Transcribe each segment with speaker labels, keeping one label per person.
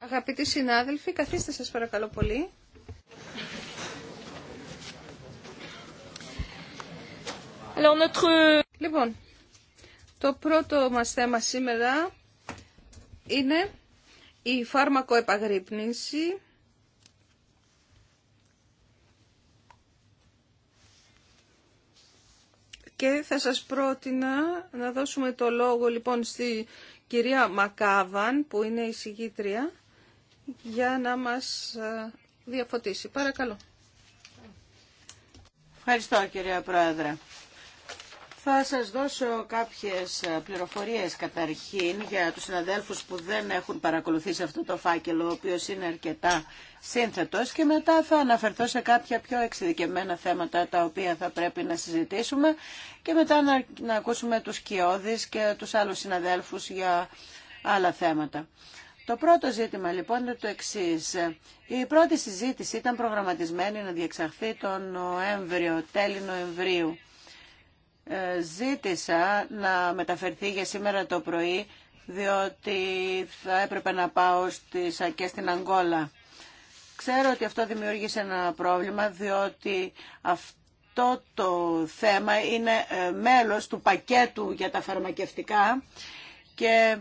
Speaker 1: Αγαπητοί συνάδελφοι, καθίστε σας παρακαλώ πολύ. Alors, notre... Λοιπόν, το πρώτο μας θέμα σήμερα είναι η φάρμακο επαγρύπνηση και θα σας πρότεινα να δώσουμε το λόγο λοιπόν στη κυρία Μακάβαν, που είναι η συγγήτρια, για να μας ε, διαφωτίσει.
Speaker 2: Παρακαλώ. Ευχαριστώ κυρία Πρόεδρε. Θα σας δώσω κάποιες ε, πληροφορίες καταρχήν για τους συναδέλφους που δεν έχουν παρακολουθήσει αυτό το φάκελο, ο οποίος είναι αρκετά σύνθετος και μετά θα αναφερθώ σε κάποια πιο εξειδικευμένα θέματα τα οποία θα πρέπει να συζητήσουμε και μετά να, ακούσουμε τους Κιώδης και τους άλλους συναδέλφους για άλλα θέματα. Το πρώτο ζήτημα λοιπόν είναι το εξή. Η πρώτη συζήτηση ήταν προγραμματισμένη να διεξαχθεί τον Νοέμβριο, τέλη Νοεμβρίου. Ε, ζήτησα να μεταφερθεί για σήμερα το πρωί διότι θα έπρεπε να πάω και στην Αγγόλα. Ξέρω ότι αυτό δημιούργησε ένα πρόβλημα διότι αυτό το θέμα είναι ε, μέλος του πακέτου για τα φαρμακευτικά και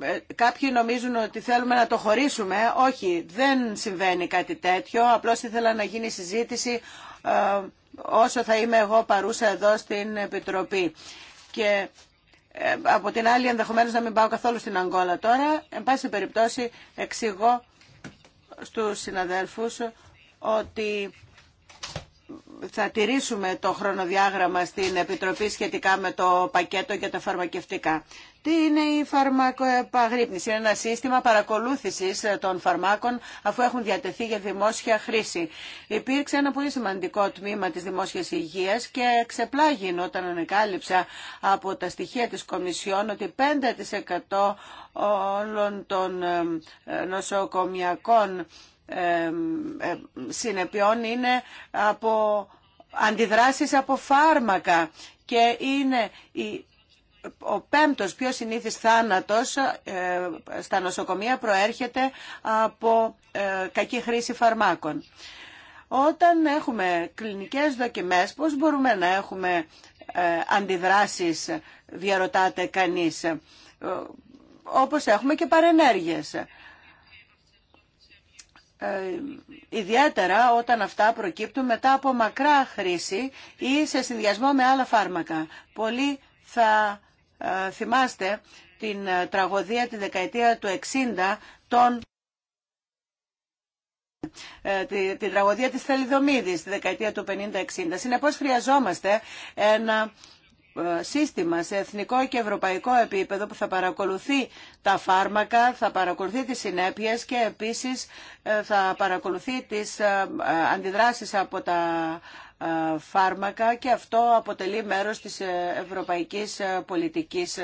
Speaker 2: ε, κάποιοι νομίζουν ότι θέλουμε να το χωρίσουμε. Όχι, δεν συμβαίνει κάτι τέτοιο. Απλώς ήθελα να γίνει συζήτηση ε, όσο θα είμαι εγώ παρούσα εδώ στην Επιτροπή. Και ε, από την άλλη ενδεχομένως να μην πάω καθόλου στην Αγγόλα τώρα. Εν πάση περιπτώσει εξηγώ στους συναδέλφους ότι θα τηρήσουμε το χρονοδιάγραμμα στην Επιτροπή σχετικά με το πακέτο για τα φαρμακευτικά. Τι είναι η φαρμακοεπαγρύπνηση. Είναι ένα σύστημα παρακολούθησης των φαρμάκων αφού έχουν διατεθεί για δημόσια χρήση. Υπήρξε ένα πολύ σημαντικό τμήμα της δημόσιας υγείας και ξεπλάγει όταν ανακάλυψα από τα στοιχεία της Κομισιόν ότι 5% όλων των ε, νοσοκομιακών ε, συνεπειών είναι από αντιδράσεις από φάρμακα και είναι ο πέμπτος πιο συνήθις θάνατος ε, στα νοσοκομεία προέρχεται από ε, κακή χρήση φαρμάκων. Όταν έχουμε κλινικές δοκιμές, πώς μπορούμε να έχουμε αντιδράσεις, διαρωτάται κανείς, όπως έχουμε και παρενέργειες. Ε, ιδιαίτερα όταν αυτά προκύπτουν μετά από μακρά χρήση ή σε συνδυασμό με άλλα φάρμακα. Πολλοί θα ε, θυμάστε την ε, τραγωδία τη δεκαετία του 60 των την τραγωδία της Θελιδομίδης τη δεκαετία του 50-60. Συνεπώς χρειαζόμαστε ένα ε, σύστημα σε εθνικό και ευρωπαϊκό επίπεδο που θα παρακολουθεί τα φάρμακα, θα παρακολουθεί τις συνέπειες και επίσης ε, θα παρακολουθεί τις ε, αντιδράσεις από τα φάρμακα και αυτό αποτελεί μέρος της ευρωπαϊκής πολιτικής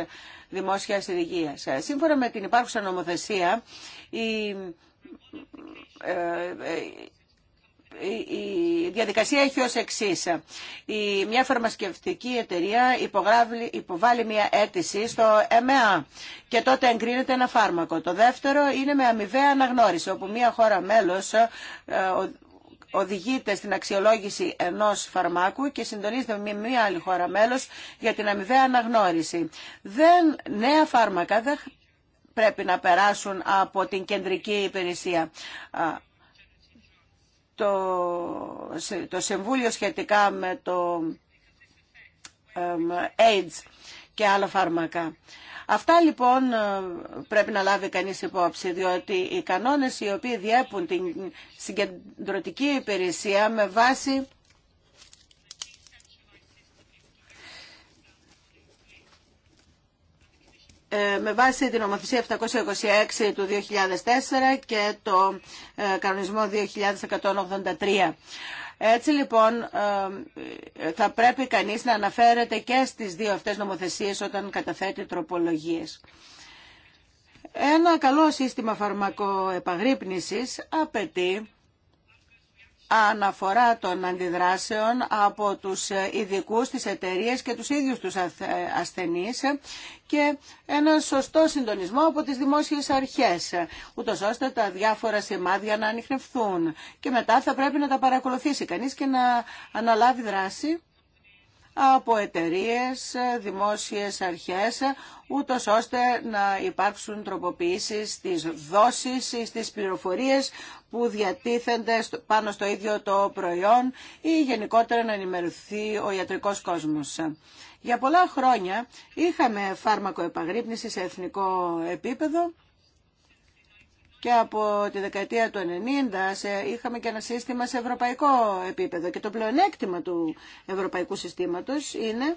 Speaker 2: δημόσιας υγείας. Σύμφωνα με την υπάρχουσα νομοθεσία, η η διαδικασία έχει ως εξής. Η, μια φαρμακευτική εταιρεία υποβάλλει μια αίτηση στο ΕΜΑ και τότε εγκρίνεται ένα φάρμακο. Το δεύτερο είναι με αμοιβαία αναγνώριση, όπου μια χώρα μέλος ε, οδηγείται στην αξιολόγηση ενός φαρμάκου και συντονίζεται με μια άλλη χώρα μέλος για την αμοιβαία αναγνώριση. Δεν, νέα φάρμακα δεν πρέπει να περάσουν από την κεντρική υπηρεσία το, το Συμβούλιο σχετικά με το AIDS και άλλα φάρμακα. Αυτά λοιπόν ε, πρέπει να λάβει κανείς υπόψη, διότι οι κανόνες οι οποίοι διέπουν την συγκεντρωτική υπηρεσία με βάση Ε, με βάση την νομοθεσία 726 του 2004 και το ε, κανονισμό 2183. Έτσι λοιπόν ε, θα πρέπει κανείς να αναφέρεται και στις δύο αυτές νομοθεσίες όταν καταθέτει τροπολογίες. Ένα καλό σύστημα φαρμακοεπαγρύπνησης απαιτεί αναφορά των αντιδράσεων από τους ειδικού της εταιρεία και τους ίδιους τους ασθενείς και ένα σωστό συντονισμό από τις δημόσιες αρχές, ούτω ώστε τα διάφορα σημάδια να ανοιχνευθούν. Και μετά θα πρέπει να τα παρακολουθήσει κανείς και να αναλάβει δράση από εταιρείε, δημόσιες αρχές, ούτω ώστε να υπάρξουν τροποποιήσεις στις δόσεις ή στις πληροφορίες που διατίθενται πάνω στο ίδιο το προϊόν ή γενικότερα να ενημερωθεί ο ιατρικός κόσμος. Για πολλά χρόνια είχαμε φάρμακο επαγρύπνηση σε εθνικό επίπεδο και από τη δεκαετία του 90 είχαμε και ένα σύστημα σε ευρωπαϊκό επίπεδο. Και το πλεονέκτημα του ευρωπαϊκού συστήματος είναι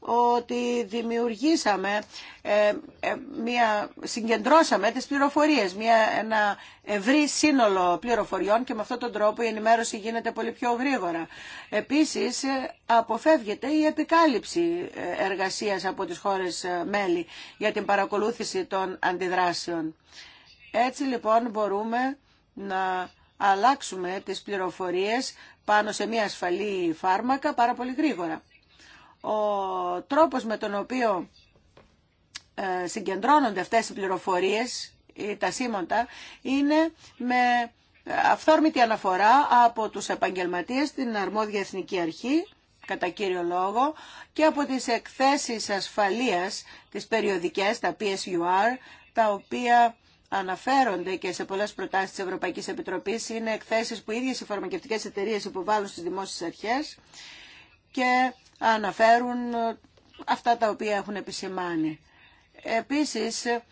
Speaker 2: ότι δημιουργήσαμε, ε, ε, μια, συγκεντρώσαμε τις πληροφορίες, μια, ένα ευρύ σύνολο πληροφοριών και με αυτόν τον τρόπο η ενημέρωση γίνεται πολύ πιο γρήγορα. Επίσης, ε, αποφεύγεται η επικάλυψη εργασίας από τις χώρες μέλη για την παρακολούθηση των αντιδράσεων. Έτσι λοιπόν μπορούμε να αλλάξουμε τις πληροφορίες πάνω σε μια ασφαλή φάρμακα πάρα πολύ γρήγορα ο τρόπος με τον οποίο ε, συγκεντρώνονται αυτές οι πληροφορίες, τα σήματα, είναι με αυθόρμητη αναφορά από τους επαγγελματίες την αρμόδια εθνική αρχή, κατά κύριο λόγο, και από τις εκθέσεις ασφαλείας, τις περιοδικές, τα PSUR, τα οποία αναφέρονται και σε πολλές προτάσεις της Ευρωπαϊκής Επιτροπής, είναι εκθέσεις που οι ίδιες οι φαρμακευτικές εταιρείες υποβάλλουν στις δημόσιες αρχές και αναφέρουν ε, αυτά τα οποία έχουν επισημάνει. Επίσης, ε,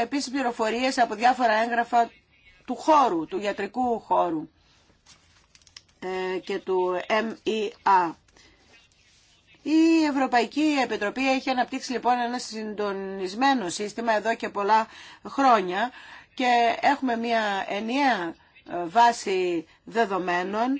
Speaker 2: επίσης πληροφορίες από διάφορα έγγραφα του χώρου, του γιατρικού χώρου ε, και του MEA. Η Ευρωπαϊκή Επιτροπή έχει αναπτύξει λοιπόν ένα συντονισμένο σύστημα εδώ και πολλά χρόνια και έχουμε μια ενιαία βάση δεδομένων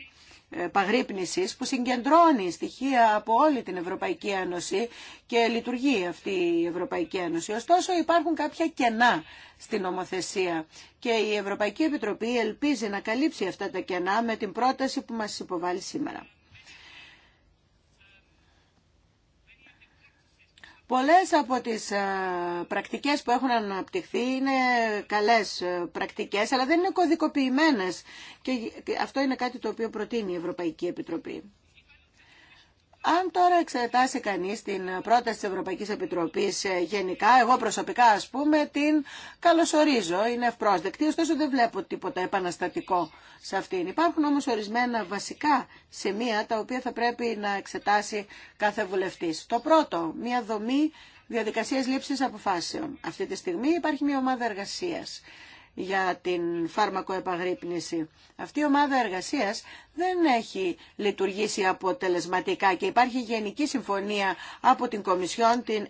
Speaker 2: παγρύπνησης που συγκεντρώνει στοιχεία από όλη την Ευρωπαϊκή Ένωση και λειτουργεί αυτή η Ευρωπαϊκή Ένωση. Ωστόσο υπάρχουν κάποια κενά στην νομοθεσία και η Ευρωπαϊκή Επιτροπή ελπίζει να καλύψει αυτά τα κενά με την πρόταση που μας υποβάλλει σήμερα. Πολλές από τις ε, πρακτικές που έχουν αναπτυχθεί είναι καλές ε, πρακτικές, αλλά δεν είναι κωδικοποιημένες και αυτό είναι κάτι το οποίο προτείνει η Ευρωπαϊκή Επιτροπή. Αν τώρα εξετάσει κανείς την πρόταση της Ευρωπαϊκής Επιτροπής ε, γενικά, εγώ προσωπικά ας πούμε την καλωσορίζω, είναι ευπρόσδεκτη, ωστόσο δεν βλέπω τίποτα επαναστατικό σε αυτήν. Υπάρχουν όμως ορισμένα βασικά σημεία τα οποία θα πρέπει να εξετάσει κάθε βουλευτής. Το πρώτο, μια δομή διαδικασίας λήψης αποφάσεων. Αυτή τη στιγμή υπάρχει μια ομάδα εργασίας για την επαγρύπνηση. Αυτή η ομάδα εργασίας δεν έχει λειτουργήσει αποτελεσματικά και υπάρχει γενική συμφωνία από την Κομισιόν, την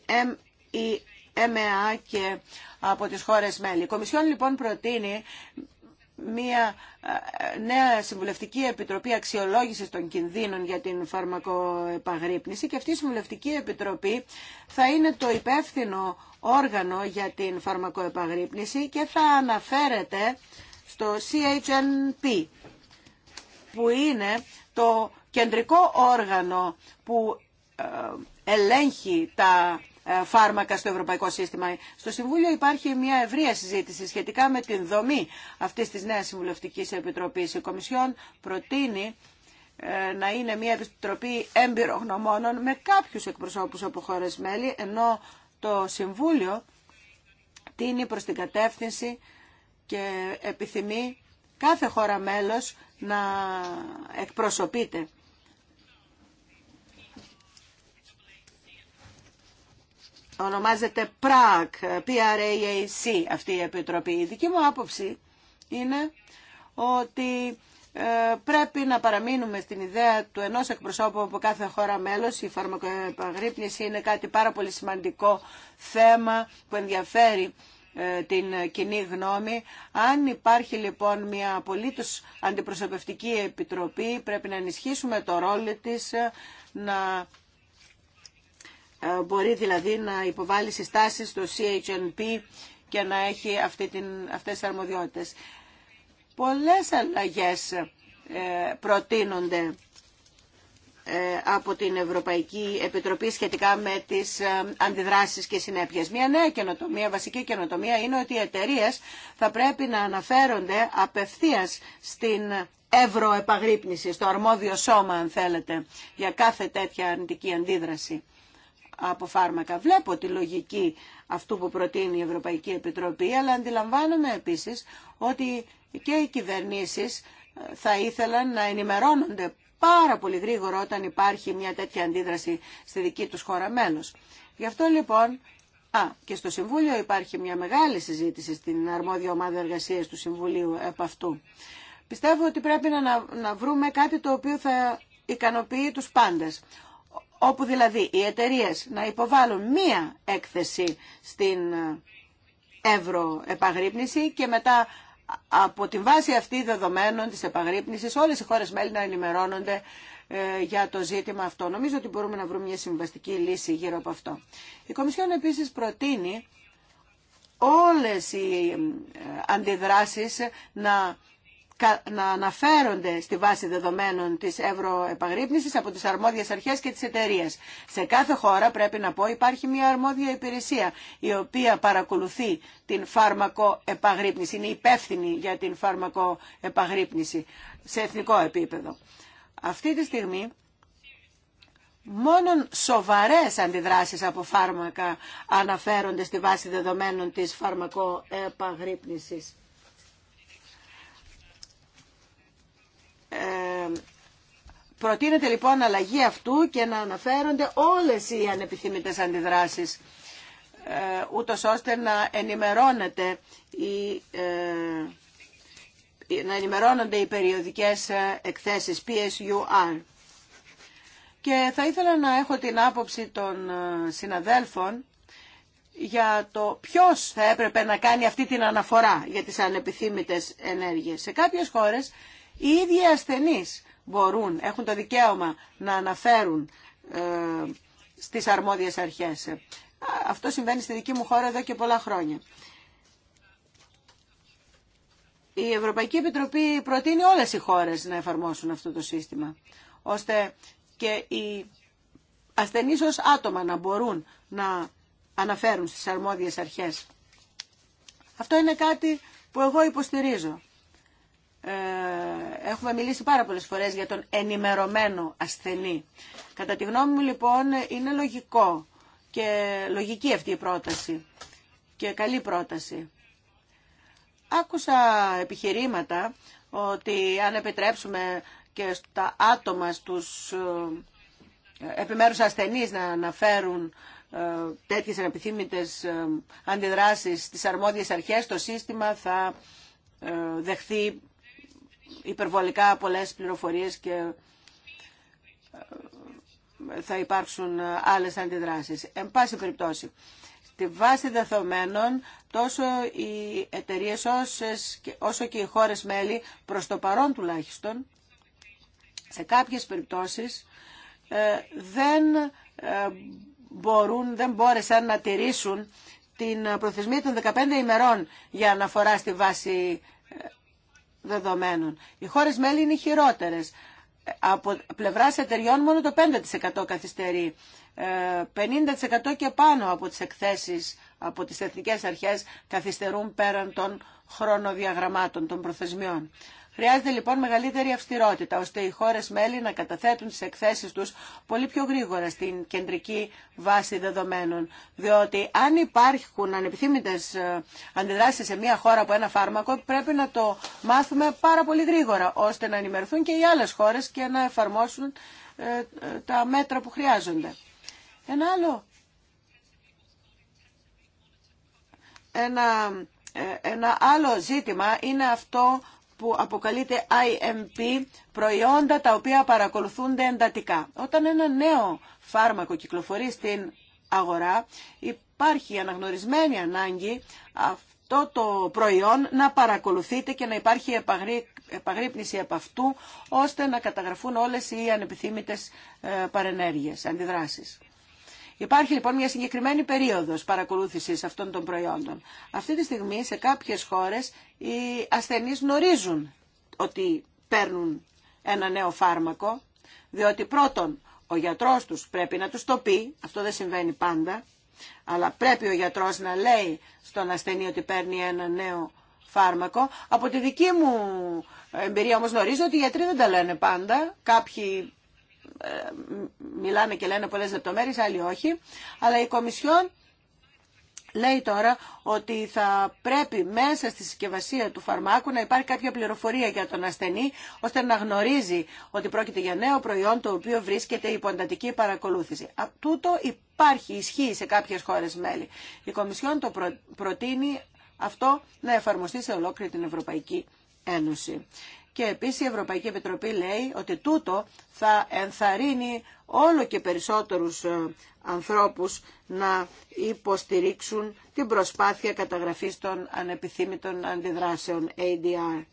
Speaker 2: ΕΜΕΑ e e και από τις χώρες μέλη. Η Κομισιόν λοιπόν προτείνει μια ε, νέα συμβουλευτική επιτροπή αξιολόγησης των κινδύνων για την φαρμακοεπαγρύπνηση και αυτή η συμβουλευτική επιτροπή θα είναι το υπεύθυνο όργανο για την φαρμακοεπαγρύπνηση και θα αναφέρεται στο CHNP που είναι το κεντρικό όργανο που ε, ελέγχει τα ε, φάρμακα στο ευρωπαϊκό σύστημα. Στο Συμβούλιο υπάρχει μια ευρεία συζήτηση σχετικά με την δομή αυτής της νέας Συμβουλευτικής Επιτροπής. Η Κομισιόν προτείνει ε, να είναι μια επιτροπή γνωμόνων με κάποιους εκπροσώπους από χώρες μέλη, ενώ το Συμβούλιο τίνει προς την κατεύθυνση και επιθυμεί κάθε χώρα μέλος να εκπροσωπείται. Ονομάζεται PRAC, P-R-A-C αυτή η επιτροπή. Η δική μου άποψη είναι ότι ε, πρέπει να παραμείνουμε στην ιδέα του ενός εκπροσώπου από κάθε χώρα μέλος. Η φαρμακοεπαγρύπνηση είναι κάτι πάρα πολύ σημαντικό θέμα που ενδιαφέρει ε, την κοινή γνώμη. Αν υπάρχει λοιπόν μια απολύτως αντιπροσωπευτική επιτροπή πρέπει να ενισχύσουμε το ρόλο της, ε, να ε, μπορεί δηλαδή να υποβάλει συστάσεις στο CHNP και να έχει αυτή την, αυτές τις αρμοδιότητες. Πολλές αλλαγές ε, προτείνονται ε, από την Ευρωπαϊκή Επιτροπή σχετικά με τις αντιδράσεις και συνέπειες. Μια νέα καινοτομία, βασική καινοτομία είναι ότι οι εταιρείε θα πρέπει να αναφέρονται απευθείας στην ευρωεπαγρύπνηση, στο αρμόδιο σώμα αν θέλετε, για κάθε τέτοια αρνητική αντίδραση από φάρμακα. Βλέπω τη λογική αυτού που προτείνει η Ευρωπαϊκή Επιτροπή, αλλά αντιλαμβάνομαι επίσης ότι και οι κυβερνήσεις ε, θα ήθελαν να ενημερώνονται πάρα πολύ γρήγορα όταν υπάρχει μια τέτοια αντίδραση στη δική τους χώρα μέλος. Γι' αυτό λοιπόν, α, και στο Συμβούλιο υπάρχει μια μεγάλη συζήτηση στην αρμόδια ομάδα εργασίας του Συμβουλίου επ' αυτού. Πιστεύω ότι πρέπει να, βρούμε κάτι το οποίο θα ικανοποιεί τους πάντες όπου δηλαδή οι εταιρείε να υποβάλουν μία έκθεση στην ε, ευρωεπαγρύπνηση και μετά από τη βάση αυτή δεδομένων της επαγρύπνησης όλες οι χώρες μέλη να ενημερώνονται ε, για το ζήτημα αυτό. Νομίζω ότι μπορούμε να βρούμε μια συμβαστική λύση γύρω από αυτό. Η Κομισιόν επίσης προτείνει όλες οι ε, αντιδράσεις να να αναφέρονται στη βάση δεδομένων της ευρωεπαγρύπνησης από τις αρμόδιες αρχές και τις εταιρείε. Σε κάθε χώρα πρέπει να πω υπάρχει μια αρμόδια υπηρεσία η οποία παρακολουθεί την φάρμακοεπαγρύπνηση, είναι υπεύθυνη για την φάρμακοεπαγρύπνηση σε εθνικό επίπεδο. Αυτή τη στιγμή μόνο σοβαρές αντιδράσεις από φάρμακα αναφέρονται στη βάση δεδομένων της φαρμακοεπαγρύπνησης. Προτείνεται λοιπόν αλλαγή αυτού και να αναφέρονται όλες οι ανεπιθυμητές αντιδράσεις ε, ούτως ώστε να ενημερώνεται η ε, να ενημερώνονται οι περιοδικές ε, εκθέσεις PSUR. Και θα ήθελα να έχω την άποψη των συναδέλφων για το ποιος θα έπρεπε να κάνει αυτή την αναφορά για τις ανεπιθύμητες ενέργειες. Σε κάποιες χώρες οι ίδιοι ασθενείς μπορούν, έχουν το δικαίωμα να αναφέρουν ε, στις αρμόδιες αρχές. Αυτό συμβαίνει στη δική μου χώρα εδώ και πολλά χρόνια. Η Ευρωπαϊκή Επιτροπή προτείνει όλες οι χώρες να εφαρμόσουν αυτό το σύστημα, ώστε και οι ασθενείς ως άτομα να μπορούν να αναφέρουν στις αρμόδιες αρχές. Αυτό είναι κάτι που εγώ υποστηρίζω. Ε, έχουμε μιλήσει πάρα πολλές φορές για τον ενημερωμένο ασθενή. Κατά τη γνώμη μου λοιπόν είναι λογικό και λογική αυτή η πρόταση και καλή πρόταση. Άκουσα επιχειρήματα ότι αν επιτρέψουμε και στα άτομα στους ε, επιμέρους ασθενείς να αναφέρουν ε, τέτοιες ανεπιθύμητες αντιδράσεις στις αρμόδιες αρχές, το σύστημα θα δεχθεί υπερβολικά πολλές πληροφορίες και ε, θα υπάρξουν ε, άλλες αντιδράσεις. Εν πάση περιπτώσει, στη βάση δεδομένων τόσο οι εταιρείε όσο και οι χώρες μέλη προς το παρόν τουλάχιστον σε κάποιες περιπτώσεις ε, δεν μπορούν, δεν μπόρεσαν να τηρήσουν την προθεσμία των 15 ημερών για αναφορά στη βάση δεδομένων. Οι χώρες μέλη είναι χειρότερες. Από πλευράς εταιριών μόνο το 5% καθυστερεί. 50% ε, και πάνω από τις εκθέσεις από τις εθνικές αρχές καθυστερούν πέραν των χρονοδιαγραμμάτων, των προθεσμιών. Χρειάζεται λοιπόν μεγαλύτερη αυστηρότητα, ώστε οι χώρες μέλη να καταθέτουν τις εκθέσεις τους πολύ πιο γρήγορα στην κεντρική βάση δεδομένων. Διότι αν υπάρχουν ανεπιθύμητες ε, αντιδράσεις σε μια χώρα από ένα φάρμακο, πρέπει να το μάθουμε πάρα πολύ γρήγορα, ώστε να ενημερωθούν και οι άλλες χώρες και να εφαρμόσουν ε, ε, τα μέτρα που χρειάζονται. Ένα άλλο ένα, ένα άλλο ζήτημα είναι αυτό που αποκαλείται IMP, προϊόντα τα οποία παρακολουθούνται εντατικά. Όταν ένα νέο φάρμακο κυκλοφορεί στην αγορά, υπάρχει αναγνωρισμένη ανάγκη αυτό το προϊόν να παρακολουθείται και να υπάρχει επαγρύπνηση από αυτού, ώστε να καταγραφούν όλες οι ανεπιθύμητες ε, παρενέργειες, αντιδράσεις. Υπάρχει λοιπόν μια συγκεκριμένη περίοδος παρακολούθησης αυτών των προϊόντων. Αυτή τη στιγμή σε κάποιες χώρες οι ασθενείς γνωρίζουν ότι παίρνουν ένα νέο φάρμακο, διότι πρώτον ο γιατρός τους πρέπει να τους το πει, αυτό δεν συμβαίνει πάντα, αλλά πρέπει ο γιατρός να λέει στον ασθενή ότι παίρνει ένα νέο φάρμακο. Από τη δική μου εμπειρία όμως γνωρίζω ότι οι γιατροί δεν τα λένε πάντα. Κάποιοι μιλάμε και λένε πολλές λεπτομέρειες, άλλοι όχι. Αλλά η Κομισιόν λέει τώρα ότι θα πρέπει μέσα στη συσκευασία του φαρμάκου να υπάρχει κάποια πληροφορία για τον ασθενή, ώστε να γνωρίζει ότι πρόκειται για νέο προϊόν το οποίο βρίσκεται υπό αντατική παρακολούθηση. Α, τούτο υπάρχει, ισχύει σε κάποιες χώρες μέλη. Η Κομισιόν το προτείνει αυτό να εφαρμοστεί σε ολόκληρη την Ευρωπαϊκή Ένωση. Και επίση η Ευρωπαϊκή Επιτροπή λέει ότι τούτο θα ενθαρρύνει όλο και περισσότερους ε, ανθρώπους να υποστηρίξουν την προσπάθεια καταγραφής των ανεπιθύμητων αντιδράσεων ADR.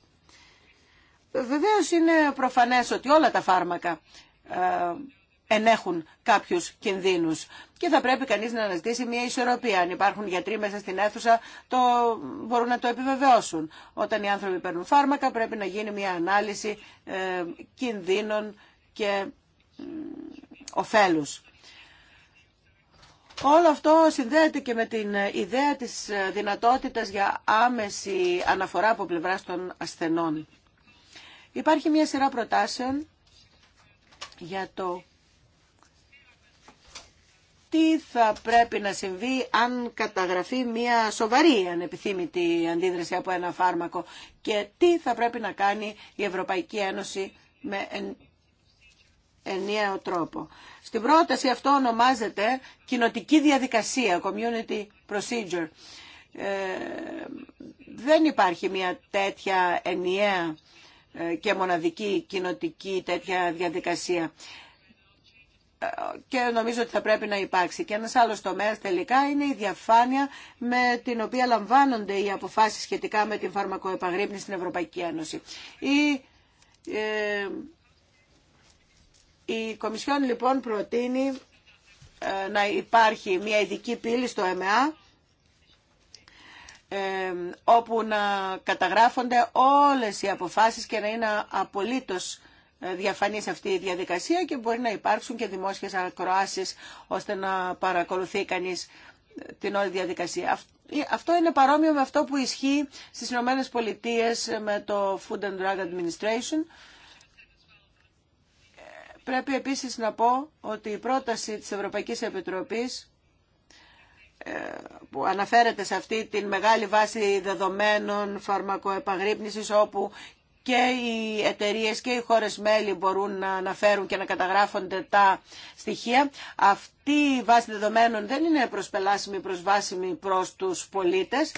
Speaker 2: Βεβαίως είναι προφανές ότι όλα τα φάρμακα ε, ενέχουν κάποιους κινδύνους. Και θα πρέπει κανείς να αναζητήσει μια ισορροπία. Αν υπάρχουν γιατροί μέσα στην αίθουσα, το μπορούν να το επιβεβαιώσουν. Όταν οι άνθρωποι παίρνουν φάρμακα, πρέπει να γίνει μια ανάλυση ε, κινδύνων και ωφέλους. Όλο αυτό συνδέεται και με την ε, ιδέα της ε, δυνατότητας για άμεση αναφορά από πλευράς των ασθενών. Υπάρχει μια σειρά προτάσεων για το τι θα πρέπει να συμβεί αν καταγραφεί μια σοβαρή ανεπιθύμητη αντίδραση από ένα φάρμακο και τι θα πρέπει να κάνει η Ευρωπαϊκή Ένωση με ενιαίο τρόπο. Στην πρόταση αυτό ονομάζεται κοινοτική διαδικασία, community procedure. Ε, δεν υπάρχει μια τέτοια ενιαία ε, και μοναδική κοινοτική τέτοια διαδικασία και νομίζω ότι θα πρέπει να υπάρξει. Και ένας άλλος τομέας τελικά είναι η διαφάνεια με την οποία λαμβάνονται οι αποφάσεις σχετικά με την φαρμακοεπαγρύπνηση στην Ευρωπαϊκή Ένωση. Η, ε, η Κομισιόν λοιπόν προτείνει ε, να υπάρχει μια ειδική πύλη στο ΕΜΑ ε, όπου να καταγράφονται όλες οι αποφάσεις και να είναι απολύτως διαφανής αυτή η διαδικασία και μπορεί να υπάρξουν και δημόσιες ακροάσεις ώστε να παρακολουθεί κανείς την όλη διαδικασία. Ε, αυτό είναι παρόμοιο με αυτό που ισχύει στις Ηνωμένες Πολιτείες με το Food and Drug Administration. Πρέπει επίσης να πω ότι η πρόταση της Ευρωπαϊκής Επιτροπής ε, που αναφέρεται σε αυτή την μεγάλη βάση δεδομένων φαρμακοεπαγρύπνησης όπου και οι εταιρείε και οι χώρες μέλη μπορούν να αναφέρουν και να καταγράφονται τα στοιχεία. Αυτή η βάση δεδομένων δεν είναι προσπελάσιμη, ή προσβάσιμη προς τους πολίτες,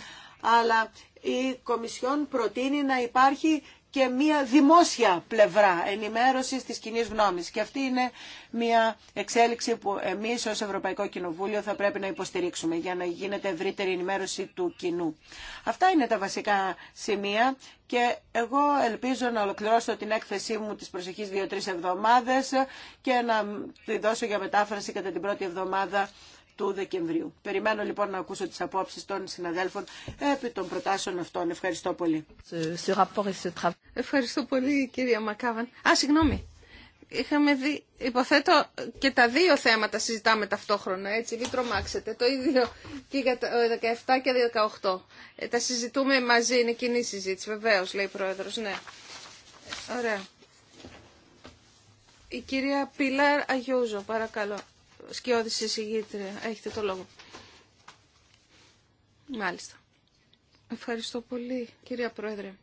Speaker 2: αλλά η Κομισιόν προτείνει να υπάρχει και μια δημόσια πλευρά ενημέρωσης της κοινή γνώμης. Και αυτή είναι μια εξέλιξη που εμείς ως Ευρωπαϊκό Κοινοβούλιο θα πρέπει να υποστηρίξουμε για να γίνεται ευρύτερη ενημέρωση του κοινού. Αυτά είναι τα βασικά σημεία και εγώ ελπίζω να ολοκληρώσω την έκθεσή μου τις προσεχείς δύο-τρεις εβδομάδες και να τη δώσω για μετάφραση κατά την πρώτη εβδομάδα του Δεκεμβρίου. Περιμένω λοιπόν να ακούσω τις απόψεις των συναδέλφων επί των προτάσεων αυτών. Ευχαριστώ πολύ.
Speaker 1: Ευχαριστώ πολύ κυρία Μακάβαν. Α, συγγνώμη. Είχαμε δει, υποθέτω, και τα δύο θέματα συζητάμε ταυτόχρονα, έτσι, μην τρομάξετε. Το ίδιο και για το 17 και 18. Ε, τα συζητούμε μαζί, είναι κοινή συζήτηση, βεβαίω, λέει η Πρόεδρος, ναι. Ε, ωραία. Η κυρία Πιλάρ Αγιούζο, παρακαλώ σκιώδης εισηγήτρια. Έχετε το λόγο. Μάλιστα. Ευχαριστώ πολύ, κυρία Πρόεδρε.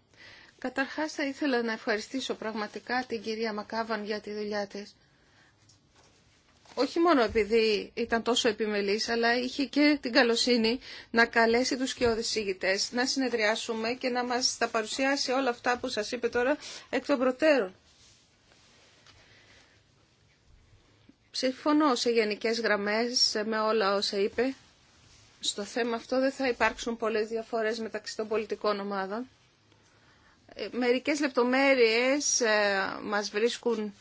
Speaker 1: Καταρχάς θα ήθελα να ευχαριστήσω πραγματικά την κυρία Μακάβαν για τη δουλειά της. Όχι μόνο επειδή ήταν τόσο επιμελής, αλλά είχε και την καλοσύνη να καλέσει τους σκιώδης ηγητές, να συνεδριάσουμε και να μας τα παρουσιάσει όλα αυτά που σας είπε τώρα εκ των προτέρων. Συμφωνώ σε γενικές γραμμές με όλα όσα είπε. Στο θέμα αυτό δεν θα υπάρξουν πολλές διαφορές μεταξύ των πολιτικών ομάδων. Ε, μερικές λεπτομέρειες ε, μας βρίσκουν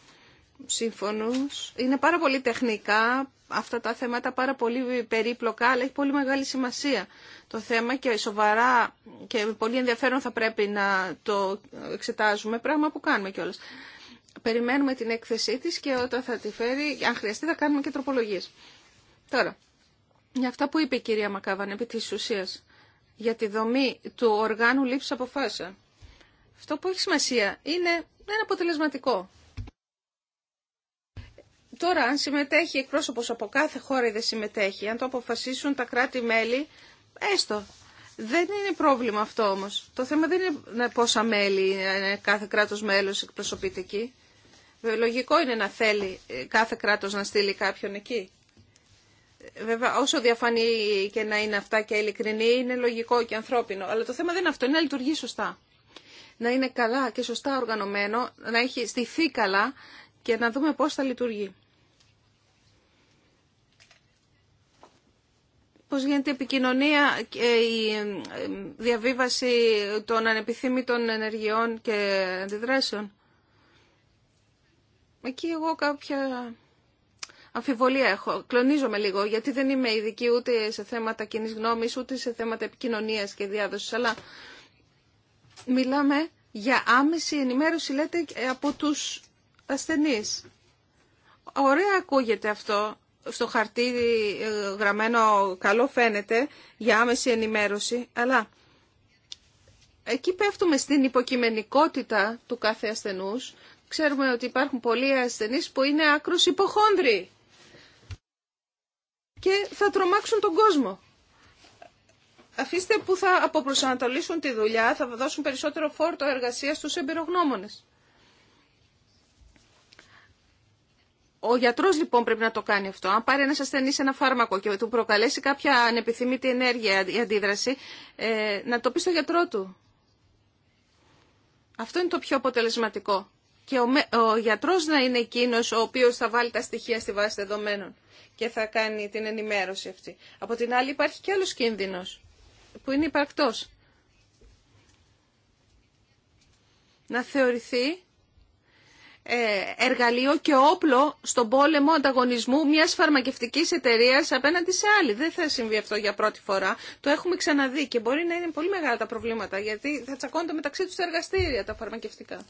Speaker 1: σύμφωνους. Είναι πάρα πολύ τεχνικά αυτά τα θέματα, πάρα πολύ περίπλοκα, αλλά έχει πολύ μεγάλη σημασία το θέμα και σοβαρά και πολύ ενδιαφέρον θα πρέπει να το εξετάζουμε, πράγμα που κάνουμε κιόλας περιμένουμε την έκθεσή της και όταν θα τη φέρει, αν χρειαστεί, θα κάνουμε και τροπολογίες. Τώρα, για αυτά που είπε η κυρία Μακάβαν επί της ουσίας, για τη δομή του οργάνου λήψης αποφάσεων, αυτό που έχει σημασία είναι ένα αποτελεσματικό. Τώρα, αν συμμετέχει εκπρόσωπος από κάθε χώρα ή δεν συμμετέχει, αν το αποφασίσουν τα κράτη-μέλη, έστω, δεν είναι πρόβλημα αυτό όμως. Το θέμα δεν είναι πόσα μέλη ε, κάθε κράτος μέλος εκπροσωπείται εκεί. Ε, λογικό είναι να θέλει ε, κάθε κράτος να στείλει κάποιον εκεί. Ε, βέβαια, όσο διαφανή και να είναι αυτά και ειλικρινή, είναι λογικό και ανθρώπινο. Αλλά το θέμα δεν είναι αυτό, είναι να λειτουργεί σωστά. Να είναι καλά και σωστά οργανωμένο, να έχει στηθεί καλά και να δούμε πώς θα λειτουργεί. πώς γίνεται η επικοινωνία και η διαβίβαση των ανεπιθύμητων ενεργειών και αντιδράσεων. Εκεί εγώ κάποια αμφιβολία έχω. Κλονίζομαι λίγο, γιατί δεν είμαι ειδική ούτε σε θέματα κοινή γνώμη, ούτε σε θέματα επικοινωνία και διάδοση. Αλλά μιλάμε για άμεση ενημέρωση, λέτε, από του ασθενεί. Ωραία ακούγεται αυτό. Στο χαρτί ε, γραμμένο καλό φαίνεται για άμεση ενημέρωση, αλλά εκεί πέφτουμε στην υποκειμενικότητα του κάθε ασθενούς Ξέρουμε ότι υπάρχουν πολλοί ασθενείς που είναι άκρος υποχόνδροι και θα τρομάξουν τον κόσμο. Αφήστε που θα αποπροσανατολίσουν τη δουλειά, θα δώσουν περισσότερο φόρτο εργασίας στους εμπειρογνώμονες. Ο γιατρός λοιπόν πρέπει να το κάνει αυτό. Αν πάρει ένα ασθενή ένα φάρμακο και του προκαλέσει κάποια ανεπιθύμητη ενέργεια ή αντίδραση, ε, να το πει στο γιατρό του. Αυτό είναι το πιο αποτελεσματικό και ο γιατρός να είναι εκείνος ο οποίος θα βάλει τα στοιχεία στη βάση δεδομένων και θα κάνει την ενημέρωση αυτή. Από την άλλη υπάρχει και άλλος κίνδυνος που είναι υπαρκτός. Να θεωρηθεί ε, εργαλείο και όπλο στον πόλεμο ανταγωνισμού μιας φαρμακευτικής εταιρείας απέναντι σε άλλη. Δεν θα συμβεί αυτό για πρώτη φορά. Το έχουμε ξαναδεί και μπορεί να είναι πολύ μεγάλα τα προβλήματα γιατί θα τσακώνονται μεταξύ τους τα εργαστήρια τα φαρμακευτικά.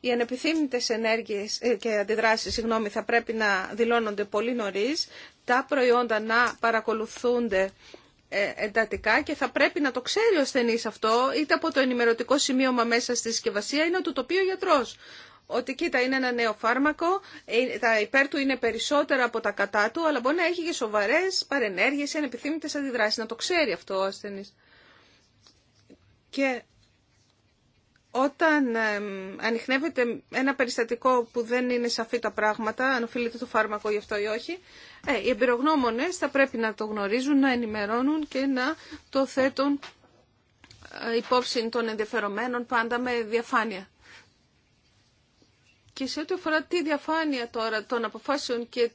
Speaker 1: Οι ανεπιθύμητες ενέργειες ε, και αντιδράσεις συγγνώμη, θα πρέπει να δηλώνονται πολύ νωρίς, τα προϊόντα να παρακολουθούνται ε, εντατικά και θα πρέπει να το ξέρει ο ασθενής αυτό, είτε από το ενημερωτικό σημείωμα μέσα στη συσκευασία, είναι το τοπίο γιατρός ότι κοίτα είναι ένα νέο φάρμακο, ε, τα υπέρ του είναι περισσότερα από τα κατά του, αλλά μπορεί να έχει και σοβαρέ παρενέργειε ή ανεπιθύμητε αντιδράσει, Να το ξέρει αυτό ο ασθενή. Και όταν ανοιχνεύεται ένα περιστατικό που δεν είναι σαφή τα πράγματα, αν οφείλεται το φάρμακο γι' αυτό ή όχι, ε, οι εμπειρογνώμονες θα πρέπει να το γνωρίζουν, να ενημερώνουν και να το θέτουν ε, υπόψη των ενδιαφερομένων πάντα με διαφάνεια. Και σε ό,τι αφορά τη διαφάνεια τώρα των αποφάσεων και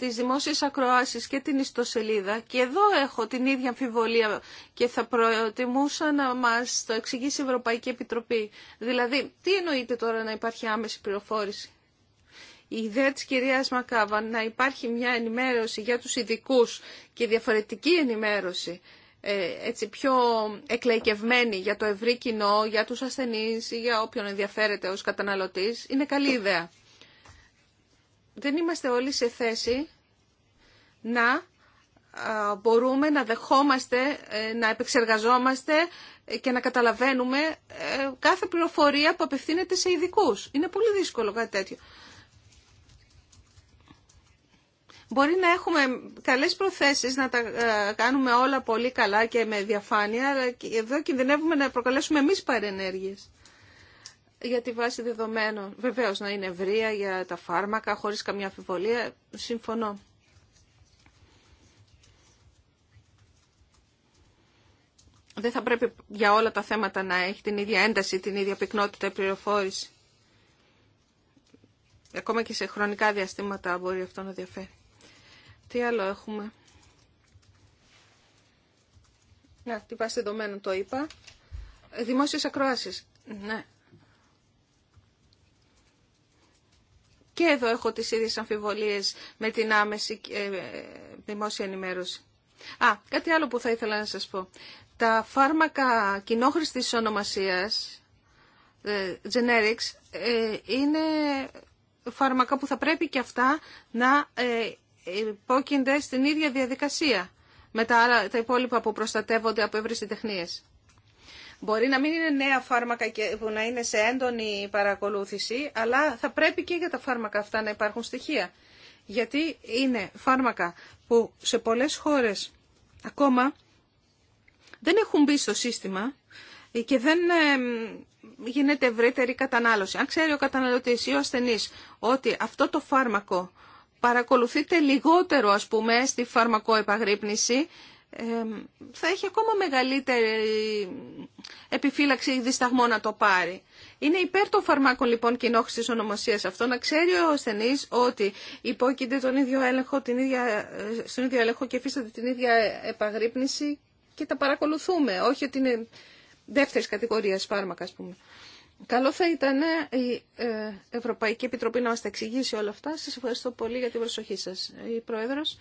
Speaker 1: τις δημόσιες ακροάσεις και την ιστοσελίδα και εδώ έχω την ίδια αμφιβολία και θα προτιμούσα να μας το εξηγήσει η Ευρωπαϊκή Επιτροπή. Δηλαδή, τι εννοείται τώρα να υπάρχει άμεση πληροφόρηση. Η ιδέα της κυρίας Μακάβα να υπάρχει μια ενημέρωση για τους ειδικού και διαφορετική ενημέρωση ε, έτσι πιο εκλαϊκευμένη για το ευρύ κοινό, για τους ασθενείς ή για όποιον ενδιαφέρεται ως καταναλωτής, είναι καλή ιδέα δεν είμαστε όλοι σε θέση να μπορούμε να δεχόμαστε, ε, να επεξεργαζόμαστε και να καταλαβαίνουμε ε, κάθε πληροφορία που απευθύνεται σε ειδικού. Είναι πολύ δύσκολο κάτι τέτοιο. Μπορεί να έχουμε καλές προθέσεις, να τα ε, κάνουμε όλα πολύ καλά και με διαφάνεια, αλλά εδώ κινδυνεύουμε να προκαλέσουμε εμείς παρενέργειες για τη βάση δεδομένων. Βεβαίως να είναι ευρεία για τα φάρμακα χωρίς καμιά αμφιβολία. Συμφωνώ. Δεν θα πρέπει για όλα τα θέματα να έχει την ίδια ένταση, την ίδια πυκνότητα η πληροφόρηση. Ακόμα και σε χρονικά διαστήματα μπορεί αυτό να διαφέρει. Τι άλλο έχουμε. Να, τη βάση δεδομένων το είπα. Δημόσιες ακροάσεις. Ναι, Και εδώ έχω τις ίδιες αμφιβολίες με την άμεση ε, δημόσια ενημέρωση. Α, κάτι άλλο που θα ήθελα να σας πω. Τα φάρμακα κοινόχρηστης ονομασίας, ε, generics, ε, είναι φάρμακα που θα πρέπει και αυτά να υπόκεινται στην ίδια διαδικασία με τα, τα υπόλοιπα που προστατεύονται από εύρυση τεχνίες. Μπορεί να μην είναι νέα φάρμακα και που να είναι σε έντονη παρακολούθηση, αλλά θα πρέπει και για τα φάρμακα αυτά να υπάρχουν στοιχεία. Γιατί είναι φάρμακα που σε πολλές χώρες ακόμα δεν έχουν μπει στο σύστημα και δεν γίνεται ευρύτερη κατανάλωση. Αν ξέρει ο καταναλωτής ή ο ασθενής ότι αυτό το φάρμακο παρακολουθείται λιγότερο ας πούμε στη φαρμακοεπαγρύπνηση θα έχει ακόμα μεγαλύτερη επιφύλαξη ή δισταγμό να το πάρει. Είναι υπέρ των φαρμάκων λοιπόν κοινόχρηση τη ονομασία αυτό να ξέρει ο ασθενή ότι υπόκειται τον ίδιο έλεγχο, την ίδια, ε, στον ίδιο έλεγχο και εφίσταται την ίδια επαγρύπνηση και τα παρακολουθούμε, όχι ότι είναι δεύτερη κατηγορία φάρμακα α πούμε. Καλό θα ήταν η ε, Ευρωπαϊκή Επιτροπή να μα τα εξηγήσει όλα αυτά. Σα ευχαριστώ πολύ για την προσοχή σα, Η Πρόεδρος,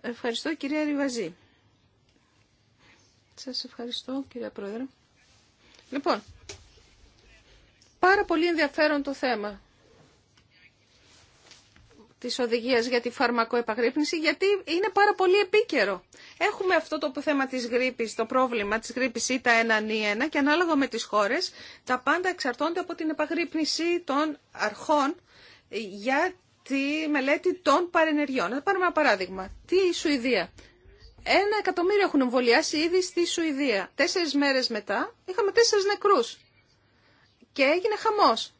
Speaker 1: ευχαριστώ κυρία Ριβαζή. Σας ευχαριστώ κυρία Πρόεδρε. Λοιπόν, πάρα πολύ ενδιαφέρον το θέμα της οδηγίας για τη φαρμακοεπαγρύπνηση, γιατί είναι πάρα πολύ επίκαιρο. Έχουμε αυτό το θέμα της γρήπης, το πρόβλημα της γρήπης ή τα 1 ή 1 και ανάλογα με τις χώρες, τα πάντα εξαρτώνται από την επαγρύπνηση των αρχών για τη μελέτη των παρενεργειών. Να πάρουμε ένα παράδειγμα. Τι η Σουηδία ένα εκατομμύριο έχουν εμβολιάσει ήδη στη Σουηδία. Τέσσερις μέρες μετά είχαμε τέσσερις νεκρούς. Και έγινε χαμός.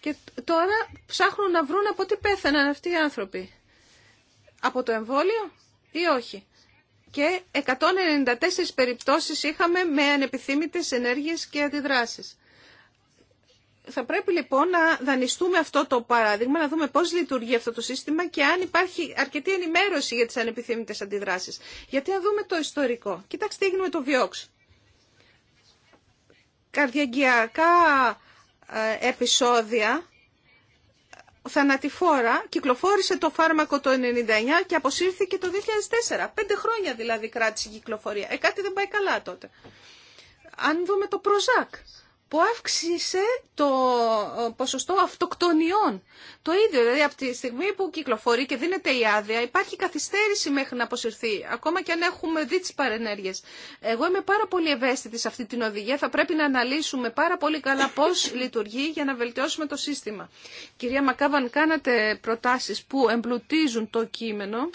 Speaker 1: Και τώρα ψάχνουν να βρουν από τι πέθαναν αυτοί οι άνθρωποι. Από το εμβόλιο ή όχι. Και 194 περιπτώσεις είχαμε με ανεπιθύμητες ενέργειες και αντιδράσεις. Θα πρέπει λοιπόν να δανειστούμε αυτό το παράδειγμα, να δούμε πώς λειτουργεί αυτό το σύστημα και αν υπάρχει αρκετή ενημέρωση για τις ανεπιθύμητες αντιδράσεις. Γιατί να δούμε το ιστορικό. Κοιτάξτε τι έγινε με το βιόξ. Καρδιαγκιακά ε, επεισόδια θανατηφόρα, κυκλοφόρησε το φάρμακο το 1999 και αποσύρθηκε το 2004. Πέντε χρόνια δηλαδή κράτησε η κυκλοφορία. Ε, κάτι δεν πάει καλά τότε. Αν δούμε το Προζάκ, που αύξησε το ποσοστό αυτοκτονιών. Το ίδιο, δηλαδή από τη στιγμή που κυκλοφορεί και δίνεται η άδεια, υπάρχει καθυστέρηση μέχρι να αποσυρθεί, ακόμα και αν έχουμε δει τι παρενέργειε. Εγώ είμαι πάρα πολύ ευαίσθητη σε αυτή την οδηγία, θα πρέπει να αναλύσουμε πάρα πολύ καλά πώ λειτουργεί για να βελτιώσουμε το σύστημα. Κυρία Μακάβαν, κάνατε προτάσει που εμπλουτίζουν το κείμενο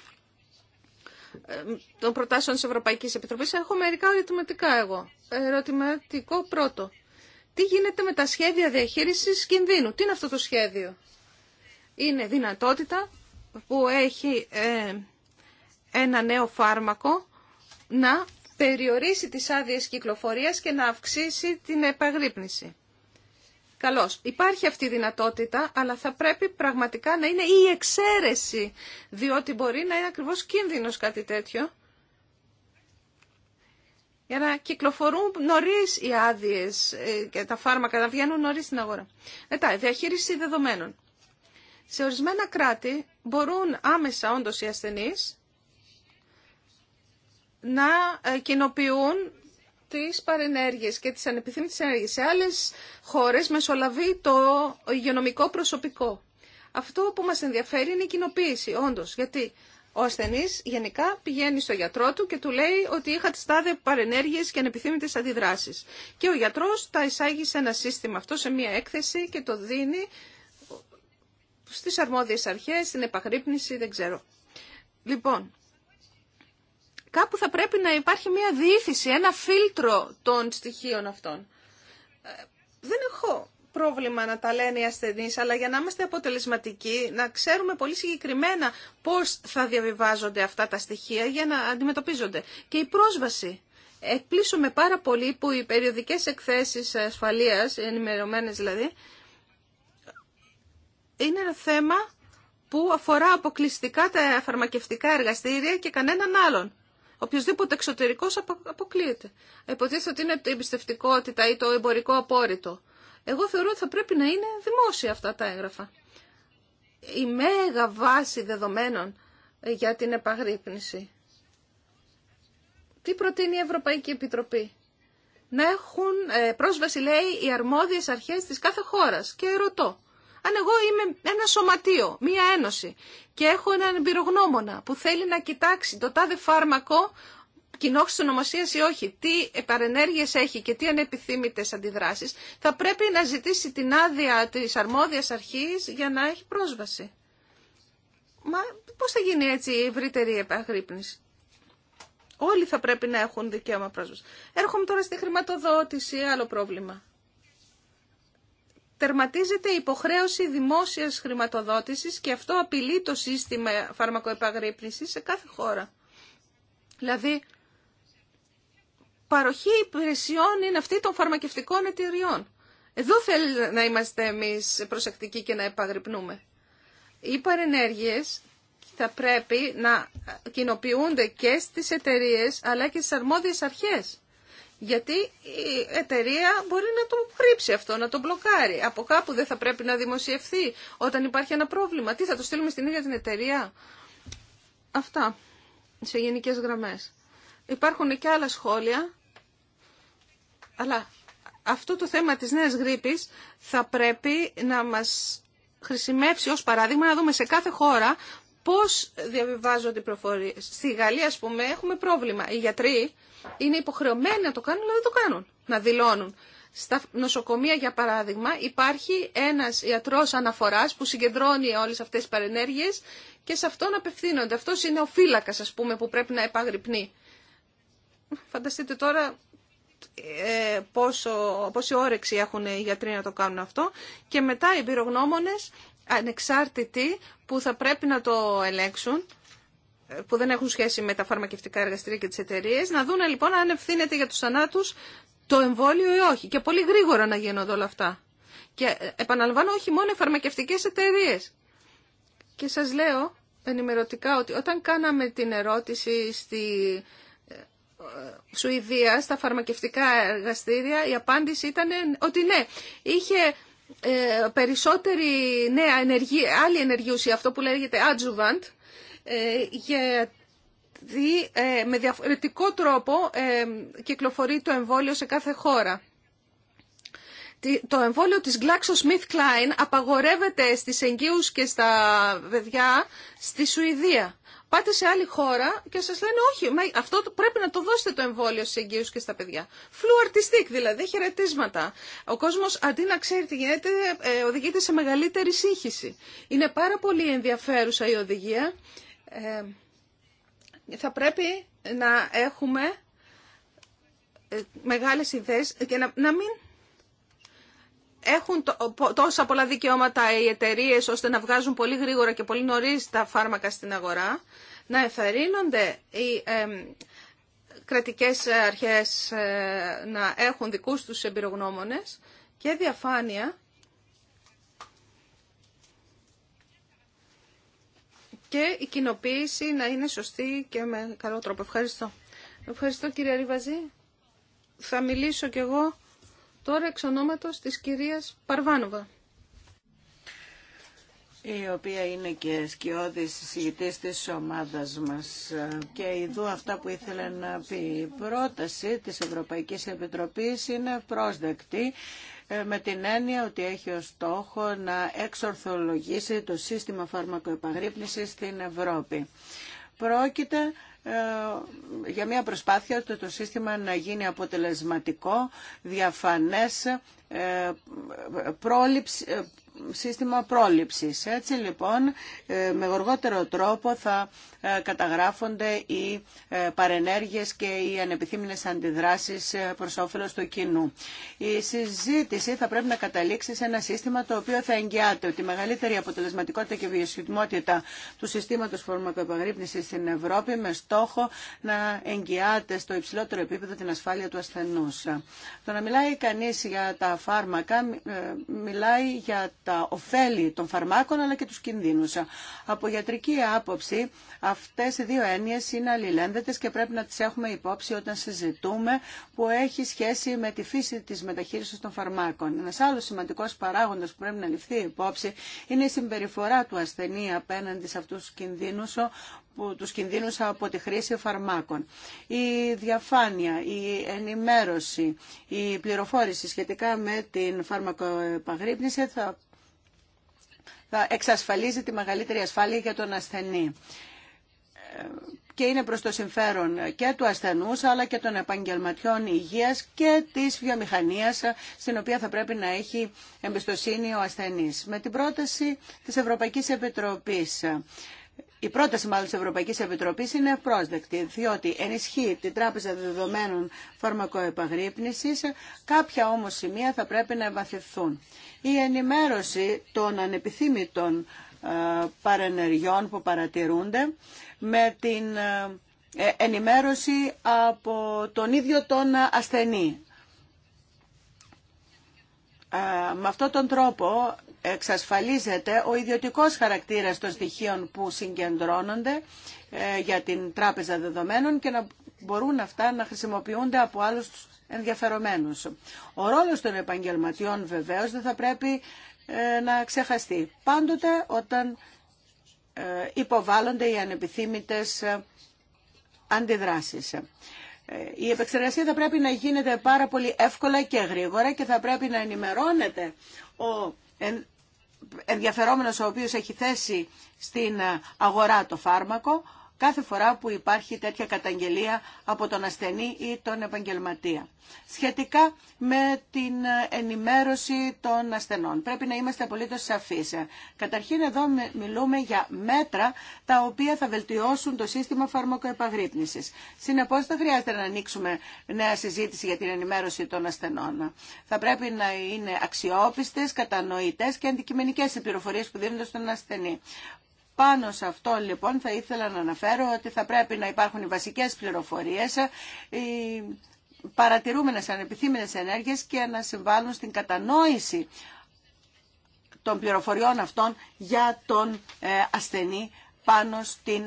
Speaker 1: ε, των προτάσεων της Ευρωπαϊκής Επιτροπής. Έχω μερικά ερωτηματικά εγώ. Ερωτηματικό πρώτο τι γίνεται με τα σχέδια διαχείρισης κινδύνου. Τι είναι αυτό το σχέδιο. Είναι δυνατότητα που έχει ε, ένα νέο φάρμακο να περιορίσει τις άδειες κυκλοφορίας και να αυξήσει την επαγρύπνηση. Καλώς. Υπάρχει αυτή η δυνατότητα, αλλά θα πρέπει πραγματικά να είναι η εξαίρεση, διότι μπορεί να είναι ακριβώς κίνδυνος κάτι τέτοιο για να κυκλοφορούν νωρί οι άδειε ε, και τα φάρμακα να βγαίνουν νωρί στην αγορά. Μετά, διαχείριση δεδομένων. Σε ορισμένα κράτη μπορούν άμεσα όντω οι ασθενείς να ε, κοινοποιούν τις παρενέργειες και τις ανεπιθύμητες ενέργειες. Σε άλλες χώρες μεσολαβεί το υγειονομικό προσωπικό. Αυτό που μας ενδιαφέρει είναι η κοινοποίηση, όντως, γιατί ο ασθενή γενικά πηγαίνει στο γιατρό του και του λέει ότι είχα τι τάδε παρενέργειε και ανεπιθύμητε αντιδράσει. Και ο γιατρό τα εισάγει σε ένα σύστημα αυτό, σε μία έκθεση και το δίνει στις αρμόδιες αρχές, στην επαγρύπνηση, δεν ξέρω. Λοιπόν, κάπου θα πρέπει να υπάρχει μία διήθηση, ένα φίλτρο των στοιχείων αυτών. Ε, δεν έχω πρόβλημα να τα λένε οι ασθενεί, αλλά για να είμαστε αποτελεσματικοί, να ξέρουμε πολύ συγκεκριμένα πώ θα διαβιβάζονται αυτά τα στοιχεία για να αντιμετωπίζονται. Και η πρόσβαση. Εκπλήσουμε πάρα πολύ που οι περιοδικές εκθέσεις ασφαλείας, ενημερωμένε δηλαδή, είναι ένα θέμα που αφορά αποκλειστικά τα φαρμακευτικά εργαστήρια και κανέναν άλλον. Οποιοδήποτε εξωτερικό αποκλείεται. Υποτίθεται ότι είναι η εμπιστευτικότητα ή το εμπορικό απόρριτο. Εγώ θεωρώ ότι θα πρέπει να είναι δημόσια αυτά τα έγγραφα. Η μέγα βάση δεδομένων ε, για την επαγρύπνηση. Τι προτείνει η Ευρωπαϊκή Επιτροπή. Να έχουν ε, πρόσβαση, λέει, οι αρμόδιες αρχές της κάθε χώρας. Και ρωτώ, αν εγώ είμαι ένα σωματείο, μία ένωση και έχω έναν εμπειρογνώμονα που θέλει να κοιτάξει το τάδε φάρμακο κοινόχρησης ονομασία ή όχι, τι παρενέργειε έχει και τι ανεπιθύμητε αντιδράσει, θα πρέπει να ζητήσει την άδεια τη αρμόδια αρχή για να έχει πρόσβαση. Μα πώς θα γίνει έτσι η ευρύτερη επαγρύπνηση. Όλοι θα πρέπει να έχουν δικαίωμα πρόσβαση. Έρχομαι τώρα στη χρηματοδότηση, άλλο πρόβλημα. Τερματίζεται η υποχρέωση δημόσιας χρηματοδότησης και αυτό απειλεί το σύστημα φαρμακοεπαγρύπνησης σε κάθε χώρα. Δηλαδή, παροχή υπηρεσιών είναι αυτή των φαρμακευτικών εταιριών. Εδώ θέλει να είμαστε εμείς προσεκτικοί και να επαγρυπνούμε. Οι παρενέργειες θα πρέπει να κοινοποιούνται και στις εταιρείε αλλά και στις αρμόδιες αρχές. Γιατί η εταιρεία μπορεί να το κρύψει αυτό, να το μπλοκάρει. Από κάπου δεν θα πρέπει να δημοσιευθεί όταν υπάρχει ένα πρόβλημα. Τι θα το στείλουμε στην ίδια την εταιρεία. Αυτά σε γενικές γραμμές. Υπάρχουν και άλλα σχόλια αλλά αυτό το θέμα της νέας γρήπης θα πρέπει να μας χρησιμεύσει ως παράδειγμα να δούμε σε κάθε χώρα πώς διαβιβάζονται οι προφορίες. Στη Γαλλία, ας πούμε, έχουμε πρόβλημα. Οι γιατροί είναι υποχρεωμένοι να το κάνουν, αλλά δεν το κάνουν, να δηλώνουν. Στα νοσοκομεία, για παράδειγμα, υπάρχει ένας ιατρός αναφοράς που συγκεντρώνει όλες αυτές τις παρενέργειες και σε αυτόν απευθύνονται. Αυτός είναι ο φύλακας, ας πούμε, που πρέπει να επαγρυπνεί. Φανταστείτε τώρα ε, πόσο, πόση όρεξη έχουν οι γιατροί να το κάνουν αυτό και μετά οι πυρογνώμονες ανεξάρτητοι που θα πρέπει να το ελέγξουν ε, που δεν έχουν σχέση με τα φαρμακευτικά εργαστήρια και τις εταιρείες να δουν λοιπόν αν ευθύνεται για τους θανάτους το εμβόλιο ή όχι. Και πολύ γρήγορα να γίνονται όλα αυτά. Και ε, επαναλαμβάνω όχι μόνο οι φαρμακευτικές εταιρείε. Και σας λέω ενημερωτικά ότι όταν κάναμε την ερώτηση στη ε, Σουηδία στα φαρμακευτικά εργαστήρια η απάντηση ήταν ότι ναι, είχε ε, περισσότερη νέα ενεργή, άλλη ενεργούση, αυτό που λέγεται adjuvant, ε, γιατί με διαφορετικό τρόπο κυκλοφορεί το εμβόλιο σε κάθε χώρα. Το εμβόλιο της GlaxoSmithKline απαγορεύεται στις εγγύους και στα παιδιά στη Σουηδία. Πάτε σε άλλη χώρα και σας λένε όχι, μα αυτό πρέπει να το δώσετε το εμβόλιο στους εγγύους και στα παιδιά. Φλουαρτιστικ δηλαδή, χαιρετίσματα. Ο κόσμος αντί να ξέρει τι γίνεται ε, οδηγείται σε μεγαλύτερη σύγχυση. Είναι πάρα πολύ ενδιαφέρουσα η οδηγία. Ε, θα πρέπει να έχουμε ε, μεγάλες ιδέες και να, να μην έχουν τόσα πολλά δικαιώματα οι εταιρείε ώστε να βγάζουν πολύ γρήγορα και πολύ νωρί τα φάρμακα στην αγορά, να εθαρρύνονται οι ε, κρατικές αρχές ε, να έχουν δικούς τους εμπειρογνώμονες και διαφάνεια και η κοινοποίηση να είναι σωστή και με καλό τρόπο. Ευχαριστώ. Ευχαριστώ κύριε Ριβαζή. Θα μιλήσω κι εγώ Τώρα εξ ονόματος της κυρίας Παρβάνοβα
Speaker 2: η οποία είναι και σκιώδης συζητής της ομάδας μας. Και ειδού αυτά που ήθελε να πει. Η πρόταση της Ευρωπαϊκής Επιτροπής είναι πρόσδεκτη ε, με την έννοια ότι έχει ως στόχο να εξορθολογήσει το σύστημα φαρμακοεπαγρύπνησης στην Ευρώπη. Πρόκειται ε, για μια προσπάθεια το, το σύστημα να γίνει αποτελεσματικό, διαφανές, ε, πρόληψη, ε, σύστημα πρόληψης. Έτσι λοιπόν ε, με γοργότερο τρόπο θα ε, καταγράφονται οι ε, παρενέργειες και οι ανεπιθύμινες αντιδράσεις προς όφελος του κοινού. Η συζήτηση θα πρέπει να καταλήξει σε ένα σύστημα το οποίο θα εγγυάται ότι η μεγαλύτερη αποτελεσματικότητα και βιωσιμότητα του συστήματος φορμακοεπαγρύπνησης στην Ευρώπη με στόχο να εγγυάται στο υψηλότερο επίπεδο την ασφάλεια του ασθενούς. Το να μιλάει κανείς για τα φάρμακα μιλάει για τα ωφέλη των φαρμάκων αλλά και τους κινδύνους. Από γιατρική άποψη αυτές οι δύο έννοιες είναι αλληλένδετες και πρέπει να τις έχουμε υπόψη όταν συζητούμε που έχει σχέση με τη φύση της μεταχείρισης των φαρμάκων. Ένας άλλος σημαντικός παράγοντας που πρέπει να ληφθεί υπόψη είναι η συμπεριφορά του ασθενή απέναντι σε αυτούς τους κινδύνους τους κινδύνους από τη χρήση φαρμάκων. Η διαφάνεια, η ενημέρωση, η πληροφόρηση σχετικά με την φαρμακοεπαγρύπνηση θα θα εξασφαλίζει τη μεγαλύτερη ασφάλεια για τον ασθενή και είναι προς το συμφέρον και του ασθενούς αλλά και των επαγγελματιών υγείας και της βιομηχανίας στην οποία θα πρέπει να έχει εμπιστοσύνη ο ασθενής. Με την πρόταση της Ευρωπαϊκής Επιτροπής η πρόταση μάλλον της Ευρωπαϊκής Επιτροπής είναι πρόσδεκτη, διότι ενισχύει την Τράπεζα Δεδομένων Φαρμακοεπαγρύπνησης, κάποια όμως σημεία θα πρέπει να εμβαθυνθούν. Η ενημέρωση των ανεπιθύμητων ε, παρενεργειών που παρατηρούνται με την ε, ενημέρωση από τον ίδιο τον ασθενή. Ε, με αυτόν τον τρόπο εξασφαλίζεται ο ιδιωτικός χαρακτήρας των στοιχείων που συγκεντρώνονται ε, για την τράπεζα δεδομένων και να μπορούν αυτά να χρησιμοποιούνται από άλλους ενδιαφερομένους. Ο ρόλος των επαγγελματιών βεβαίως δεν θα πρέπει ε, να ξεχαστεί. Πάντοτε όταν υποβάλλονται οι ανεπιθύμητες αντιδράσεις. Ε, η επεξεργασία θα πρέπει να γίνεται πάρα πολύ εύκολα και γρήγορα και θα πρέπει να ενημερώνεται ο ενδιαφερόμενος ο οποίος έχει θέσει στην ε, αγορά το φάρμακο κάθε φορά που υπάρχει τέτοια καταγγελία από τον ασθενή ή τον επαγγελματία. Σχετικά με την ενημέρωση των ασθενών, πρέπει να είμαστε απολύτω σαφείς. Καταρχήν εδώ μιλούμε για μέτρα τα οποία θα βελτιώσουν το σύστημα φαρμακοεπαγρύπνησης. Συνεπώς δεν χρειάζεται να ανοίξουμε νέα συζήτηση για την ενημέρωση των ασθενών. Θα πρέπει να είναι αξιόπιστες, κατανοητές και αντικειμενικές οι πληροφορίες που δίνονται στον ασθενή. Πάνω σε αυτό λοιπόν θα ήθελα να αναφέρω ότι θα πρέπει να υπάρχουν οι βασικές πληροφορίες, οι παρατηρούμενες ανεπιθύμενες ενέργειες και να συμβάλλουν στην κατανόηση των πληροφοριών αυτών για τον ε, ασθενή πάνω στην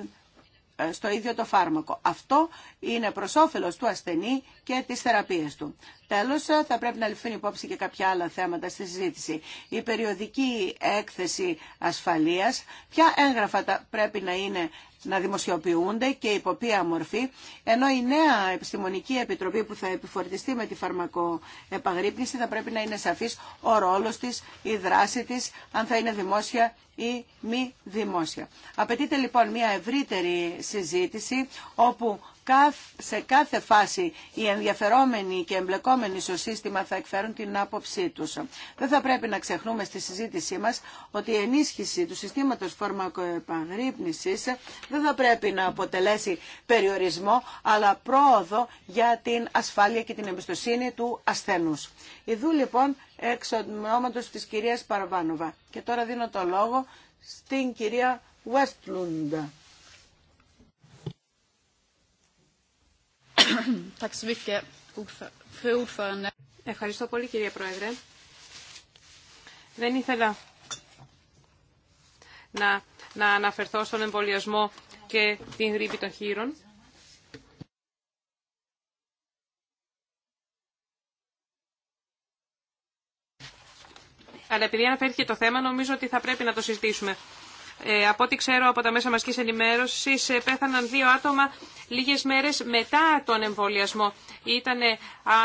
Speaker 2: ε, στο ίδιο το φάρμακο. Αυτό είναι προ όφελο του ασθενή και τη θεραπεία του. Τέλο, ε, θα πρέπει να ληφθούν υπόψη και κάποια άλλα θέματα στη συζήτηση. Η περιοδική έκθεση ασφαλεία, ποια έγγραφα πρέπει να είναι να δημοσιοποιούνται και υπό ποια μορφή, ενώ η νέα επιστημονική επιτροπή που θα επιφορτιστεί με τη φαρμακοεπαγρύπνηση θα πρέπει να είναι σαφής ο ρόλος της, η δράση της, αν θα είναι δημόσια ή μη δημόσια. Απαιτείται λοιπόν μια ευρύτερη συζήτηση όπου σε κάθε φάση οι ενδιαφερόμενοι και εμπλεκόμενοι στο σύστημα θα εκφέρουν την άποψή τους. Δεν θα πρέπει να ξεχνούμε στη συζήτησή μας ότι η ενίσχυση του συστήματος φαρμακοεπαγρύπνησης δεν θα πρέπει να αποτελέσει περιορισμό αλλά πρόοδο για την ασφάλεια και την εμπιστοσύνη του ασθενούς. Ιδού λοιπόν εξ ονόματο της κυρίας Παρβάνοβα. Και τώρα δίνω το λόγο στην κυρία Westlund.
Speaker 3: Ευχαριστώ πολύ κύριε Πρόεδρε. Δεν ήθελα να, να αναφερθώ στον εμβολιασμό και την γρήπη των χείρων. Αλλά επειδή αναφέρθηκε το θέμα, νομίζω ότι θα πρέπει να το συζητήσουμε. Ε, από ό,τι ξέρω από τα μέσα μαζικής ενημέρωσης, ε, πέθαναν δύο άτομα λίγες μέρες μετά τον εμβολιασμό. Ήταν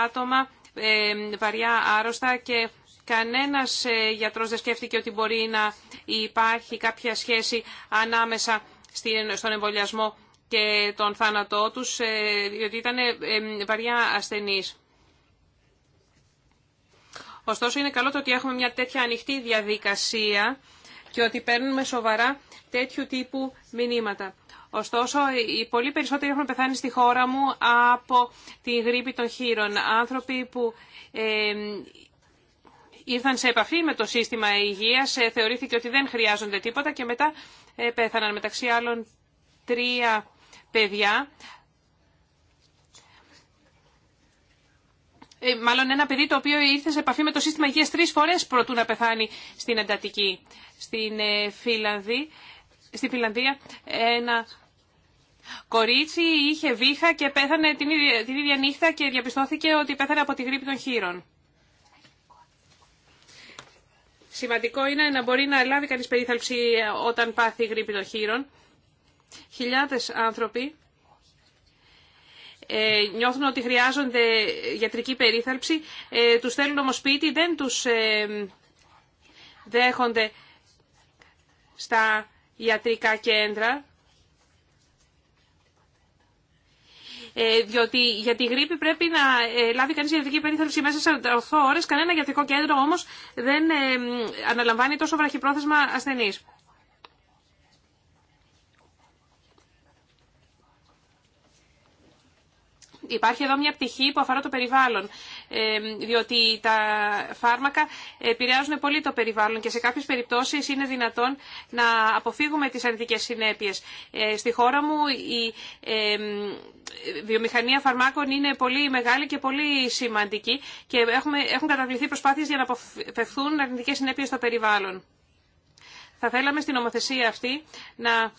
Speaker 3: άτομα ε, βαριά άρρωστα και κανένας γιατρός δεν σκέφτηκε ότι μπορεί να υπάρχει κάποια σχέση ανάμεσα στον εμβολιασμό και τον θάνατό τους, διότι ήταν βαριά ασθενείς. Ωστόσο, είναι καλό το ότι έχουμε μια τέτοια ανοιχτή διαδικασία και ότι παίρνουμε σοβαρά τέτοιου τύπου μηνύματα. Ωστόσο, οι πολύ περισσότεροι έχουν πεθάνει στη χώρα μου από τη γρήπη των χείρων. Άνθρωποι που ε, ήρθαν σε επαφή με το σύστημα υγείας, ε, θεωρήθηκε ότι δεν χρειάζονται τίποτα και μετά ε, πέθαναν μεταξύ άλλων τρία παιδιά Ε, μάλλον ένα παιδί το οποίο ήρθε σε επαφή με το σύστημα υγείας τρεις φορές προτού να πεθάνει στην εντατική. Στην, ε, Φιλανδή, στη Φιλανδία ένα κορίτσι είχε βήχα και πέθανε την ίδια, την ίδια νύχτα και διαπιστώθηκε ότι πέθανε από τη γρήπη των χείρων. Σημαντικό είναι να μπορεί να λάβει κανείς περίθαλψη όταν πάθει γρήπη των χείρων. Χιλιάδες άνθρωποι ε, νιώθουν ότι χρειάζονται γιατρική περίθαλψη, ε, τους θέλουν όμως σπίτι, δεν τους ε, δέχονται στα ιατρικά κέντρα. διότι για τη γρήπη πρέπει να λάβει κανείς γιατρική περίθαλψη μέσα σε 8 ώρες. Κανένα γιατρικό κέντρο όμως δεν αναλαμβάνει τόσο βραχυπρόθεσμα ασθενείς. Υπάρχει εδώ μια πτυχή που αφορά το περιβάλλον, ε, διότι τα φάρμακα επηρεάζουν πολύ το περιβάλλον και σε κάποιες περιπτώσεις είναι δυνατόν να αποφύγουμε τις αρνητικές συνέπειες. Ε, στη χώρα μου η ε, βιομηχανία φαρμάκων είναι πολύ μεγάλη και πολύ σημαντική και έχουν καταβληθεί προσπάθειες για να αποφευθούν αρνητικές συνέπειες στο περιβάλλον. Θα θέλαμε στην ομοθεσία αυτή να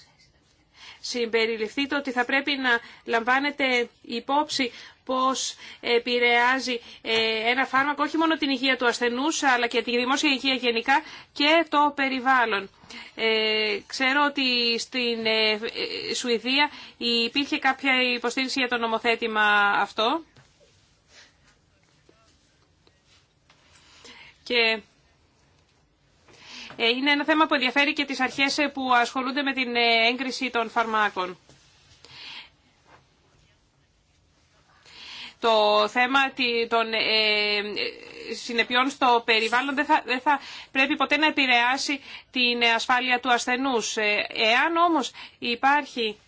Speaker 3: συμπεριληφθεί το ότι θα πρέπει να λαμβάνετε υπόψη πώς επηρεάζει ε, ένα φάρμακο όχι μόνο την υγεία του ασθενούς αλλά και τη δημόσια υγεία γενικά και το περιβάλλον. Ε, ξέρω ότι στην ε, Σουηδία υπήρχε κάποια υποστήριξη για το νομοθέτημα αυτό. Και ε, είναι ένα θέμα που ενδιαφέρει και τις αρχές ε, που ασχολούνται με την ε, έγκριση των φαρμάκων. Το θέμα των συνεπειών στο περιβάλλον δεν θα, δεν θα πρέπει ποτέ να επηρεάσει την ασφάλεια του ασθενούς. Εάν όμως υπάρχει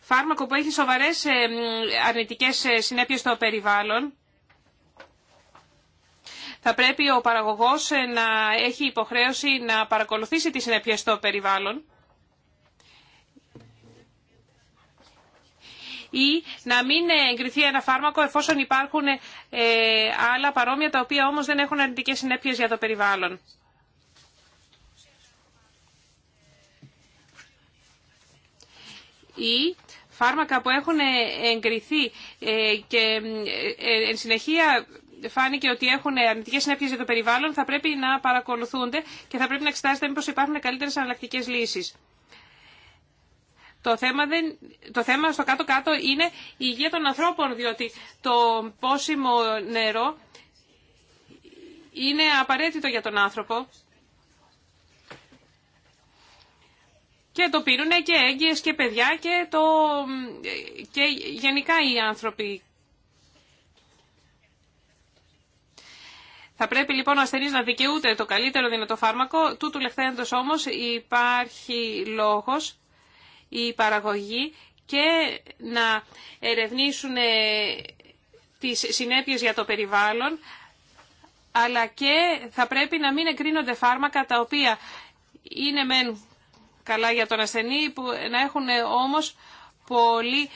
Speaker 3: φάρμακο που έχει σοβαρές αρνητικές συνέπειες στο περιβάλλον, θα πρέπει ο παραγωγός ε, να έχει υποχρέωση να παρακολουθήσει τις συνέπειες στο περιβάλλον ή να μην εγκριθεί ένα φάρμακο εφόσον υπάρχουν ε, άλλα παρόμοια τα οποία όμως δεν έχουν αρνητικές συνέπειες για το περιβάλλον. Ή φάρμακα που έχουν ε, εγκριθεί και εν συνεχεία φάνηκε ότι έχουν αρνητικέ συνέπειε για το περιβάλλον θα πρέπει να παρακολουθούνται και θα πρέπει να εξετάζεται μήπω υπάρχουν καλύτερε αναλλακτικέ λύσει. Το θέμα, δεν, το θέμα στο κάτω-κάτω είναι η υγεία των ανθρώπων, διότι το πόσιμο νερό είναι απαραίτητο για τον άνθρωπο. Και το πίνουν και έγκυες και παιδιά και, το, και γενικά οι άνθρωποι Θα πρέπει λοιπόν ο ασθενή να δικαιούται το καλύτερο δυνατό φάρμακο. Τούτου λεχθέντο όμω υπάρχει λόγο η παραγωγή και να ερευνήσουν ε, τις συνέπειες για το περιβάλλον, αλλά και θα πρέπει να μην εγκρίνονται φάρμακα τα οποία είναι μεν καλά για τον ασθενή, που ε, να έχουν ε, όμως πολύ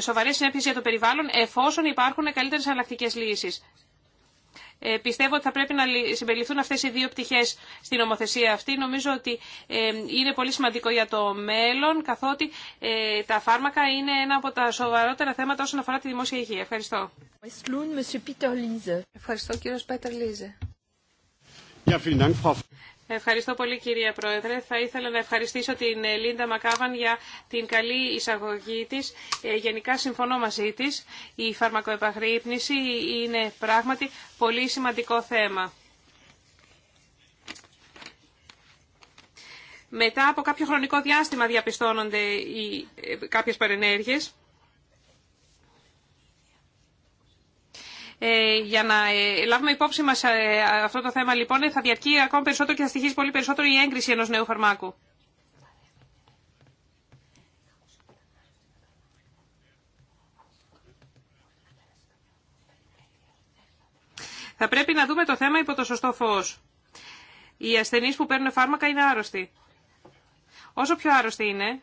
Speaker 3: σοβαρές συνέπειες για το περιβάλλον, εφόσον υπάρχουν καλύτερες αλλακτικές λύσεις. Ε, πιστεύω ότι θα πρέπει να συμπεριληφθούν αυτές οι δύο πτυχές στην νομοθεσία αυτή. Νομίζω ότι ε, είναι πολύ σημαντικό για το μέλλον, καθότι ε, τα φάρμακα είναι ένα από τα σοβαρότερα θέματα όσον αφορά τη δημόσια υγεία. Ευχαριστώ. Ευχαριστώ κύριος Πέτερ Λίζε. Ευχαριστώ πολύ κυρία Πρόεδρε. Θα ήθελα να ευχαριστήσω την ε, Λίντα Μακάβαν για την καλή εισαγωγή της. Ε, γενικά συμφωνώ μαζί της. Η φαρμακοεπαγρύπνηση είναι πράγματι πολύ σημαντικό θέμα. Μετά από κάποιο χρονικό διάστημα διαπιστώνονται οι, ε, κάποιες παρενέργειες. Ε, για να ε, λάβουμε υπόψη μας ε, αυτό το θέμα λοιπόν θα διαρκεί ακόμα περισσότερο και θα στοιχίζει πολύ περισσότερο η έγκριση ενός νέου φαρμάκου. Θα πρέπει να δούμε το θέμα υπό το σωστό φως. Οι ασθενεί που παίρνουν φάρμακα είναι άρρωστοι. Όσο πιο άρρωστοι είναι,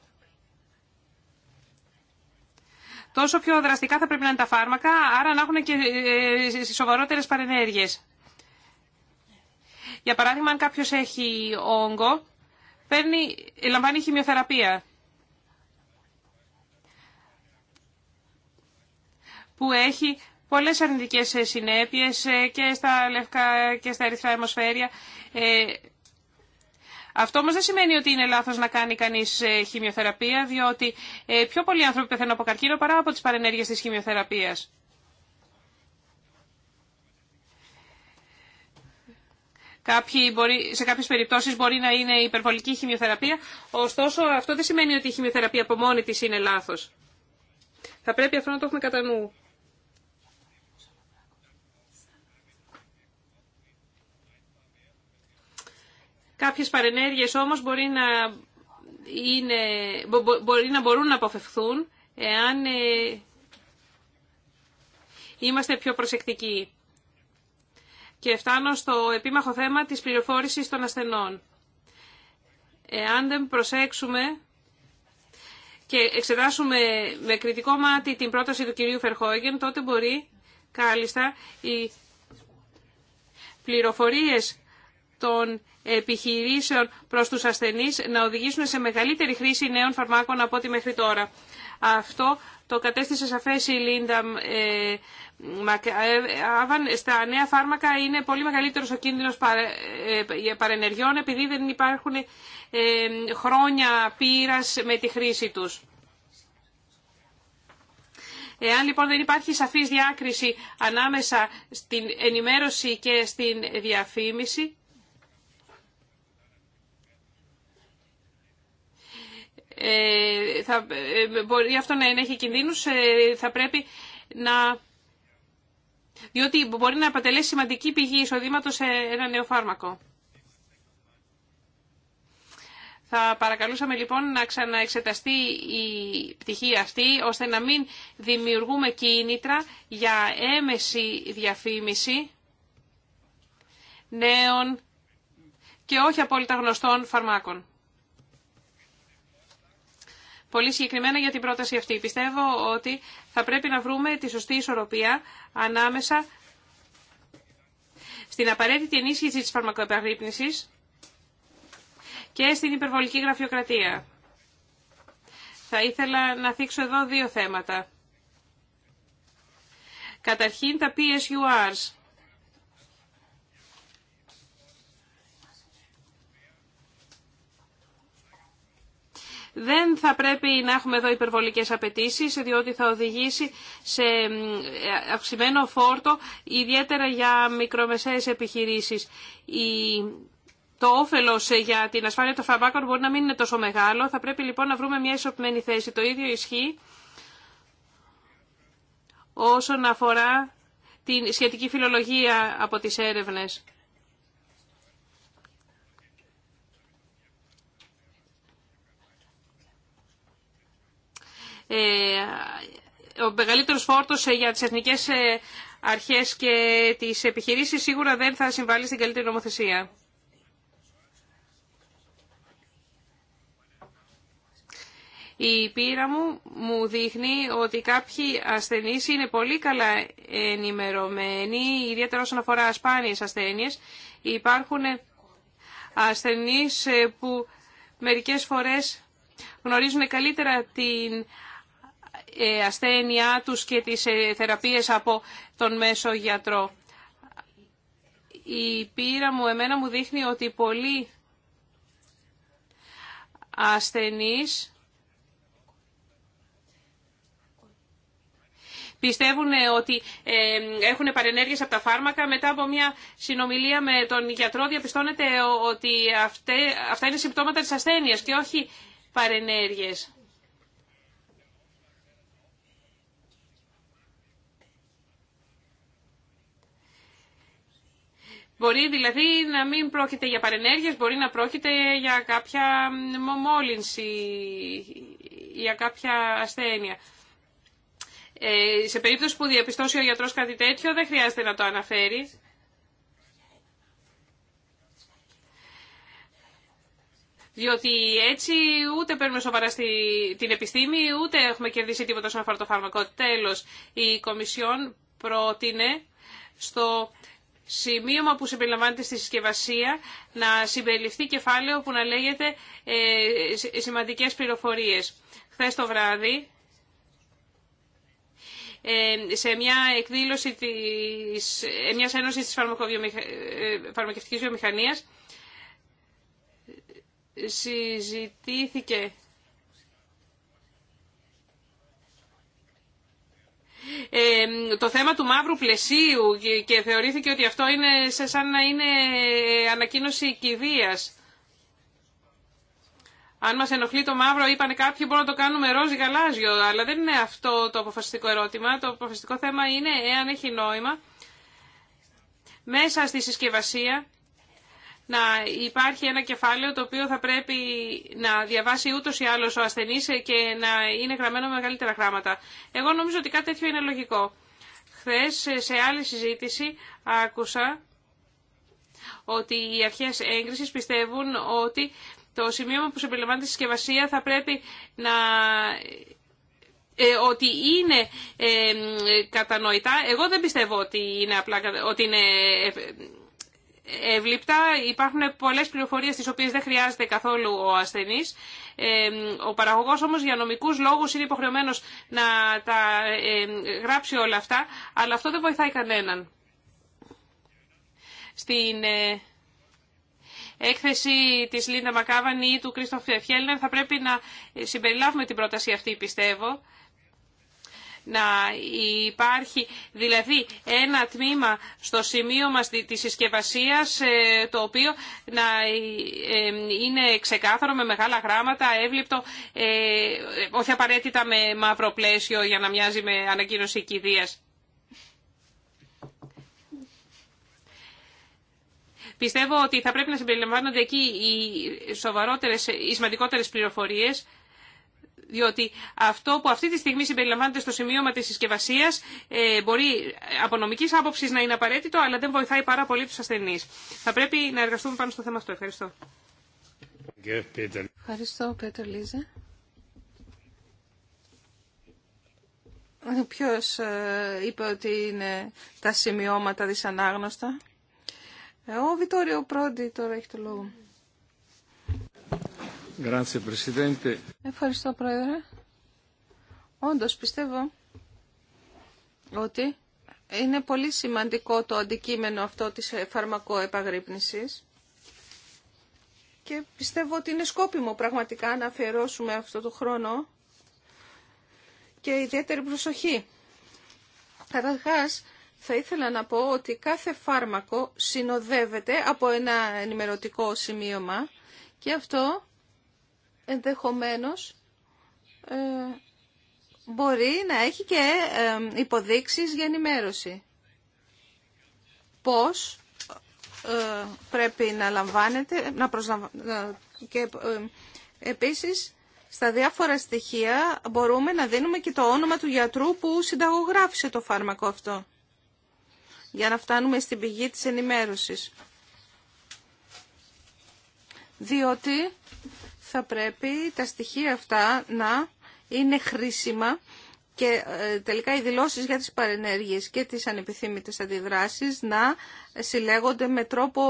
Speaker 3: τόσο πιο δραστικά θα πρέπει να είναι τα φάρμακα, άρα να έχουν και ε, ε, σοβαρότερες παρενέργειες. Για παράδειγμα, αν κάποιος έχει όγκο, παίρνει, λαμβάνει χημειοθεραπεία. που έχει πολλές αρνητικές ε, συνέπειες και στα λευκά και στα αριθρά αιμοσφαίρια. Αυτό όμω δεν σημαίνει ότι είναι λάθος να κάνει κανείς ε, χημειοθεραπεία, διότι ε, πιο πολλοί άνθρωποι πεθαίνουν από καρκίνο παρά από τις παρενέργειες της χημειοθεραπεία. Κάποιοι μπορεί, σε κάποιε περιπτώσει μπορεί να είναι υπερβολική χημειοθεραπεία, ωστόσο αυτό δεν σημαίνει ότι η χημειοθεραπεία από μόνη τη είναι λάθο. Θα πρέπει αυτό να το έχουμε κατά νου. Κάποιες παρενέργειες όμως μπορεί να, είναι, μπορεί να μπορούν να αποφευθούν εάν ε, είμαστε πιο προσεκτικοί. Και φτάνω στο επίμαχο θέμα της πληροφόρησης των ασθενών. Εάν δεν προσέξουμε και εξετάσουμε με κριτικό μάτι την πρόταση του κυρίου Φερχόγεν, τότε μπορεί κάλλιστα οι πληροφορίες των επιχειρήσεων προς τους ασθενείς να οδηγήσουν σε μεγαλύτερη χρήση νέων φαρμάκων από ό,τι μέχρι τώρα. Αυτό το κατέστησε σαφές η Λίντα ε, ε στα νέα φάρμακα είναι πολύ μεγαλύτερος ο κίνδυνος ε, παρενεργειών επειδή δεν υπάρχουν ε, χρόνια πείρας με τη χρήση τους. Εάν λοιπόν δεν υπάρχει σαφής διάκριση ανάμεσα στην ενημέρωση και στην διαφήμιση, Ε, θα, ε, μπορεί αυτό να ενέχει κινδύνους, ε, θα πρέπει να... Διότι μπορεί να αποτελέσει σημαντική πηγή εισοδήματος σε ένα νέο φάρμακο. Θα παρακαλούσαμε λοιπόν να ξαναεξεταστεί η πτυχή αυτή, ώστε να μην δημιουργούμε κίνητρα για έμεση διαφήμιση νέων και όχι απόλυτα γνωστών φαρμάκων πολύ συγκεκριμένα για την πρόταση αυτή. Πιστεύω ότι θα πρέπει να βρούμε τη σωστή ισορροπία ανάμεσα στην απαραίτητη ενίσχυση της φαρμακοεπαγρύπνησης και στην υπερβολική γραφειοκρατία. Θα ήθελα να θίξω εδώ δύο θέματα. Καταρχήν τα PSURs, Δεν θα πρέπει να έχουμε εδώ υπερβολικές απαιτήσεις, διότι θα οδηγήσει σε αυξημένο φόρτο, ιδιαίτερα για μικρομεσαίες επιχειρήσεις. Το όφελο για την ασφάλεια των φαρμάκων μπορεί να μην είναι τόσο μεγάλο. Θα πρέπει λοιπόν να βρούμε μια ισορροπημένη θέση. Το ίδιο ισχύει όσον αφορά την σχετική φιλολογία από τις έρευνες. Ε, ο μεγαλύτερος φόρτος ε, για τις εθνικές ε, αρχές και τις επιχειρήσεις σίγουρα δεν θα συμβάλλει στην καλύτερη νομοθεσία. Η πείρα μου μου δείχνει ότι κάποιοι ασθενείς είναι πολύ καλά ενημερωμένοι, ιδιαίτερα όσον αφορά ασπάνιες ασθένειες. Υπάρχουν ασθενείς που μερικές φορές γνωρίζουν καλύτερα την ε, ασθένειά τους και τις ε, θεραπείες από τον μέσο γιατρό. Η πείρα μου εμένα μου δείχνει ότι πολλοί ασθενείς πιστεύουν ε, ότι έχουν παρενέργειες από τα φάρμακα. Μετά από μια συνομιλία με τον γιατρό διαπιστώνεται ότι αυτά είναι συμπτώματα της ασθένειας και όχι παρενέργειες. Μπορεί δηλαδή να μην πρόκειται για παρενέργειες, μπορεί να πρόκειται για κάποια μόλυνση, για κάποια ασθένεια. Ε, σε περίπτωση που διαπιστώσει ο γιατρός κάτι τέτοιο δεν χρειάζεται να το αναφέρει. Διότι έτσι ούτε παίρνουμε σοβαρά την επιστήμη, ούτε έχουμε κερδίσει τίποτα σαν αφορά το φάρμακο. Τέλος, η Κομισιόν πρότεινε στο σημείωμα που συμπεριλαμβάνεται στη συσκευασία να συμπεριληφθεί κεφάλαιο που να λέγεται ε, σημαντικές πληροφορίες. Χθες το βράδυ, ε, σε μια εκδήλωση της, ε, μιας ένωσης της φαρμακοβιομηχα... Ε, φαρμακευτικής βιομηχανίας συζητήθηκε το θέμα του μαύρου πλαισίου και θεωρήθηκε ότι αυτό είναι σαν να είναι ε, ανακοίνωση κηδείας. Αν μας ενοχλεί το μαύρο, είπανε κάποιοι, μπορούμε να το κάνουμε ροζ γαλάζιο, αλλά δεν είναι αυτό το αποφασιστικό ερώτημα. Το αποφασιστικό θέμα είναι εάν έχει νόημα μέσα στη συσκευασία να υπάρχει ένα κεφάλαιο το οποίο θα πρέπει να διαβάσει ούτω ή άλλω ο ασθενή και να είναι γραμμένο με μεγαλύτερα γράμματα. Εγώ νομίζω ότι κάτι τέτοιο είναι λογικό. Χθε σε άλλη συζήτηση άκουσα ότι οι αρχές έγκρισης πιστεύουν ότι το σημείο που συμπεριλαμβάνεται στη συσκευασία θα πρέπει να ε, ότι είναι ε, κατανοητά. Εγώ δεν πιστεύω ότι είναι, απλά, ότι είναι ε, ευλήπτα. Υπάρχουν πολλές πληροφορίες τι οποίες δεν χρειάζεται καθόλου ο ασθενής. Ε, ο παραγωγός όμως για νομικού λόγους είναι υποχρεωμένος να τα ε, γράψει όλα αυτά, αλλά αυτό δεν βοηθάει κανέναν. Στην ε, έκθεση της Λίντα Μακάβαν ή του Κρίστοφ Φιέλνερ θα πρέπει να συμπεριλάβουμε την πρόταση αυτή, πιστεύω να υπάρχει δηλαδή ένα τμήμα στο σημείο μας της συσκευασία, ε, το οποίο να ε, είναι ξεκάθαρο με μεγάλα γράμματα, εύληπτο, ε, όχι απαραίτητα με μαύρο πλαίσιο για να μοιάζει με ανακοίνωση κηδείας. Πιστεύω ότι θα πρέπει να συμπεριλαμβάνονται εκεί οι σοβαρότερες, οι σημαντικότερες πληροφορίες διότι αυτό που αυτή τη στιγμή συμπεριλαμβάνεται στο σημείωμα της συσκευασία ε, μπορεί από νομικής άποψης να είναι απαραίτητο, αλλά δεν βοηθάει πάρα πολύ τους ασθενείς. Θα πρέπει να εργαστούμε πάνω στο θέμα αυτό. Ευχαριστώ.
Speaker 1: Ευχαριστώ, Πέτερ Λίζε. Ποιος ε, είπε ότι είναι τα σημειώματα δυσανάγνωστα. Ε, ο Βιτόριο Πρόντι τώρα έχει το λόγο. Ευχαριστώ, Πρόεδρε. Όντως, πιστεύω ότι είναι πολύ σημαντικό το αντικείμενο αυτό της φαρμακοεπαγρύπνησης και πιστεύω ότι είναι σκόπιμο πραγματικά να αφιερώσουμε αυτό το χρόνο και ιδιαίτερη προσοχή. Καταρχά, θα ήθελα να πω ότι κάθε φάρμακο συνοδεύεται από ένα ενημερωτικό σημείωμα και αυτό ενδεχομένως ε, μπορεί να έχει και ε, υποδείξεις για ενημέρωση. Πώς ε, πρέπει να λαμβάνεται να προσλαμβα... και επίσης στα διάφορα στοιχεία μπορούμε να δίνουμε και το όνομα του γιατρού που συνταγογράφησε το φάρμακο αυτό για να φτάνουμε στην πηγή της ενημέρωσης. Διότι θα πρέπει τα στοιχεία αυτά να είναι χρήσιμα και ε, τελικά οι δηλώσεις για τις παρενέργειες και τις ανεπιθύμητες αντιδράσεις να συλλέγονται με τρόπο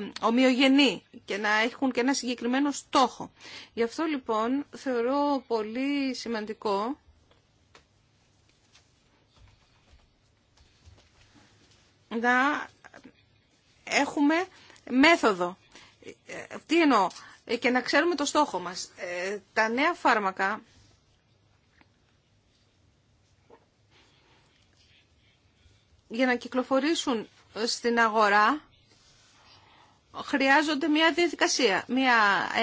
Speaker 1: ε, ομοιογενή και να έχουν και ένα συγκεκριμένο στόχο. Γι' αυτό λοιπόν θεωρώ πολύ σημαντικό να έχουμε μέθοδο. Ε, τι εννοώ, ε, και να ξέρουμε το στόχο μας. Ε, τα νέα φάρμακα για να κυκλοφορήσουν στην αγορά χρειάζονται μια διαδικασία, μια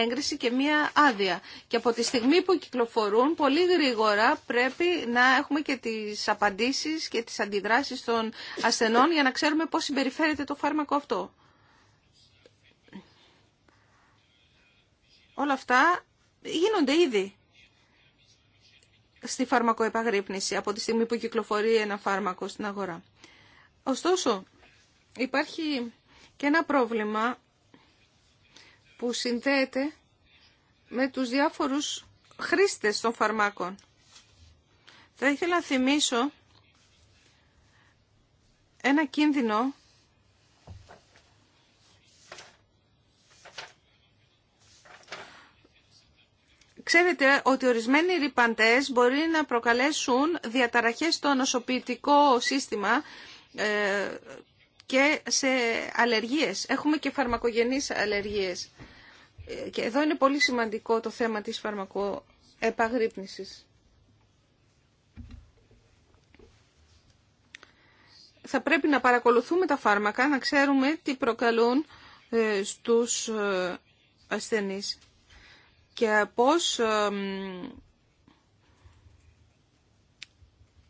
Speaker 1: έγκριση και μια άδεια. Και από τη στιγμή που κυκλοφορούν, πολύ γρήγορα πρέπει να έχουμε και τις απαντήσεις και τις αντιδράσεις των ασθενών για να ξέρουμε πώς συμπεριφέρεται το φάρμακο αυτό. Όλα αυτά γίνονται ήδη στη φαρμακοεπαγρύπνηση από τη στιγμή που κυκλοφορεί ένα φάρμακο στην αγορά. Ωστόσο, υπάρχει και ένα πρόβλημα που συνδέεται με τους διάφορους χρήστες των φαρμάκων. Θα ήθελα να θυμίσω ένα κίνδυνο Ξέρετε ότι ορισμένοι ρηπαντές μπορεί να προκαλέσουν διαταραχές στο νοσοποιητικό σύστημα ε, και σε αλλεργίες. Έχουμε και φαρμακογενείς αλλεργίες. Ε, και εδώ είναι πολύ σημαντικό το θέμα της φαρμακοεπαγρύπνησης. Θα πρέπει να παρακολουθούμε τα φάρμακα, να ξέρουμε τι προκαλούν ε, στους ασθενείς και πώς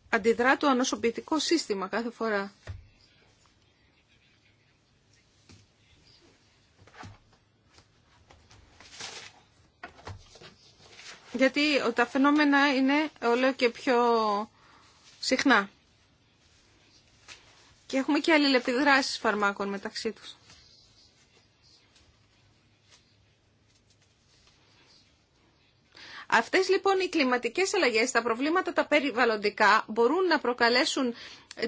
Speaker 1: αντιδρά το ανοσοποιητικό σύστημα κάθε φορά. Γιατί τα φαινόμενα είναι όλο και πιο συχνά. Και έχουμε και αλληλεπιδράσεις φαρμάκων μεταξύ τους. Αυτέ λοιπόν οι κλιματικές αλλαγέ, τα προβλήματα τα περιβαλλοντικά μπορούν να προκαλέσουν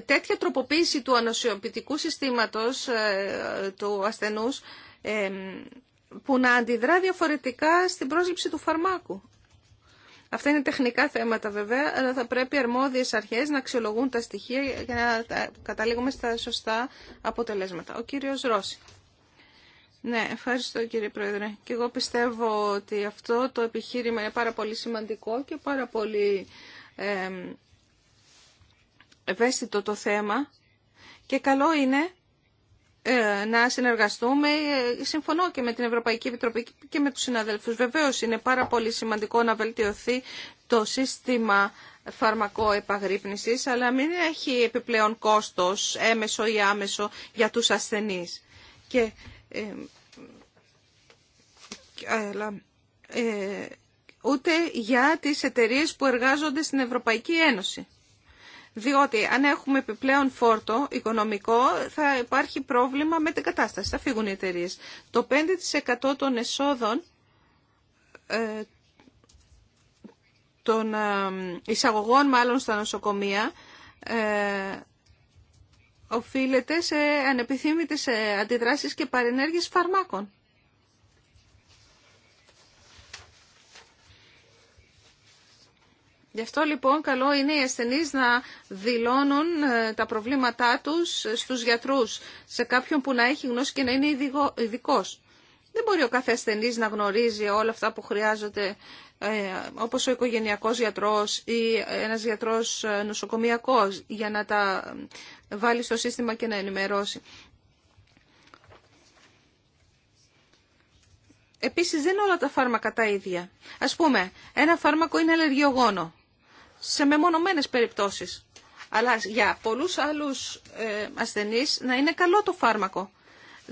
Speaker 1: τέτοια τροποποίηση του ανοσιοποιητικού συστήματος ε, του ασθενούς ε, που να αντιδρά διαφορετικά στην πρόσληψη του φαρμάκου. Αυτά είναι τεχνικά θέματα βέβαια, αλλά θα πρέπει οι αρμόδιες αρχές να αξιολογούν τα στοιχεία για να καταλήγουμε στα σωστά αποτελέσματα. Ο κύριος Ρώση. Ναι, ευχαριστώ κύριε Πρόεδρε. Και εγώ πιστεύω ότι αυτό το επιχείρημα είναι πάρα πολύ σημαντικό και πάρα πολύ ε, ευαίσθητο το θέμα. Και καλό είναι ε, να συνεργαστούμε. Ε, συμφωνώ και με την Ευρωπαϊκή Επιτροπή και με τους συναδέλφους. Βεβαίως είναι πάρα πολύ σημαντικό να βελτιωθεί το σύστημα φαρμακό επαγρύπνησης, αλλά μην έχει επιπλέον κόστος έμεσο ή άμεσο για τους ασθενείς. Και ε, ε, ούτε για τις εταιρείες που εργάζονται στην Ευρωπαϊκή Ένωση. Διότι αν έχουμε επιπλέον φόρτο οικονομικό θα υπάρχει πρόβλημα με την κατάσταση. Θα φύγουν οι εταιρείε. Το 5% των εσόδων ε, των εισαγωγών μάλλον στα νοσοκομεία οφείλεται σε ανεπιθύμητες ε, αντιδράσεις και παρενέργειες φαρμάκων. Γι' αυτό λοιπόν καλό είναι οι ασθενείς να δηλώνουν ε, τα προβλήματά τους στους γιατρούς, σε κάποιον που να έχει γνώση και να είναι ειδικό. Δεν μπορεί ο κάθε ασθενή να γνωρίζει όλα αυτά που χρειάζονται ε, όπως ο οικογενειακό γιατρό ή ένας γιατρό ε, νοσοκομιακό, για να τα βάλει στο σύστημα και να ενημερώσει. Επίσης δεν είναι όλα τα φάρμακα τα ίδια. Α πούμε, ένα φάρμακο είναι αλλεργιογόνο σε μεμονωμένες περιπτώσεις. Αλλά για πολλούς άλλους ε, ασθενεί, να είναι καλό το φάρμακο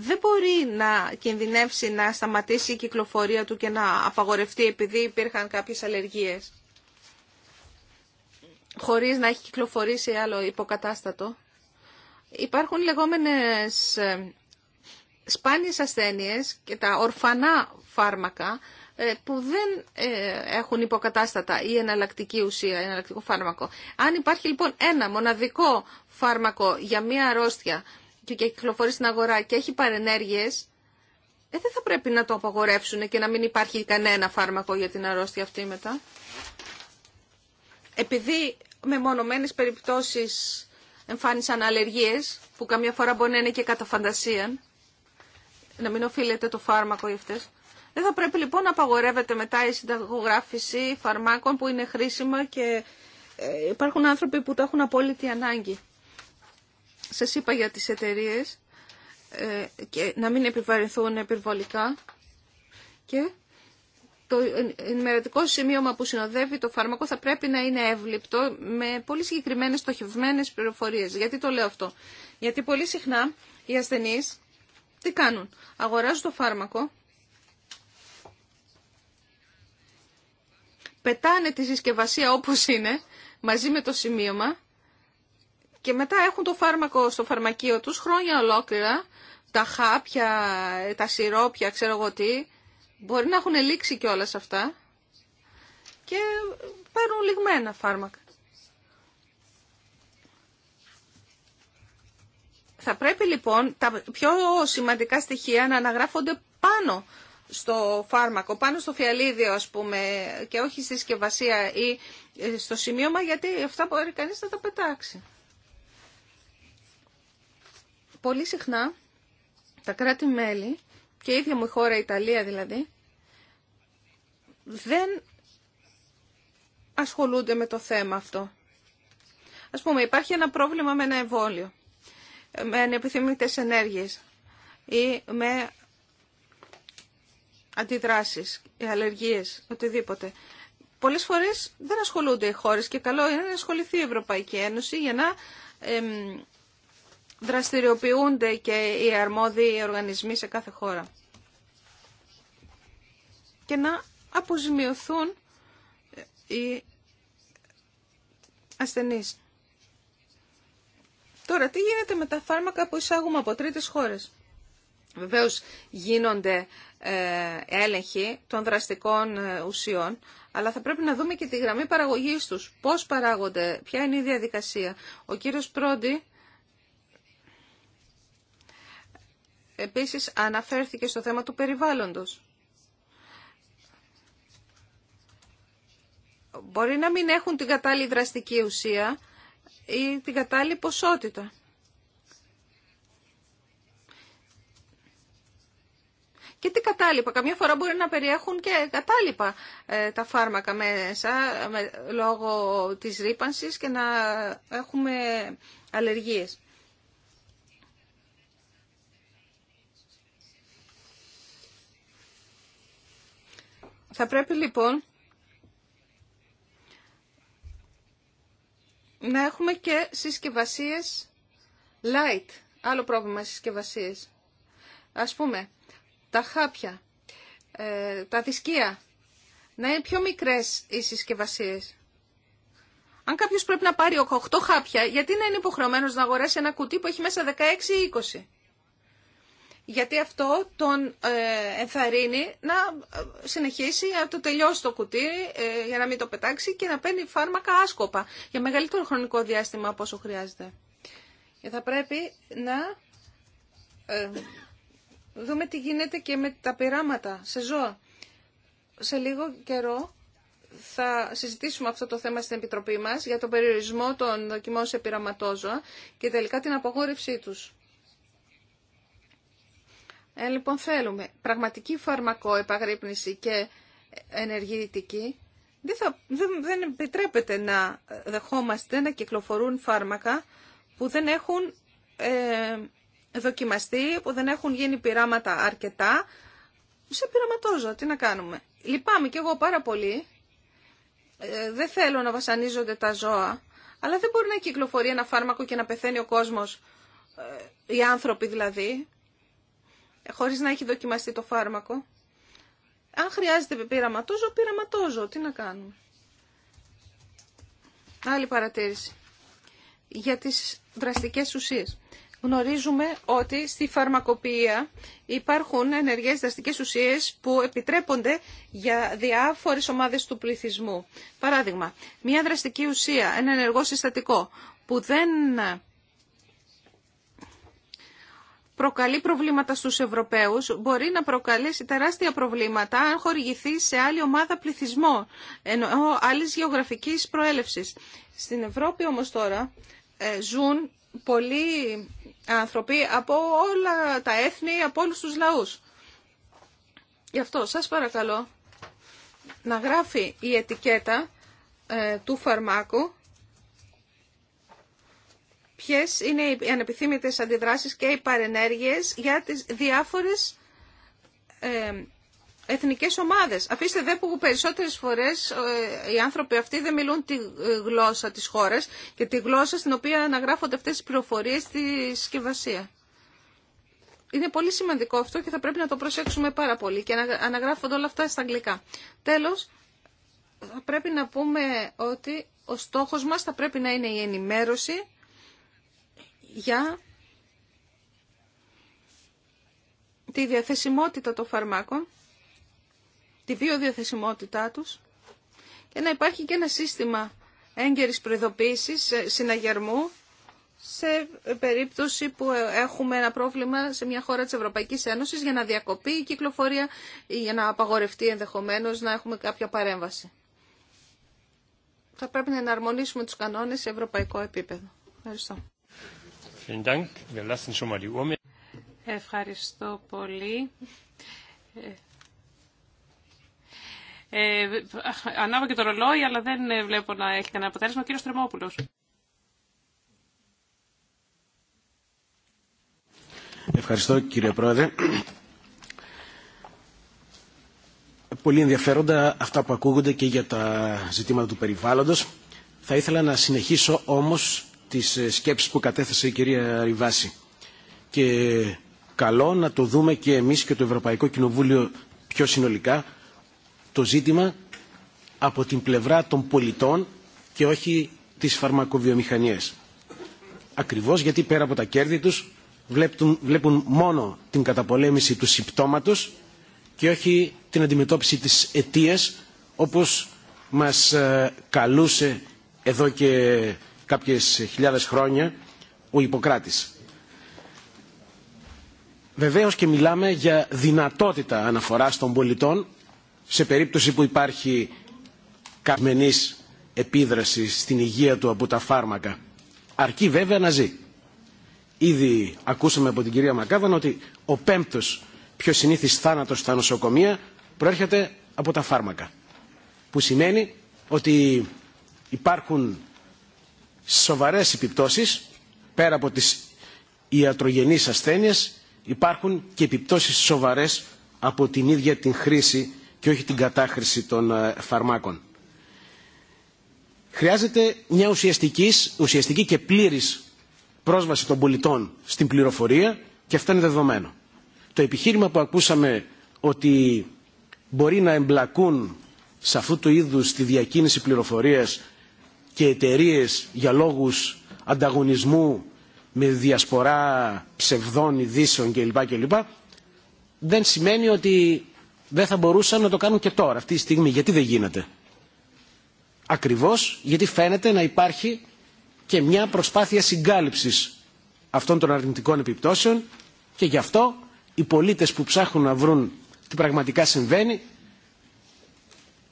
Speaker 1: δεν μπορεί να κινδυνεύσει να σταματήσει η κυκλοφορία του και να απαγορευτεί επειδή υπήρχαν κάποιες αλλεργίες χωρίς να έχει κυκλοφορήσει άλλο υποκατάστατο. Υπάρχουν λεγόμενες ε, σπάνιες ασθένειες και τα ορφανά φάρμακα ε, που δεν ε, έχουν υποκατάστατα ή εναλλακτική ουσία, εναλλακτικό φάρμακο. Αν υπάρχει λοιπόν ένα μοναδικό φάρμακο για μία αρρώστια και κυκλοφορεί στην αγορά και έχει παρενέργειες, ε, δεν θα πρέπει να το απαγορεύσουν και να μην υπάρχει κανένα φάρμακο για την αρρώστια αυτή μετά. Επειδή με μονομένες περιπτώσεις εμφάνισαν αλλεργίες, που καμιά φορά μπορεί να είναι και κατά φαντασία, να μην οφείλεται το φάρμακο για αυτές, δεν θα πρέπει λοιπόν να απαγορεύεται μετά η συνταγογράφηση φαρμάκων που είναι χρήσιμα και ε, υπάρχουν άνθρωποι που το έχουν απόλυτη ανάγκη. Σας είπα για τις εταιρείε ε, και να μην επιβαρυνθούν επιβολικά και το ενημερωτικό σημείωμα που συνοδεύει το φάρμακο θα πρέπει να είναι εύληπτο με πολύ συγκεκριμένες στοχευμένες πληροφορίες. Γιατί το λέω αυτό. Γιατί πολύ συχνά οι ασθενείς τι κάνουν. Αγοράζουν το φάρμακο, πετάνε τη συσκευασία όπως είναι μαζί με το σημείωμα και μετά έχουν το φάρμακο στο φαρμακείο τους χρόνια ολόκληρα, τα χάπια, τα σιρόπια, ξέρω εγώ τι, μπορεί να έχουν λήξει και όλα αυτά και παίρνουν λιγμένα φάρμακα. Θα πρέπει λοιπόν τα πιο σημαντικά στοιχεία να αναγράφονται πάνω στο φάρμακο, πάνω στο φιαλίδιο ας πούμε και όχι στη συσκευασία ή στο σημείωμα γιατί αυτά μπορεί κανείς να τα πετάξει πολύ συχνά τα κράτη-μέλη και η ίδια μου η χώρα, η Ιταλία δηλαδή, δεν ασχολούνται με το θέμα αυτό. Ας πούμε, υπάρχει ένα πρόβλημα με ένα εμβόλιο, με ανεπιθυμητές ενέργειες ή με αντιδράσεις, οι αλλεργίες, οτιδήποτε. Πολλές φορές δεν ασχολούνται οι χώρες και καλό είναι να ασχοληθεί η με αντιδρασεις αλλεργιες οτιδηποτε πολλες φορες δεν ασχολουνται οι Ένωση για να δραστηριοποιούνται και οι αρμόδιοι οργανισμοί σε κάθε χώρα. Και να αποζημιωθούν οι ασθενείς. Τώρα, τι γίνεται με τα φάρμακα που εισάγουμε από τρίτες χώρες. Βεβαίως γίνονται ε, έλεγχοι των δραστικών ε, ουσιών, αλλά θα πρέπει να δούμε και τη γραμμή παραγωγής τους. Πώς παράγονται, ποια είναι η διαδικασία. Ο κύριος Πρόντι Επίσης αναφέρθηκε στο θέμα του περιβάλλοντος. Μπορεί να μην έχουν την κατάλληλη δραστική ουσία ή την κατάλληλη ποσότητα. και τι κατάλοιπα. Καμιά φορά μπορεί να περιέχουν και κατάλοιπα ε, τα φάρμακα μέσα λόγω της ρήπανσης και να έχουμε αλλεργίες. Θα πρέπει λοιπόν να έχουμε και συσκευασίες light. Άλλο πρόβλημα στις συσκευασίες. Ας πούμε, τα χάπια, ε, τα δισκία, να είναι πιο μικρές οι συσκευασίες. Αν κάποιος πρέπει να πάρει 8 χάπια, γιατί να είναι υποχρεωμένος να αγοράσει ένα κουτί που έχει μέσα 16 ή 20 γιατί αυτό τον ε, ενθαρρύνει να ε, συνεχίσει να το τελειώσει το κουτί ε, για να μην το πετάξει και να παίρνει φάρμακα άσκοπα για μεγαλύτερο χρονικό διάστημα από όσο χρειάζεται. Και θα πρέπει να δούμε τι γίνεται και με τα πειράματα σε ζώα. Σε λίγο καιρό θα συζητήσουμε αυτό το θέμα στην Επιτροπή μας για τον περιορισμό των δοκιμών σε πειραματόζωα και τελικά την απογόρευσή τους. Ε, λοιπόν, θέλουμε πραγματική φαρμακό επαγρύπνηση και ενεργητική. Δεν, θα, δεν, επιτρέπεται να δεχόμαστε να κυκλοφορούν φάρμακα που δεν έχουν ε, δοκιμαστεί, που δεν έχουν γίνει πειράματα αρκετά. Σε πειραματόζω, τι να κάνουμε. Λυπάμαι κι εγώ πάρα πολύ. Ε, δεν θέλω να βασανίζονται τα ζώα, αλλά δεν μπορεί να κυκλοφορεί ένα φάρμακο και να πεθαίνει ο κόσμος, ε, οι άνθρωποι δηλαδή χωρίς να έχει δοκιμαστεί το φάρμακο. Αν χρειάζεται πειραματόζω, πειραματόζω. Τι να κάνουμε. Άλλη παρατήρηση. Για τις δραστικές ουσίες. Γνωρίζουμε ότι στη φαρμακοποιία υπάρχουν ενεργές δραστικές ουσίες που επιτρέπονται για διάφορες ομάδες του πληθυσμού. Παράδειγμα, μια δραστική ουσία, ένα ενεργό συστατικό που δεν προκαλεί προβλήματα στους Ευρωπαίους μπορεί να προκαλέσει τεράστια προβλήματα αν χορηγηθεί σε άλλη ομάδα πληθυσμό, ενώ άλλης γεωγραφικής προέλευσης. Στην Ευρώπη όμως τώρα ε, ζουν πολλοί άνθρωποι από όλα τα έθνη, από όλους τους λαούς. Γι' αυτό σας παρακαλώ να γράφει η ετικέτα ε, του φαρμάκου ποιες είναι οι ανεπιθύμητες αντιδράσεις και οι παρενέργειες για τις διάφορες ε, εθνικές ομάδες. Αφήστε δε που περισσότερες φορές ε, οι άνθρωποι αυτοί δεν μιλούν τη ε, γλώσσα της χώρας και τη γλώσσα στην οποία αναγράφονται αυτές οι πληροφορίες στη συσκευασία. Είναι πολύ σημαντικό αυτό και θα πρέπει να το προσέξουμε πάρα πολύ και να αναγράφονται όλα αυτά στα αγγλικά. Τέλος, θα πρέπει να πούμε ότι ο στόχος μας θα πρέπει να είναι η ενημέρωση για τη διαθεσιμότητα των φαρμάκων, τη βιοδιαθεσιμότητά τους και να υπάρχει και ένα σύστημα έγκαιρης προειδοποίησης ε, συναγερμού σε περίπτωση που ε, έχουμε ένα πρόβλημα σε μια χώρα της Ευρωπαϊκής Ένωσης για να διακοπεί η κυκλοφορία ή για να απαγορευτεί ενδεχομένως να έχουμε κάποια παρέμβαση. Θα πρέπει να εναρμονίσουμε τους κανόνες σε ευρωπαϊκό επίπεδο. Ευχαριστώ.
Speaker 3: Ευχαριστώ πολύ. Ε, ανάβω και το ρολόι, αλλά δεν βλέπω να έχει κανένα αποτέλεσμα. Ο κύριος Τρεμόπουλος.
Speaker 4: Ευχαριστώ κύριε Πρόεδρε. Πολύ ενδιαφέροντα αυτά που ακούγονται και για τα ζητήματα του περιβάλλοντος. Θα ήθελα να συνεχίσω όμως τις ε, σκέψεις που κατέθεσε η κυρία Ριβάση. Και καλό να το δούμε και εμείς και το Ευρωπαϊκό Κοινοβούλιο πιο συνολικά το ζήτημα από την πλευρά των πολιτών και όχι της φαρμακοβιομηχανίας. Ακριβώς γιατί πέρα από τα κέρδη τους βλέπουν, μόνο την καταπολέμηση του συμπτώματος και όχι την αντιμετώπιση της αιτίας όπως μας ε, καλούσε εδώ και κάποιες χιλιάδες χρόνια ο Ιπποκράτης. Βεβαίως και μιλάμε για δυνατότητα αναφοράς των πολιτών σε περίπτωση που υπάρχει καμενής επίδραση στην υγεία του από τα φάρμακα. Αρκεί βέβαια να ζει. Ήδη ακούσαμε από την κυρία Μακάβαν ότι ο πέμπτος πιο συνήθις θάνατος στα νοσοκομεία προέρχεται από τα φάρμακα. Που σημαίνει ότι υπάρχουν σοβαρές επιπτώσεις, πέρα από τις ιατρογενείς ασθένειες, υπάρχουν και επιπτώσεις σοβαρές από την ίδια την χρήση και όχι την κατάχρηση των ε, φαρμάκων. Χρειάζεται μια ουσιαστική, ουσιαστική και πλήρης πρόσβαση των πολιτών στην πληροφορία και αυτό είναι δεδομένο. Το επιχείρημα που ακούσαμε ότι μπορεί να εμπλακούν σε αυτού του είδους τη διακίνηση πληροφορίας και εταιρείε για λόγους ανταγωνισμού με διασπορά ψευδών ειδήσεων κλπ. κλπ. Δεν σημαίνει ότι δεν θα μπορούσαν να το κάνουν και τώρα, αυτή τη στιγμή. Γιατί δεν γίνεται. Ακριβώς γιατί φαίνεται να υπάρχει και μια προσπάθεια συγκάλυψης αυτών των αρνητικών επιπτώσεων και γι' αυτό οι πολίτες που ψάχνουν να βρουν τι πραγματικά συμβαίνει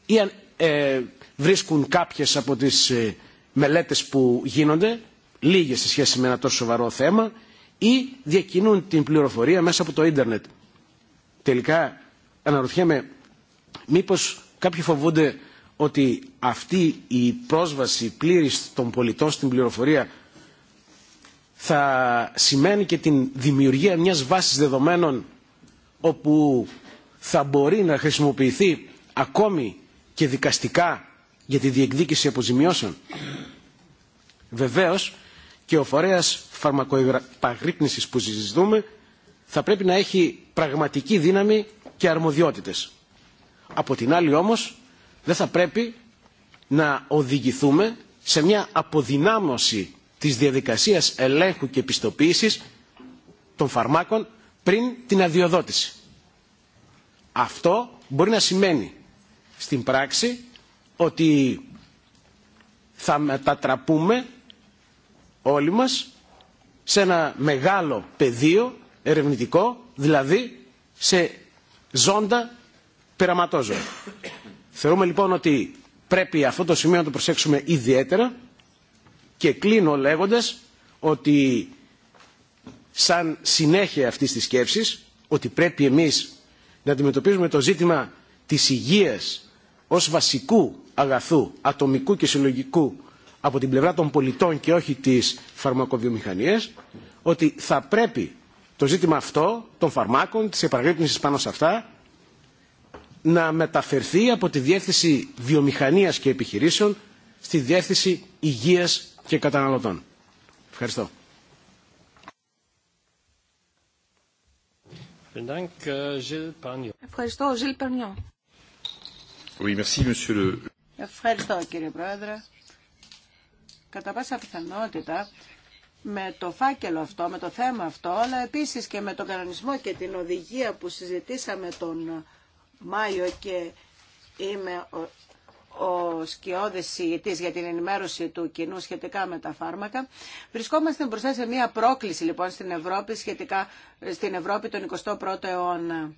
Speaker 4: ή, ε, βρίσκουν κάποιες από τις ε, μελέτες που γίνονται, λίγες σε σχέση με ένα τόσο σοβαρό θέμα, ή διακινούν την πληροφορία μέσα από το ίντερνετ. Τελικά αναρωτιέμαι μήπως κάποιοι φοβούνται ότι αυτή η πρόσβαση πλήρης των πολιτών στην πληροφορία θα σημαίνει και την δημιουργία μιας βάσης δεδομένων όπου θα μπορεί να χρησιμοποιηθεί ακόμη και δικαστικά για τη διεκδίκηση αποζημιώσεων. Βεβαίως και ο φορέας φαρμακοεπαγρύπνησης που συζητούμε θα πρέπει να έχει πραγματική δύναμη και αρμοδιότητες. Από την άλλη όμως δεν θα πρέπει να οδηγηθούμε σε μια αποδυνάμωση της διαδικασίας ελέγχου και επιστοποίησης των φαρμάκων πριν την αδειοδότηση. Αυτό μπορεί να σημαίνει στην πράξη ότι θα μετατραπούμε όλοι μας σε ένα μεγάλο πεδίο ερευνητικό, δηλαδή σε ζώντα πειραματόζωα. Θεωρούμε λοιπόν ότι πρέπει αυτό το σημείο να το προσέξουμε ιδιαίτερα και κλείνω λέγοντας ότι σαν συνέχεια αυτής της σκέψης ότι πρέπει εμείς να αντιμετωπίζουμε το ζήτημα της υγείας ως βασικού αγαθού ατομικού και συλλογικού από την πλευρά των πολιτών και όχι της φαρμακοβιομηχανίας ότι θα πρέπει το ζήτημα αυτό των φαρμάκων, της επαγρύπνησης πάνω σε αυτά να μεταφερθεί από τη Διεύθυνση Βιομηχανίας και Επιχειρήσεων στη Διεύθυνση Υγείας και Καταναλωτών. Ευχαριστώ.
Speaker 1: Ευχαριστώ, Ζιλ
Speaker 2: Ευχαριστώ κύριε Πρόεδρε. Κατά πάσα πιθανότητα με το φάκελο αυτό, με το θέμα αυτό, αλλά επίσης και με τον κανονισμό και την οδηγία που συζητήσαμε τον Μάιο και είμαι ο, ο σκιώδης για την ενημέρωση του κοινού σχετικά με τα φάρμακα. Βρισκόμαστε μπροστά σε μια πρόκληση λοιπόν στην Ευρώπη, σχετικά στην Ευρώπη τον 21ο αιώνα.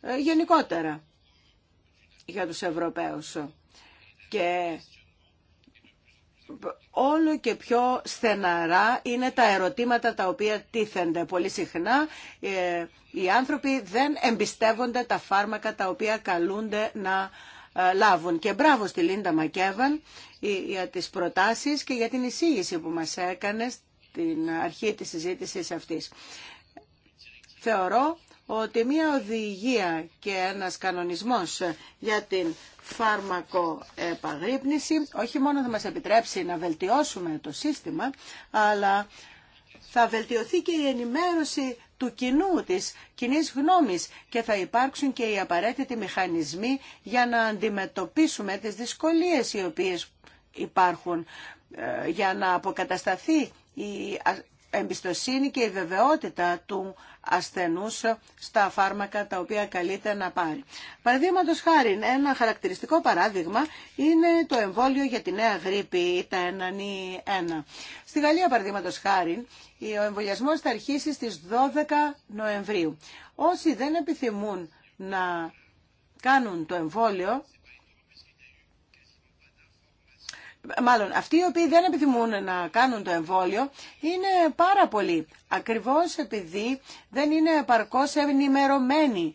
Speaker 2: Ε, γενικότερα για τους Ευρωπαίους. Και όλο και πιο στεναρά είναι τα ερωτήματα τα οποία τίθενται. Πολύ συχνά ε, οι άνθρωποι δεν εμπιστεύονται τα φάρμακα τα οποία καλούνται να ε, λάβουν. Και μπράβο στη Λίντα Μακέβαν για τις προτάσεις και για την εισήγηση που μας έκανε στην αρχή της συζήτησης αυτής. Θεωρώ ότι μια οδηγία και ένας κανονισμός για την φάρμακο επαγρύπνηση όχι μόνο θα μας επιτρέψει να βελτιώσουμε το σύστημα, αλλά θα βελτιωθεί και η ενημέρωση του κοινού της κοινή γνώμης και θα υπάρξουν και οι απαραίτητοι μηχανισμοί για να αντιμετωπίσουμε τις δυσκολίες οι οποίες υπάρχουν ε, για να αποκατασταθεί η εμπιστοσύνη και η βεβαιότητα του ασθενούς στα φάρμακα τα οποία καλείται να πάρει. Παραδείγματο χάρη, ένα χαρακτηριστικό παράδειγμα είναι το εμβόλιο για τη νέα γρήπη, τα 1 e ένα. Στη Γαλλία, παραδείγματο χάρη, ο εμβολιασμό θα αρχίσει στις 12 Νοεμβρίου. Όσοι δεν επιθυμούν να κάνουν το εμβόλιο μάλλον αυτοί οι οποίοι δεν επιθυμούν να κάνουν το εμβόλιο είναι πάρα πολλοί, ακριβώς επειδή δεν είναι επαρκώς ενημερωμένοι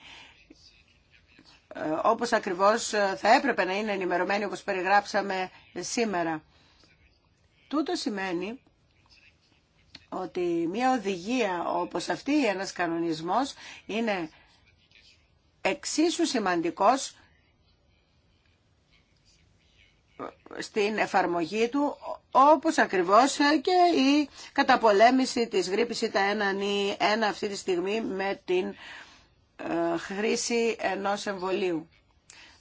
Speaker 2: ε, όπως ακριβώς ε, θα έπρεπε να είναι ενημερωμένοι όπως περιγράψαμε σήμερα. Τούτο σημαίνει ότι μια οδηγία όπως αυτή, ένας κανονισμός, είναι εξίσου σημαντικός στην εφαρμογή του όπως ακριβώς και η καταπολέμηση της γρήπης ήταν ένα, ή ένα αυτή τη στιγμή με την ε, χρήση ενός εμβολίου.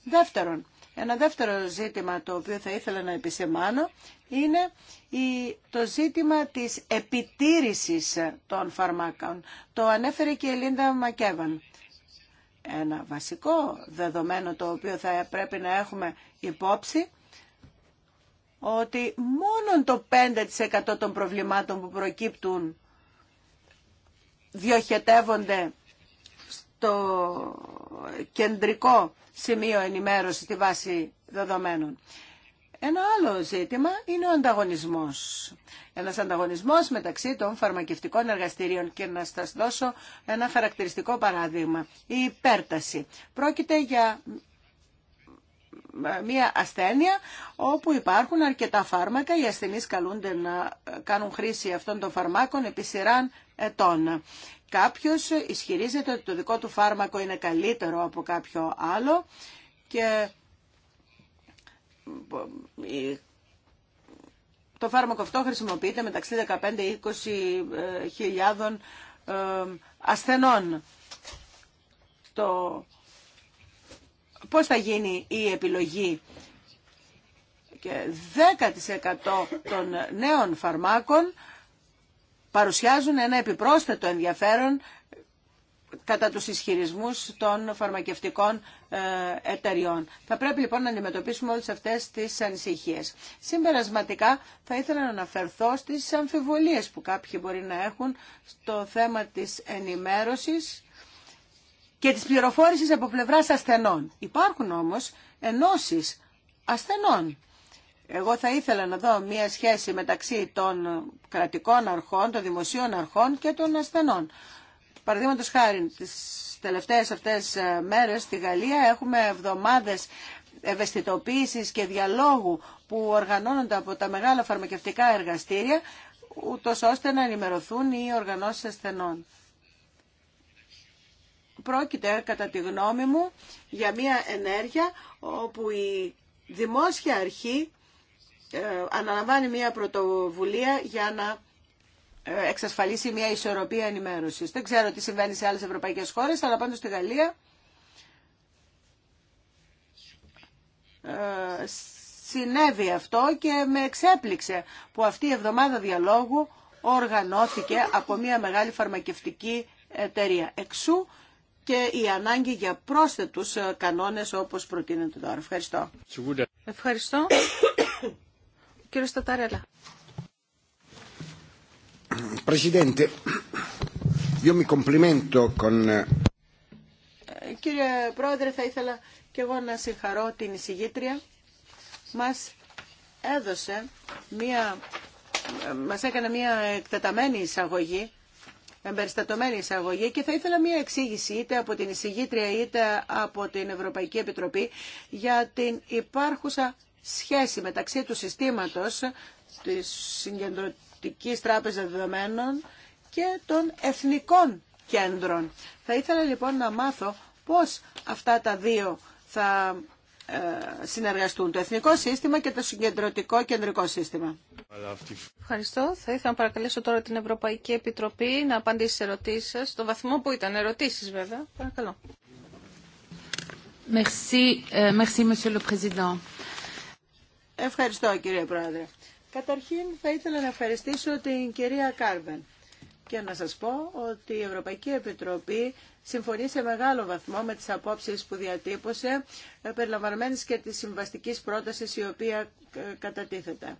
Speaker 2: Δεύτερον, ένα δεύτερο ζήτημα το οποίο θα ήθελα να επισημάνω είναι το ζήτημα της επιτήρησης των φαρμάκων. Το ανέφερε και η Λίντα Μακέβαν. Ένα βασικό δεδομένο το οποίο θα πρέπει να έχουμε υπόψη ότι μόνο το 5% των προβλημάτων που προκύπτουν διοχετεύονται στο κεντρικό σημείο ενημέρωση στη βάση δεδομένων. Ένα άλλο ζήτημα είναι ο ανταγωνισμός. Ένας ανταγωνισμός μεταξύ των φαρμακευτικών εργαστηρίων και να σας δώσω ένα χαρακτηριστικό παράδειγμα. Η υπέρταση. Πρόκειται για μια ασθένεια όπου υπάρχουν αρκετά φάρμακα. Οι ασθενείς καλούνται να κάνουν χρήση αυτών των φαρμάκων επί σειράν ετών. Κάποιος ισχυρίζεται ότι το δικό του φάρμακο είναι καλύτερο από κάποιο άλλο και ε, το φάρμακο αυτό χρησιμοποιείται μεταξύ 15-20 ε, χιλιάδων ε, ασθενών. Το πώς θα γίνει η επιλογή και 10% των νέων φαρμάκων παρουσιάζουν ένα επιπρόσθετο ενδιαφέρον κατά τους ισχυρισμούς των φαρμακευτικών ε, εταιριών. Θα πρέπει λοιπόν να αντιμετωπίσουμε όλες αυτές τις ανησυχίες. Συμπερασματικά θα ήθελα να αναφερθώ στις αμφιβολίες που κάποιοι μπορεί να έχουν στο θέμα της ενημέρωσης και της πληροφόρησης από πλευράς ασθενών. Υπάρχουν όμως ενώσεις ασθενών. Εγώ θα ήθελα να δω μία σχέση μεταξύ των κρατικών αρχών, των δημοσίων αρχών και των ασθενών. Παραδείγματος χάρη, τις τελευταίες αυτές ε, μέρες στη Γαλλία έχουμε εβδομάδες ευαισθητοποίησης και διαλόγου που οργανώνονται από τα μεγάλα φαρμακευτικά εργαστήρια, ούτως ώστε να ενημερωθούν οι οργανώσεις ασθενών πρόκειται κατά τη γνώμη μου για μια ενέργεια όπου η δημόσια αρχή ε, αναλαμβάνει μια πρωτοβουλία για να ε, εξασφαλίσει μια ισορροπία ενημέρωσης. Δεν ξέρω τι συμβαίνει σε άλλες ευρωπαϊκές χώρες, αλλά πάντως στη Γαλλία ε, συνέβη αυτό και με εξέπληξε που αυτή η εβδομάδα διαλόγου οργανώθηκε από μια μεγάλη φαρμακευτική εταιρεία. Εξού και η ανάγκη για πρόσθετους ε, κανόνες όπως προτείνεται τώρα. Ευχαριστώ. Ευχαριστώ. Κύριε Σταταρέλα.
Speaker 4: Presidente, io mi complimento con... Ε,
Speaker 2: ε, κύριε Πρόεδρε, θα ήθελα και εγώ να συγχαρώ την εισηγήτρια. Μας έδωσε μία, μας έκανε μία εκτεταμένη εισαγωγή εμπεριστατωμένη εισαγωγή και θα ήθελα μια εξήγηση είτε από την εισηγήτρια είτε από την Ευρωπαϊκή Επιτροπή για την υπάρχουσα σχέση μεταξύ του συστήματος της Συγκεντρωτικής Τράπεζας Δεδομένων και των εθνικών κέντρων. Θα ήθελα λοιπόν να μάθω πώς αυτά τα δύο θα ε, συνεργαστούν το Εθνικό Σύστημα και το Συγκεντρωτικό Κεντρικό Σύστημα.
Speaker 1: Ευχαριστώ. Θα ήθελα να παρακαλέσω τώρα την Ευρωπαϊκή Επιτροπή να απαντήσει σε ερωτήσεις σα. στο βαθμό που
Speaker 2: ήταν ερωτήσεις βέβαια. Παρακαλώ.
Speaker 3: Euh,
Speaker 2: Ευχαριστώ κύριε Πρόεδρε. Καταρχήν θα ήθελα να ευχαριστήσω την κυρία Κάρβεν και να σας πω ότι η Ευρωπαϊκή Επιτροπή συμφωνεί σε μεγάλο βαθμό με τις απόψεις που διατύπωσε, ε, περιλαμβανομένης και της συμβαστικής πρότασης η οποία ε, κατατίθεται.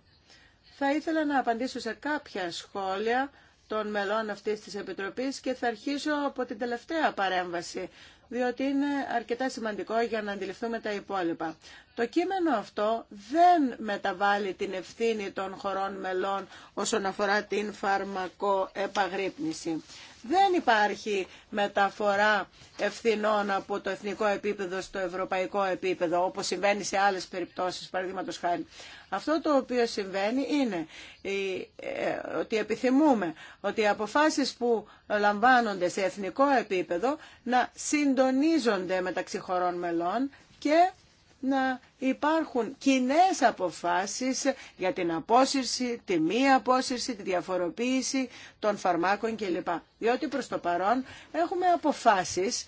Speaker 2: Θα ήθελα να απαντήσω σε κάποια σχόλια των μελών αυτής της Επιτροπής και θα αρχίσω από την τελευταία παρέμβαση διότι είναι αρκετά σημαντικό για να αντιληφθούμε τα υπόλοιπα. Το κείμενο αυτό δεν μεταβάλλει την ευθύνη των χωρών μελών όσον αφορά την φαρμακοεπαγρύπνηση. Δεν υπάρχει μεταφορά ευθυνών από το εθνικό επίπεδο στο ευρωπαϊκό επίπεδο, όπως συμβαίνει σε άλλες περιπτώσεις, παραδείγματο χάρη. Αυτό το οποίο συμβαίνει είναι ε, ότι επιθυμούμε ότι οι αποφάσεις που λαμβάνονται σε εθνικό επίπεδο να συντονίζονται μεταξύ χωρών μελών και να υπάρχουν κοινέ αποφάσεις για την απόσυρση, τη μη απόσυρση, τη διαφοροποίηση των φαρμάκων κλπ. Διότι προς το παρόν έχουμε αποφάσεις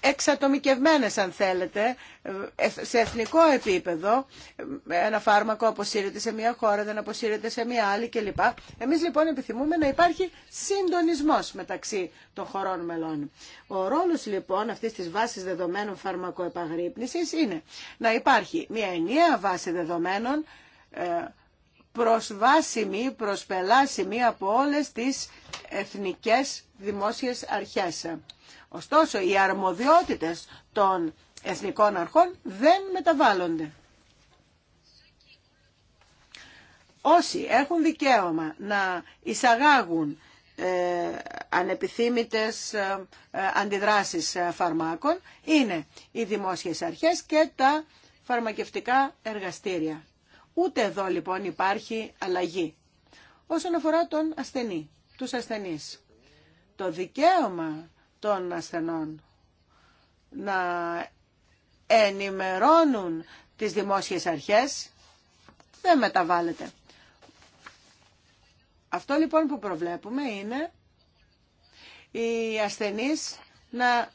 Speaker 2: εξατομικευμένες αν θέλετε ε, σε εθνικό επίπεδο ένα φάρμακο αποσύρεται σε μια χώρα δεν αποσύρεται σε μια άλλη κλπ. Εμείς λοιπόν επιθυμούμε να υπάρχει συντονισμός μεταξύ των χωρών μελών. Ο ρόλος λοιπόν αυτής της βάσης δεδομένων φαρμακοεπαγρύπνησης είναι να υπάρχει μια ενιαία βάση δεδομένων ε, προσβάσιμη, προσπελάσιμη από όλες τις εθνικές δημόσιες αρχές. Ωστόσο, οι αρμοδιότητες των εθνικών αρχών δεν μεταβάλλονται. Όσοι έχουν δικαίωμα να εισαγάγουν ε, ανεπιθύμητες ε, ε, αντιδράσεις ε, φαρμάκων είναι οι δημόσιες αρχές και τα φαρμακευτικά εργαστήρια. Ούτε εδώ λοιπόν υπάρχει αλλαγή. Όσον αφορά τον ασθενή, τους ασθενείς, το δικαίωμα των ασθενών. Να ενημερώνουν τις δημόσιες αρχές, δεν μεταβάλλεται. Αυτό λοιπόν που προβλέπουμε είναι οι ασθενείς να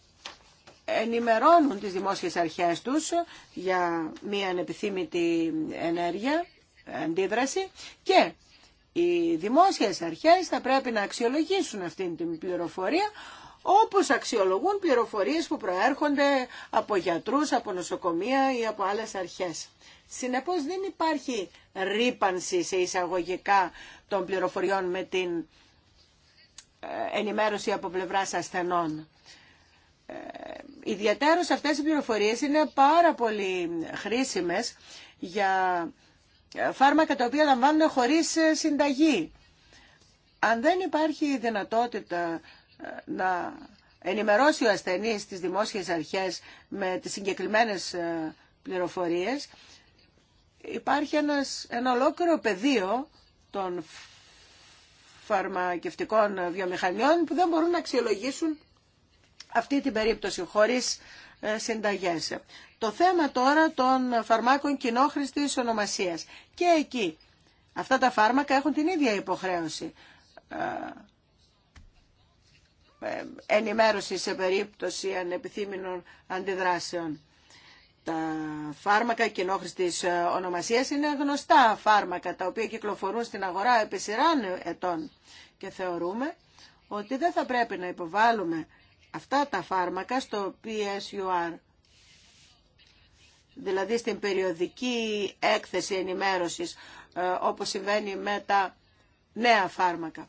Speaker 2: ενημερώνουν τις δημόσιες αρχές τους για μία ανεπιθύμητη ενέργεια, αντίδραση και οι δημόσιες αρχές θα πρέπει να αξιολογήσουν αυτή την πληροφορία όπως αξιολογούν πληροφορίες που προέρχονται από γιατρούς, από νοσοκομεία ή από άλλες αρχές. Συνεπώς δεν υπάρχει ρήπανση σε εισαγωγικά των πληροφοριών με την ε, ενημέρωση από πλευράς ασθενών. Ε, ιδιαίτερως αυτές οι πληροφορίες είναι πάρα πολύ χρήσιμες για ε, φάρμακα τα οποία λαμβάνουν χωρίς ε, συνταγή. Αν δεν υπάρχει δυνατότητα να ενημερώσει ο ασθενής τις δημόσιες αρχές με τις συγκεκριμένες ε, πληροφορίες, υπάρχει ένας, ένα ολόκληρο πεδίο των φαρμακευτικών βιομηχανιών που δεν μπορούν να αξιολογήσουν αυτή την περίπτωση χωρίς ε, συνταγές. Το θέμα τώρα των φαρμάκων κοινόχρηστης ονομασίας. Και εκεί αυτά τα φάρμακα έχουν την ίδια υποχρέωση ε, ε, ενημέρωση σε περίπτωση ανεπιθύμινων αντιδράσεων. Τα φάρμακα κοινόχρηστης ε, ονομασίας είναι γνωστά φάρμακα τα οποία κυκλοφορούν στην αγορά επί σειράν ετών και θεωρούμε ότι δεν θα πρέπει να υποβάλουμε αυτά τα φάρμακα στο PSUR, δηλαδή στην περιοδική έκθεση ενημέρωσης ε, όπως συμβαίνει με τα νέα φάρμακα.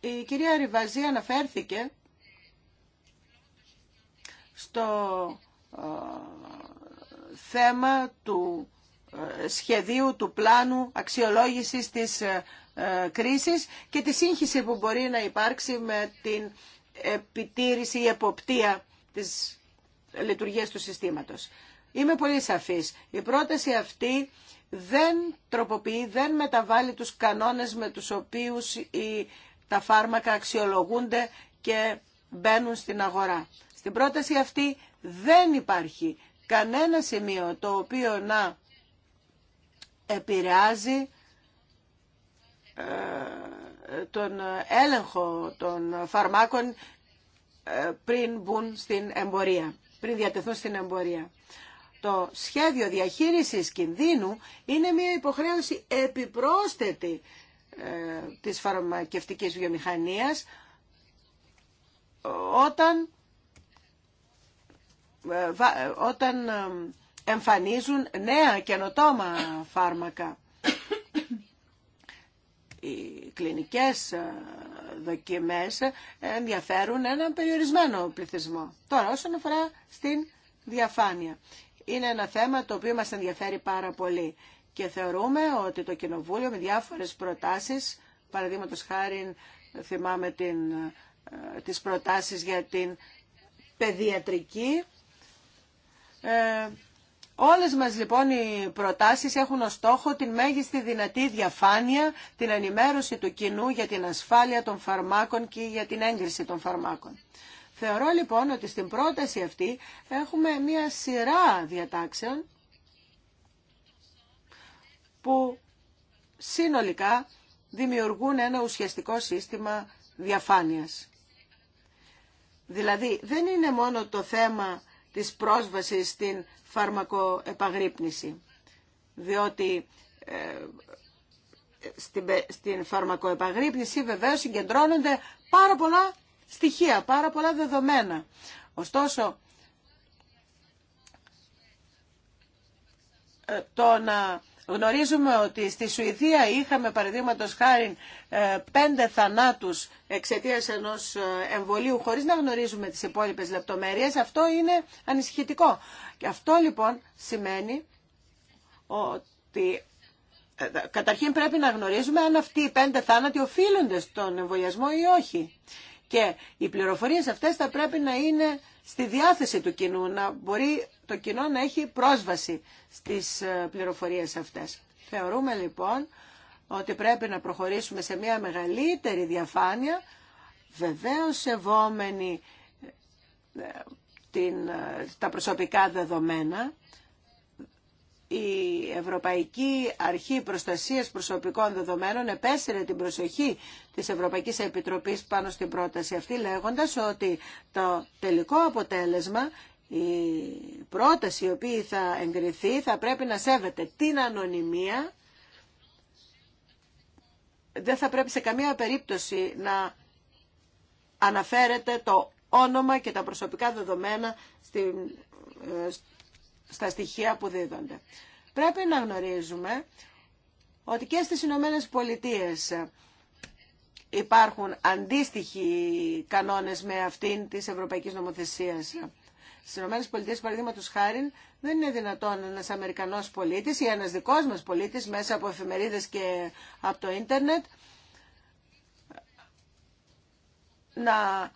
Speaker 2: Η κυρία Ριβαζή αναφέρθηκε στο ε, θέμα του ε, σχεδίου, του πλάνου αξιολόγησης της ε, κρίσης και τη σύγχυση που μπορεί να υπάρξει με την επιτήρηση ή εποπτεία της λειτουργίας του συστήματος. Είμαι πολύ σαφής. Η πρόταση αυτή δεν τροποποιεί, δεν μεταβάλλει τους κανόνες με τους οποίους η τα φάρμακα αξιολογούνται και μπαίνουν στην αγορά. Στην πρόταση αυτή δεν υπάρχει κανένα σημείο το οποίο να επηρεάζει ε, τον έλεγχο των φαρμάκων ε, πριν μπουν στην εμπορία, πριν διατεθούν στην εμπορία. Το σχέδιο διαχείρισης κινδύνου είναι μια υποχρέωση επιπρόσθετη της φαρμακευτικής βιομηχανίας όταν, ε, ε, όταν ε, εμφανίζουν νέα καινοτόμα φάρμακα. Οι κλινικές δοκιμές ενδιαφέρουν έναν περιορισμένο πληθυσμό. Τώρα όσον αφορά στην διαφάνεια. Είναι ένα θέμα το οποίο μας ενδιαφέρει πάρα πολύ. Και θεωρούμε ότι το Κοινοβούλιο με διάφορες προτάσεις, παραδείγματο χάρη θυμάμαι την, ε, τις προτάσεις για την παιδιατρική, ε, Όλες μας λοιπόν οι προτάσεις έχουν ως στόχο την μέγιστη δυνατή διαφάνεια, την ενημέρωση του κοινού για την ασφάλεια των φαρμάκων και για την έγκριση των φαρμάκων. Θεωρώ λοιπόν ότι στην πρόταση αυτή έχουμε μία σειρά διατάξεων που συνολικά δημιουργούν ένα ουσιαστικό σύστημα διαφάνειας. Δηλαδή δεν είναι μόνο το θέμα της πρόσβασης στην φαρμακοεπαγρύπνηση, διότι ε, στην, στην φαρμακοεπαγρύπνηση βεβαίως συγκεντρώνονται πάρα πολλά στοιχεία, πάρα πολλά δεδομένα. Ωστόσο, ε, το να Γνωρίζουμε ότι στη Σουηδία είχαμε παραδείγματο χάρη ε, πέντε θανάτους εξαιτία ενό ε, εμβολίου χωρίς να γνωρίζουμε τις υπόλοιπε λεπτομέρειες. Αυτό είναι ανησυχητικό. Και αυτό λοιπόν σημαίνει ότι ε, καταρχήν πρέπει να γνωρίζουμε αν αυτοί οι πέντε θάνατοι οφείλονται στον εμβολιασμό ή όχι. Και οι πληροφορίες αυτές θα πρέπει να είναι στη διάθεση του κοινού, να μπορεί το κοινό να έχει πρόσβαση στις ε, πληροφορίες αυτές. Θεωρούμε λοιπόν ότι πρέπει να προχωρήσουμε σε μια μεγαλύτερη διαφάνεια, βεβαίως σεβόμενη ε, ε, την, τα προσωπικά δεδομένα, η Ευρωπαϊκή Αρχή Προστασίας Προσωπικών Δεδομένων επέστρεψε την προσοχή της Ευρωπαϊκής Επιτροπής πάνω στην πρόταση αυτή λέγοντας ότι το τελικό αποτέλεσμα η πρόταση η οποία θα εγκριθεί θα πρέπει να σέβεται την ανωνυμία δεν θα πρέπει σε καμία περίπτωση να αναφέρεται το όνομα και τα προσωπικά δεδομένα στην ε, στα στοιχεία που δίδονται. Πρέπει να γνωρίζουμε ότι και στις Ηνωμένε Πολιτείες υπάρχουν αντίστοιχοι κανόνες με αυτήν της Ευρωπαϊκής Νομοθεσίας. Στι Ηνωμένε Πολιτείε, παραδείγματο χάρη, δεν είναι δυνατόν ένα Αμερικανό πολίτη ή ένα δικό μα πολίτη μέσα από εφημερίδε και από το ίντερνετ να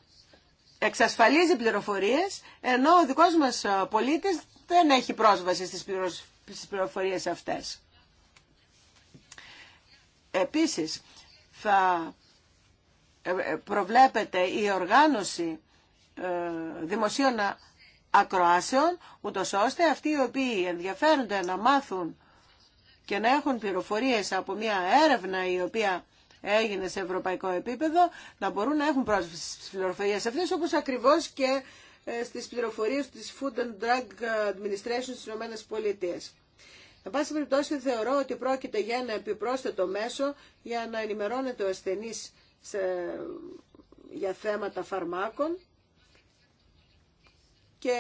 Speaker 2: εξασφαλίζει πληροφορίες, ενώ ο δικός μας ε, πολίτης δεν έχει πρόσβαση στις πληροφορίες αυτές. Επίσης, θα ε, ε, προβλέπεται η οργάνωση δημοσίων ακροάσεων, ούτως ώστε αυτοί οι οποίοι ενδιαφέρονται να μάθουν και να έχουν πληροφορίες από μια έρευνα η οποία έγινε σε ευρωπαϊκό επίπεδο να μπορούν να έχουν πρόσβαση στις πληροφορίες αυτές όπως ακριβώς και ε, στις πληροφορίες της Food and Drug Administration στις ΗΠΑ. Εν πάση περιπτώσει θεωρώ ότι πρόκειται για ένα επιπρόσθετο μέσο για να ενημερώνεται ο ασθενής για θέματα φαρμάκων και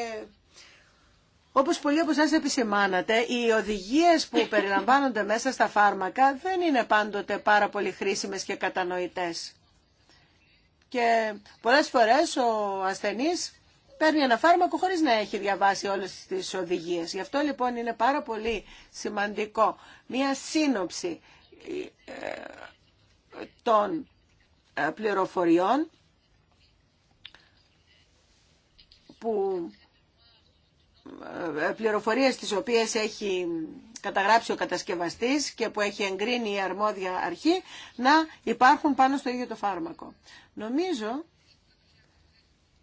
Speaker 2: όπως πολλοί από εσάς επισημάνατε, οι οδηγίες που περιλαμβάνονται μέσα στα φάρμακα δεν είναι πάντοτε πάρα πολύ χρήσιμες και κατανοητές. Και πολλές φορές ο ασθενής παίρνει ένα φάρμακο χωρίς να έχει διαβάσει όλες τις οδηγίες. Γι' αυτό λοιπόν είναι πάρα πολύ σημαντικό μία σύνοψη ε, των ε, πληροφοριών που ε, πληροφορίες τις οποίες έχει καταγράψει ο κατασκευαστής και που έχει εγκρίνει η αρμόδια αρχή να υπάρχουν πάνω στο ίδιο το φάρμακο. Νομίζω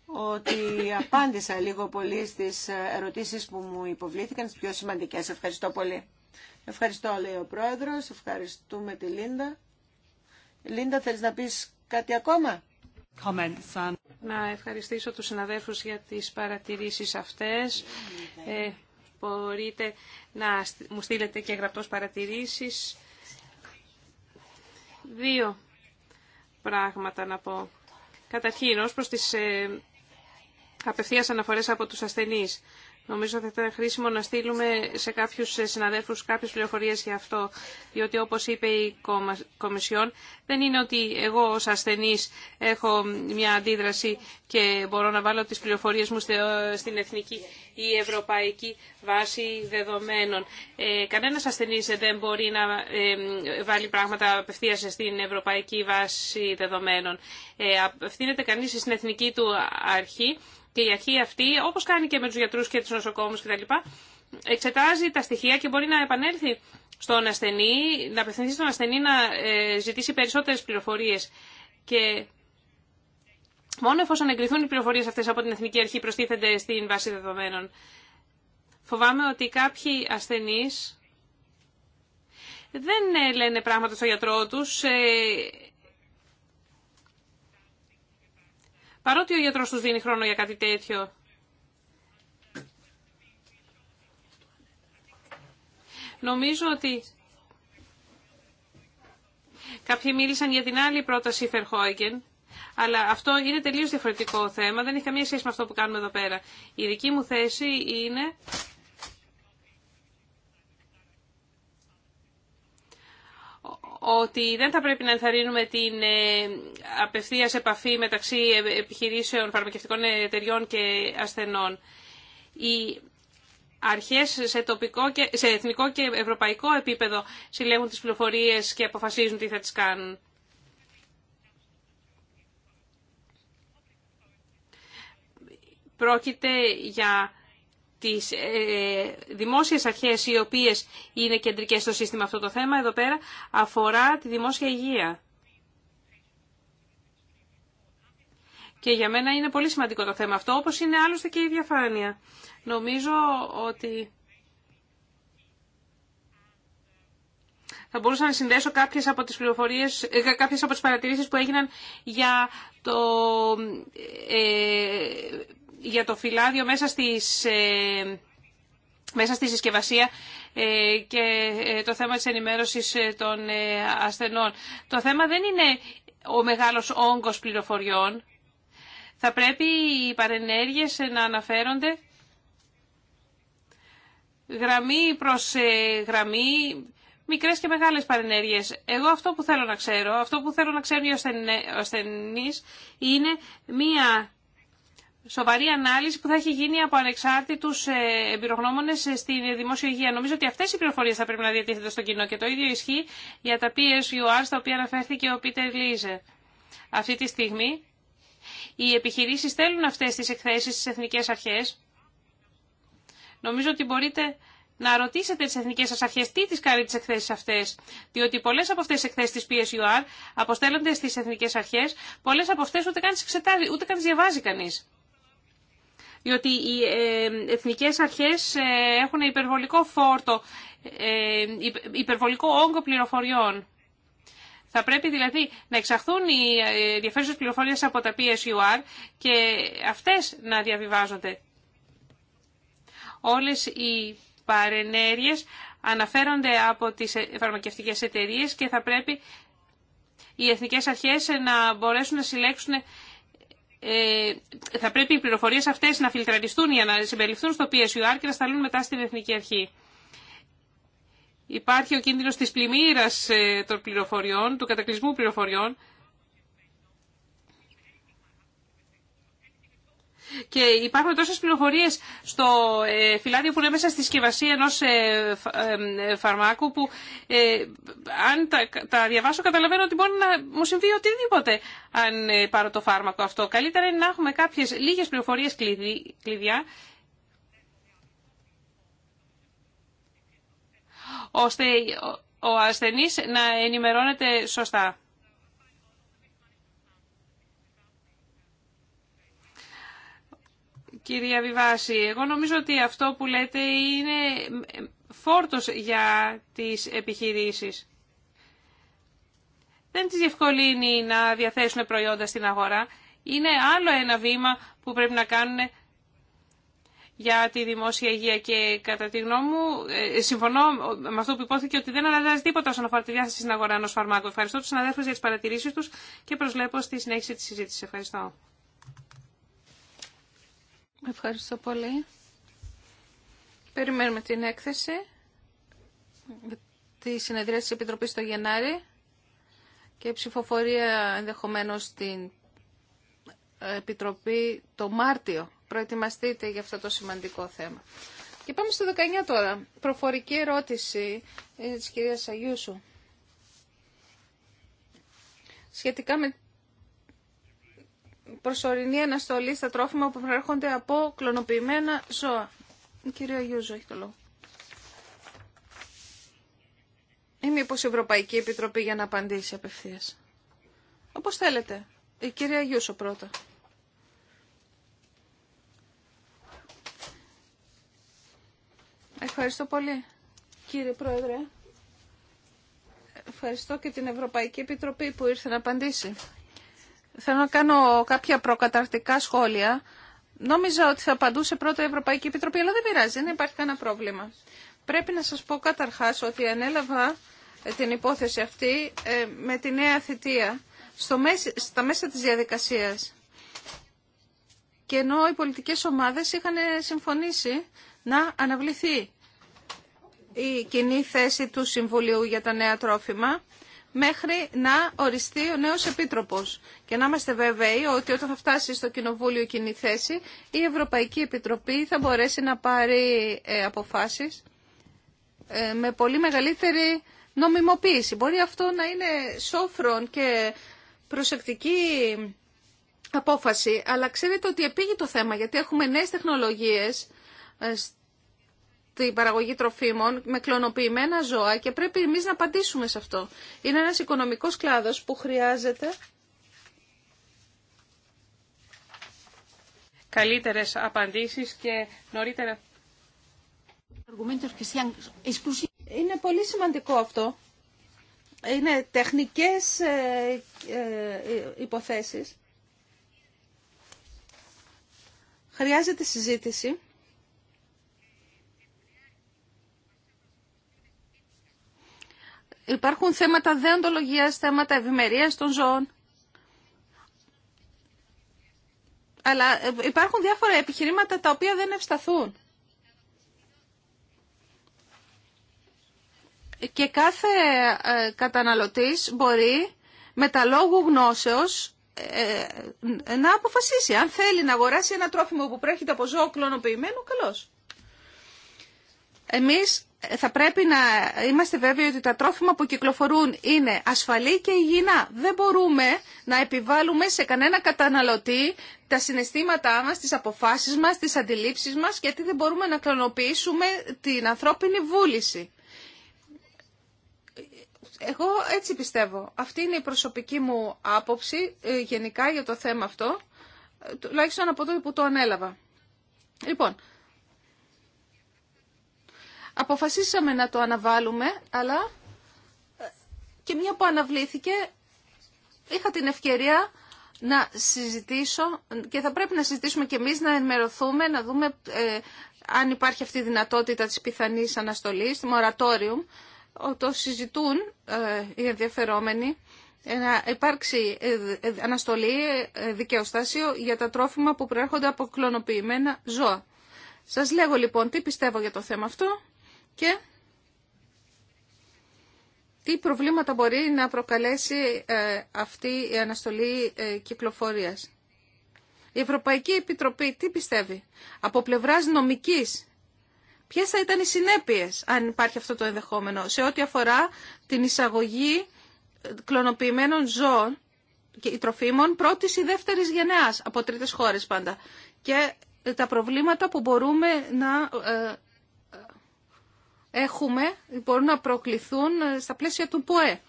Speaker 2: ότι απάντησα λίγο πολύ στις ερωτήσεις που μου υποβλήθηκαν, τις πιο σημαντικές. Ευχαριστώ πολύ. Ευχαριστώ, λέει ο Πρόεδρος. Ευχαριστούμε
Speaker 3: τη Λίντα. Λίντα, θέλεις να πεις κάτι ακόμα? Να ευχαριστήσω τους συναδέλφους για τις παρατηρήσεις αυτές. Ε, μπορείτε να μου στείλετε και γραπτός παρατηρήσεις. Δύο πράγματα να πω. Καταρχήν, ως προς τις ε, απευθείας αναφορές από τους ασθενείς. Νομίζω ότι θα ήταν χρήσιμο να στείλουμε σε κάποιου συναδελφου κάποιε πληροφορίε για αυτό, διότι όπω είπε η Κομισιόν, δεν είναι ότι εγώ ω ασθενή έχω μια αντίδραση και μπορώ να βάλω τι πληροφορίε μου στην εθνική ή ευρωπαϊκή βάση δεδομένων. Ε, κανένας ασθενής δεν μπορεί να ε, βάλει πράγματα απευθεία στην ευρωπαϊκή βάση δεδομένων. Ε, απευθύνεται κανείς στην εθνική του αρχή και η αρχή αυτή, όπως κάνει και με τους γιατρούς και τους νοσοκόμους κτλ, εξετάζει τα στοιχεία και μπορεί να επανέλθει στον ασθενή, να απευθυνθεί στον ασθενή να ε, ζητήσει περισσότερες πληροφορίες. Και μόνο εφόσον εγκριθούν οι πληροφορίες αυτές από την Εθνική Αρχή προστίθενται στην βάση δεδομένων. Φοβάμαι ότι κάποιοι ασθενείς δεν ε, λένε πράγματα στο γιατρό τους, ε, παρότι ο γιατρός τους δίνει χρόνο για κάτι τέτοιο. Νομίζω ότι κάποιοι μίλησαν για την άλλη πρόταση Φερχόγγεν, αλλά αυτό είναι τελείως διαφορετικό θέμα, δεν έχει καμία σχέση με αυτό που κάνουμε εδώ πέρα. Η δική μου θέση είναι ότι δεν θα πρέπει να ενθαρρύνουμε την ε, απευθεία επαφή μεταξύ επιχειρήσεων, φαρμακευτικών εταιριών και ασθενών. Οι αρχές σε, τοπικό και, σε εθνικό και ευρωπαϊκό επίπεδο συλλέγουν τις πληροφορίες και αποφασίζουν τι θα τις κάνουν. Πρόκειται για τις ε, δημόσιες αρχές οι οποίες είναι κεντρικές στο σύστημα αυτό το θέμα εδώ πέρα αφορά τη δημόσια υγεία. Και για μένα είναι πολύ σημαντικό το θέμα αυτό, όπως είναι άλλωστε και η διαφάνεια. Νομίζω ότι θα μπορούσα να συνδέσω κάποιες από τις, πληροφορίες, ε, κάποιες από τις παρατηρήσεις που έγιναν για το ε, για το φυλάδιο μέσα, στις, ε, μέσα στη συσκευασία ε, και ε, το θέμα της ενημέρωσης των ασθενών. Το θέμα δεν είναι ο μεγάλος όγκος πληροφοριών. Θα πρέπει οι παρενέργειες να αναφέρονται γραμμή προς γραμμή, μικρές και μεγάλες παρενέργειες. Εγώ αυτό που θέλω να ξέρω, αυτό που θέλω να ξέρει ο ασθενείς είναι μία σοβαρή ανάλυση που θα έχει γίνει από ανεξάρτητου ε, εμπειρογνώμονε ε, στη δημόσια υγεία. Νομίζω ότι αυτέ οι πληροφορίε θα πρέπει να διατίθεται στο κοινό και το ίδιο ισχύει για τα PSUR στα οποία αναφέρθηκε ο Πίτερ Λίζε. Αυτή τη στιγμή οι επιχειρήσει στέλνουν αυτέ τι εκθέσει στι εθνικέ αρχέ. Νομίζω ότι μπορείτε να ρωτήσετε τι εθνικέ σα αρχέ τι τι κάνει τι εκθέσει αυτέ. Διότι πολλέ από αυτέ τι εκθέσει τη PSUR αποστέλλονται στι εθνικέ αρχέ, πολλέ από αυτέ ούτε καν τι ούτε καν τι διαβάζει κανεί διότι οι ε, εθνικές αρχές ε, έχουν υπερβολικό φόρτο, ε, υπερβολικό όγκο πληροφοριών. Θα πρέπει δηλαδή να εξαχθούν οι ενδιαφέρουσες πληροφορίες από τα PSUR και αυτές να διαβιβάζονται. Όλες οι παρενέργειες αναφέρονται από τις φαρμακευτικές εταιρείες και θα πρέπει οι εθνικές αρχές να μπορέσουν να συλλέξουν ε, θα πρέπει οι πληροφορίες αυτές να φιλτραριστούν για να συμπεριληφθούν στο PSUR και να σταλούν μετά στην Εθνική Αρχή. Υπάρχει ο κίνδυνος της πλημμύρας ε, των πληροφοριών, του κατακλυσμού πληροφοριών, Και υπάρχουν τόσε πληροφορίε στο ε, φυλάδιο που είναι μέσα στη συσκευασία ενός ε, ε, φαρμάκου που αν τα διαβάσω καταλαβαίνω ότι μπορεί να μου συμβεί οτιδήποτε αν πάρω το φάρμακο αυτό. Καλύτερα είναι να έχουμε κάποιες λίγες πληροφορίες κλειδιά ώστε ο ασθενής να ενημερώνεται σωστά. Κυρία Βιβάση, εγώ νομίζω ότι αυτό που λέτε είναι φόρτος για τις επιχειρήσεις. Δεν τις διευκολύνει να διαθέσουν προϊόντα στην αγορά. Είναι άλλο ένα βήμα που πρέπει να κάνουν για τη δημόσια υγεία και κατά τη γνώμη μου ε, συμφωνώ με αυτό που υπόθηκε ότι δεν αλλάζει τίποτα όσον αφορά τη διάθεση στην αγορά ενό φαρμάκου. Ευχαριστώ τους συναδέλφους για τις παρατηρήσεις τους και προσλέπω στη συνέχιση τη συζήτηση. Ευχαριστώ.
Speaker 1: Ευχαριστώ πολύ. Περιμένουμε την έκθεση τη συνεδρία τη Επιτροπής το Γενάρη και ψηφοφορία ενδεχομένω στην Επιτροπή το Μάρτιο. Προετοιμαστείτε για αυτό το σημαντικό θέμα. Και πάμε στο 19 τώρα. Προφορική ερώτηση ε, της κυρίας Σου Σχετικά με προσωρινή αναστολή στα τρόφιμα που προέρχονται από κλωνοποιημένα ζώα. Η κυρία Γιούζο έχει το λόγο. Ή μήπως η μηπω η Επιτροπή για να απαντήσει απευθείας. Όπω θέλετε. Η κυρία Γιούσο πρώτα. Ευχαριστώ πολύ, κύριε Πρόεδρε. Ευχαριστώ και την Ευρωπαϊκή Επιτροπή που ήρθε να απαντήσει Θέλω να κάνω κάποια προκαταρκτικά σχόλια. Νόμιζα ότι θα απαντούσε πρώτα η Ευρωπαϊκή Επιτροπή, αλλά δεν πειράζει, δεν υπάρχει κανένα πρόβλημα. Πρέπει να σας πω καταρχάς ότι ανέλαβα ε, την υπόθεση αυτή ε, με τη νέα θητεία στο μέση, στα μέσα της διαδικασίας. Και ενώ οι πολιτικές ομάδες είχαν συμφωνήσει να αναβληθεί η κοινή θέση του Συμβουλίου για τα νέα τρόφιμα μέχρι να οριστεί ο νέος Επίτροπος. Και να είμαστε βέβαιοι ότι όταν θα φτάσει στο Κοινοβούλιο κοινή θέση, η Ευρωπαϊκή Επιτροπή θα μπορέσει να πάρει ε, αποφάσεις ε, με πολύ μεγαλύτερη νομιμοποίηση. Μπορεί αυτό να είναι σόφρον και προσεκτική απόφαση, αλλά ξέρετε ότι επήγει το θέμα, γιατί έχουμε νέες τεχνολογίες ε, την παραγωγή τροφίμων με κλωνοποιημένα ζώα και πρέπει εμείς να απαντήσουμε σε αυτό. Είναι ένας οικονομικός κλάδος που χρειάζεται
Speaker 3: καλύτερες απαντήσεις και νωρίτερα.
Speaker 1: Είναι πολύ σημαντικό αυτό. Είναι τεχνικές ε, ε υποθέσεις. Χρειάζεται συζήτηση. Υπάρχουν θέματα δεοντολογίας, θέματα ευημερία των ζώων. Αλλά ε, υπάρχουν διάφορα επιχειρήματα τα οποία δεν ευσταθούν. Και κάθε ε, καταναλωτής μπορεί με τα λόγου γνώσεως ε, να αποφασίσει. Αν θέλει να αγοράσει ένα τρόφιμο που πρέχεται από ζώο κλωνοποιημένο, καλώς. Εμείς θα πρέπει να είμαστε βέβαιοι ότι τα τρόφιμα που κυκλοφορούν είναι ασφαλή και υγιεινά. Δεν μπορούμε να επιβάλλουμε σε κανένα καταναλωτή τα συναισθήματά μας, τις αποφάσεις μας, τις αντιλήψεις μας, γιατί δεν μπορούμε να κλωνοποιήσουμε την ανθρώπινη βούληση. Εγώ έτσι πιστεύω. Αυτή είναι η προσωπική μου άποψη ε, γενικά για το θέμα αυτό, ε, τουλάχιστον από τότε που το ανέλαβα. Λοιπόν, Αποφασίσαμε να το αναβάλουμε, αλλά ε, και μια που αναβλήθηκε είχα την ευκαιρία να συζητήσω και θα πρέπει να συζητήσουμε και εμείς να ενημερωθούμε, να δούμε ε, αν υπάρχει αυτή η δυνατότητα της πιθανής αναστολής, τη moratorium, Το συζητούν ε, οι ενδιαφερόμενοι να υπάρξει αναστολή, δικαιοστάσιο για τα τρόφιμα που προέρχονται από κλωνοποιημένα ζώα. Σας λέγω λοιπόν τι πιστεύω για το θέμα αυτό και τι προβλήματα μπορεί να προκαλέσει ε, αυτή η αναστολή ε, κυκλοφορίας. Η Ευρωπαϊκή Επιτροπή τι πιστεύει από πλευράς νομικής. Ποιες θα ήταν οι συνέπειες αν υπάρχει αυτό το ενδεχόμενο σε ό,τι αφορά την εισαγωγή ε, κλωνοποιημένων ζώων και τροφίμων πρώτης ή δεύτερης γενεάς από τρίτες χώρες πάντα και τα προβλήματα που μπορούμε να έχουμε, μπορούν να προκληθούν ε, στα πλαίσια του ΠΟΕ.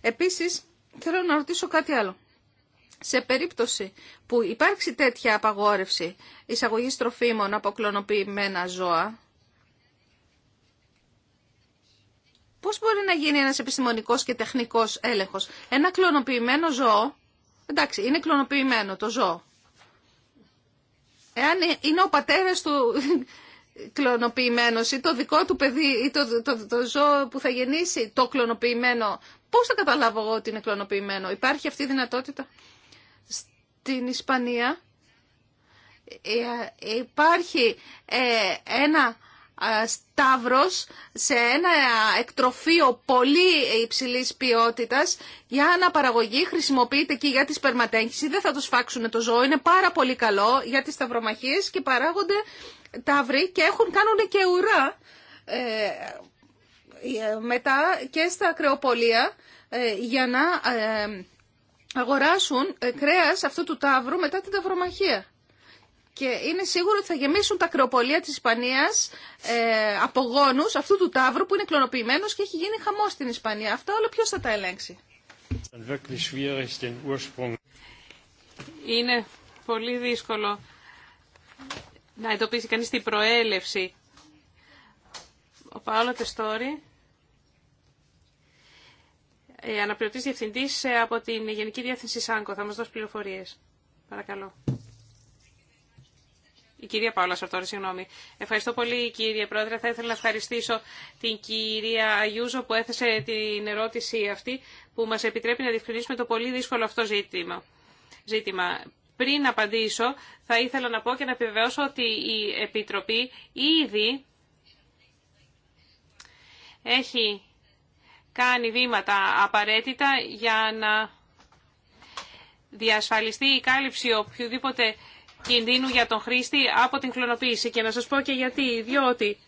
Speaker 1: Επίσης, θέλω να ρωτήσω κάτι άλλο. Σε περίπτωση που υπάρξει τέτοια απαγόρευση εισαγωγής τροφίμων από κλωνοποιημένα ζώα, πώς μπορεί να γίνει ένας επιστημονικός και τεχνικός έλεγχος. Ένα κλωνοποιημένο ζώο, εντάξει, είναι κλωνοποιημένο το ζώο. Εάν ε, είναι ο πατέρας του κλωνοποιημένος ή το δικό του παιδί ή το, το, ζώο που θα γεννήσει το κλωνοποιημένο. Πώς θα καταλάβω εγώ ότι είναι κλωνοποιημένο. Υπάρχει αυτή η δυνατότητα. Στην Ισπανία ε, υπάρχει ε, ένα ε, σταύρος σε ένα εκτροφείο πολύ υψηλής ποιότητας για αναπαραγωγή χρησιμοποιείται και για τη σπερματέγχυση δεν θα το σφάξουν το ζώο είναι πάρα πολύ καλό για τις σταυρομαχίες και παράγονται ταύροι και έχουν κάνουν και ουρά ε, ε, μετά και στα κρεοπολία ε, για να αγοράσουν κρέας αυτού του ταύρου μετά την ταυρομαχία. Και είναι σίγουρο ότι θα γεμίσουν τα κρεοπολία της Ισπανίας από γόνους αυτού του ταύρου που είναι κλωνοποιημένος και έχει γίνει χαμός στην Ισπανία.
Speaker 3: Αυτό όλο ποιος θα τα ελέγξει. Είναι πολύ δύσκολο να εντοπίσει κανείς την προέλευση. Ο Παόλο Τεστόρη, ε, αναπληρωτής διευθυντής ε, από την Γενική Διεύθυνση ΣΑΝΚΟ, θα μας δώσει πληροφορίες. Παρακαλώ. Η κυρία Παόλα Σαρτόρη, συγγνώμη. Ευχαριστώ πολύ κύριε Πρόεδρε. Θα ήθελα να ευχαριστήσω την κυρία Αγιούζο που έθεσε την ερώτηση αυτή που μας επιτρέπει να διευκρινίσουμε το πολύ δύσκολο αυτό ζήτημα. ζήτημα. Πριν απαντήσω, θα ήθελα να πω και να επιβεβαιώσω ότι η Επιτροπή ήδη έχει κάνει βήματα απαραίτητα για να διασφαλιστεί η κάλυψη οποιοδήποτε κινδύνου για τον χρήστη από την κλωνοποίηση. Και να σας πω και γιατί, διότι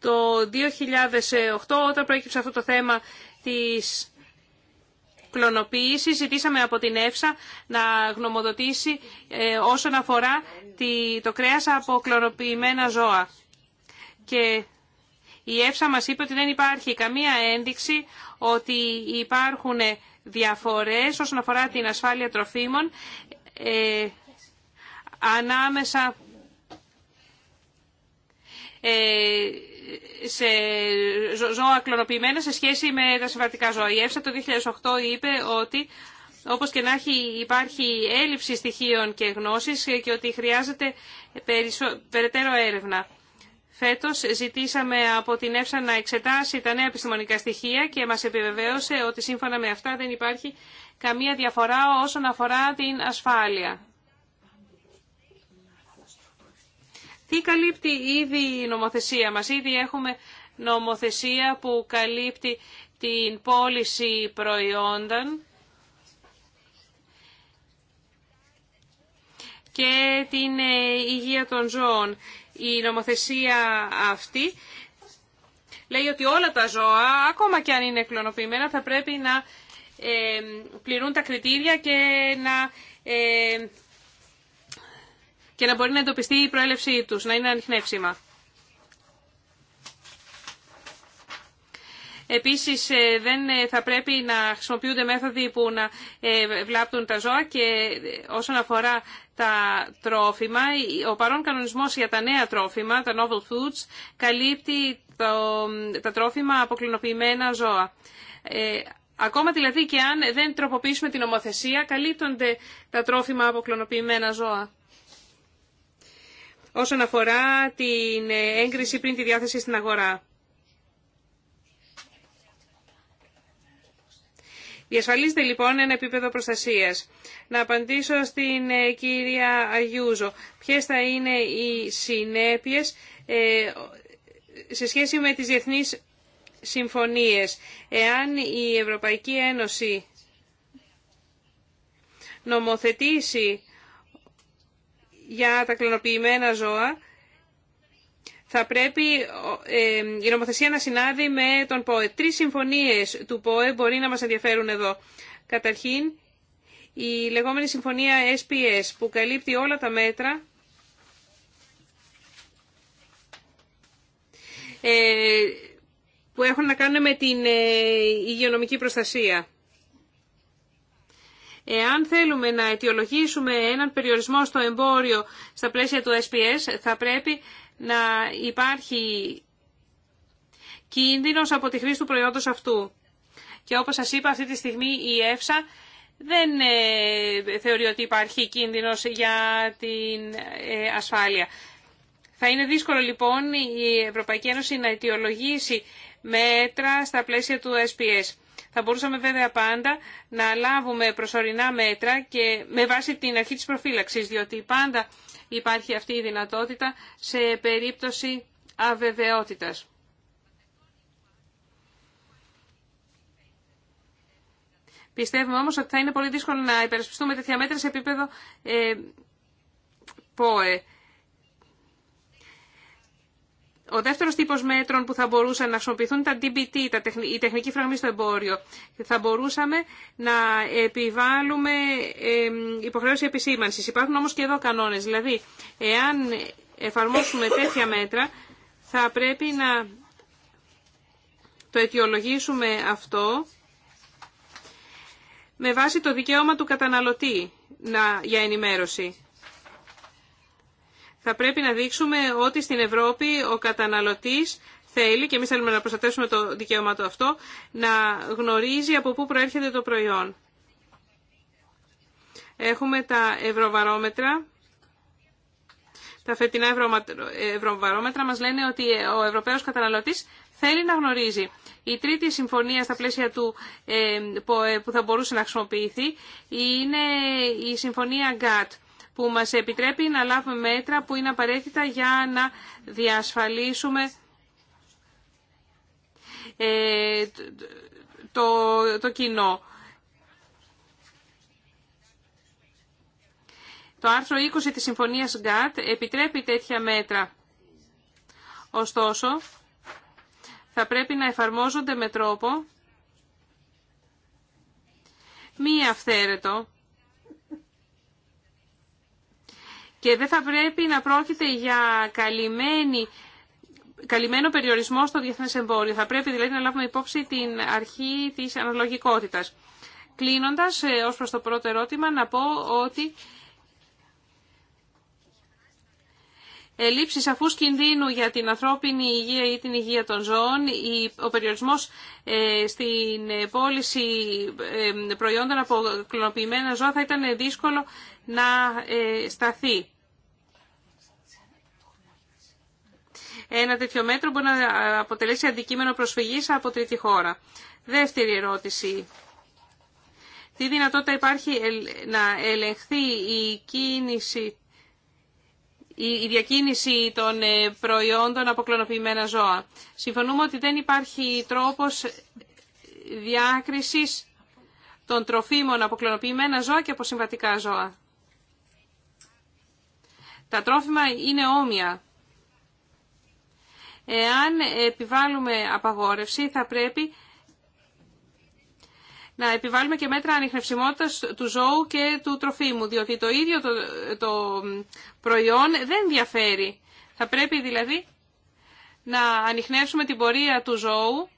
Speaker 3: το 2008 όταν προέκυψε αυτό το θέμα της κλωνοποίηση. ζητήσαμε από την ΕΦΣΑ να γνωμοδοτήσει ε, όσον αφορά το κρέας από κλωνοποιημένα ζώα. Και η ΕΦΣΑ μας είπε ότι δεν υπάρχει καμία ένδειξη ότι υπάρχουν διαφορές όσον αφορά την ασφάλεια τροφίμων ε, ανάμεσα ε, σε ζώα κλωνοποιημένα σε σχέση με τα συμβατικά ζώα. Η ΕΦΣΑ το 2008 είπε ότι όπως και να έχει υπάρχει έλλειψη στοιχείων και γνώσης και ότι χρειάζεται περισσο... περαιτέρω έρευνα. Φέτος ζητήσαμε από την ΕΦΣΑ να εξετάσει τα νέα επιστημονικά στοιχεία και μας επιβεβαίωσε ότι σύμφωνα με αυτά δεν υπάρχει καμία διαφορά όσον αφορά την ασφάλεια. Τι καλύπτει ήδη η νομοθεσία μας. Ήδη έχουμε νομοθεσία που καλύπτει την πώληση προϊόντων και την ε, υγεία των ζώων. Η νομοθεσία αυτή λέει ότι όλα τα ζώα, ακόμα και αν είναι κλωνοποιημένα, θα πρέπει να ε, πληρούν τα κριτήρια και να ε, και να μπορεί να εντοπιστεί η προέλευσή τους, να είναι ανοιχνεύσιμα. Επίσης ε, δεν ε, θα πρέπει να χρησιμοποιούνται μέθοδοι που να ε, βλάπτουν τα ζώα και όσον αφορά τα τρόφιμα, ο παρόν κανονισμός για τα νέα τρόφιμα, τα novel foods, καλύπτει το, τα τρόφιμα από ζώα. ακόμα δηλαδή και αν δεν τροποποιήσουμε την ομοθεσία, καλύπτονται τα τρόφιμα από ζώα όσον αφορά την έγκριση πριν τη διάθεση στην αγορά. Διασφαλίζεται λοιπόν ένα επίπεδο προστασίας. Να απαντήσω στην ε, κυρία Αγιούζο. Ποιες θα είναι οι συνέπειες ε, σε σχέση με τις διεθνείς συμφωνίες. Εάν η Ευρωπαϊκή Ένωση νομοθετήσει για τα κλωνοποιημένα ζώα θα πρέπει ε, η νομοθεσία να συνάδει με τον ΠΟΕ. Τρεις συμφωνίες του ΠΟΕ μπορεί να μας ενδιαφέρουν εδώ. Καταρχήν, η λεγόμενη συμφωνία SPS που καλύπτει όλα τα μέτρα ε, που έχουν να κάνουν με την ε, υγειονομική προστασία. Εάν θέλουμε να αιτιολογήσουμε έναν περιορισμό στο εμπόριο στα πλαίσια του SPS, θα πρέπει να υπάρχει κίνδυνος από τη χρήση του προϊόντος αυτού. Και όπως σας είπα, αυτή τη στιγμή η ΕΦΣΑ δεν ε, θεωρεί ότι υπάρχει κίνδυνος για την ε, ασφάλεια. Θα είναι δύσκολο λοιπόν η Ευρωπαϊκή Ένωση να αιτιολογήσει μέτρα στα πλαίσια του SPS. Θα μπορούσαμε βέβαια πάντα να λάβουμε προσωρινά μέτρα και με βάση την αρχή της προφύλαξης, διότι πάντα υπάρχει αυτή η δυνατότητα σε περίπτωση αβεβαιότητας. Πιστεύουμε όμως ότι θα είναι πολύ δύσκολο να υπερασπιστούμε τέτοια μέτρα σε επίπεδο ε, ΠΟΕ. Ο δεύτερο τύπο μέτρων που θα μπορούσαν να χρησιμοποιηθούν τα DBT, τα η τεχνική φραγμή στο εμπόριο. Θα μπορούσαμε να επιβάλλουμε υποχρέωση επισήμανση. Υπάρχουν όμω και εδώ κανόνε. Δηλαδή, εάν εφαρμόσουμε τέτοια μέτρα, θα πρέπει να το αιτιολογήσουμε αυτό με βάση το δικαίωμα του καταναλωτή να, για ενημέρωση θα πρέπει να δείξουμε ότι στην Ευρώπη ο καταναλωτής θέλει, και εμείς θέλουμε να προστατεύσουμε το δικαίωμα του αυτό, να γνωρίζει από πού προέρχεται το προϊόν. Έχουμε τα ευρωβαρόμετρα. Τα φετινά ευρωβαρόμετρα μας λένε ότι ο Ευρωπαίος καταναλωτής θέλει να γνωρίζει. Η τρίτη συμφωνία στα πλαίσια του ε, που θα μπορούσε να χρησιμοποιηθεί είναι η συμφωνία GATT που μας επιτρέπει να λάβουμε μέτρα που είναι απαραίτητα για να διασφαλίσουμε ε, το, το κοινό. Το άρθρο 20 της Συμφωνίας ΓΚΑΤ επιτρέπει τέτοια μέτρα. Ωστόσο, θα πρέπει να εφαρμόζονται με τρόπο μη αυθαίρετο και δεν θα πρέπει να πρόκειται για καλυμμένη καλυμμένο περιορισμό στο διεθνές εμπόριο. Θα πρέπει δηλαδή να λάβουμε υπόψη την αρχή της αναλογικότητας. Κλείνοντας, ε, ως προς το πρώτο ερώτημα, να πω ότι Ελλείψει σαφούς κινδύνου για την ανθρώπινη υγεία ή την υγεία των ζώων, ο περιορισμός ε, στην πώληση ε, προϊόντων από κλωνοποιημένα ζώα θα ήταν δύσκολο να σταθεί. ένα τέτοιο μέτρο μπορεί να αποτελέσει αντικείμενο προσφυγής από τρίτη χώρα. Δεύτερη ερώτηση. Τι δυνατότητα υπάρχει να ελεγχθεί η κίνηση η διακίνηση των ε, προϊόντων από κλωνοποιημένα ζώα. Συμφωνούμε ότι δεν υπάρχει τρόπος διάκρισης των τροφίμων από κλωνοποιημένα ζώα και από συμβατικά ζώα. Τα τρόφιμα είναι όμοια. Εάν επιβάλλουμε απαγόρευση θα πρέπει να επιβάλλουμε και μέτρα ανιχνευσιμότητας του ζώου και του τροφίμου, διότι το ίδιο το, το προϊόν δεν διαφέρει. Θα πρέπει δηλαδή να ανιχνεύσουμε την πορεία του ζώου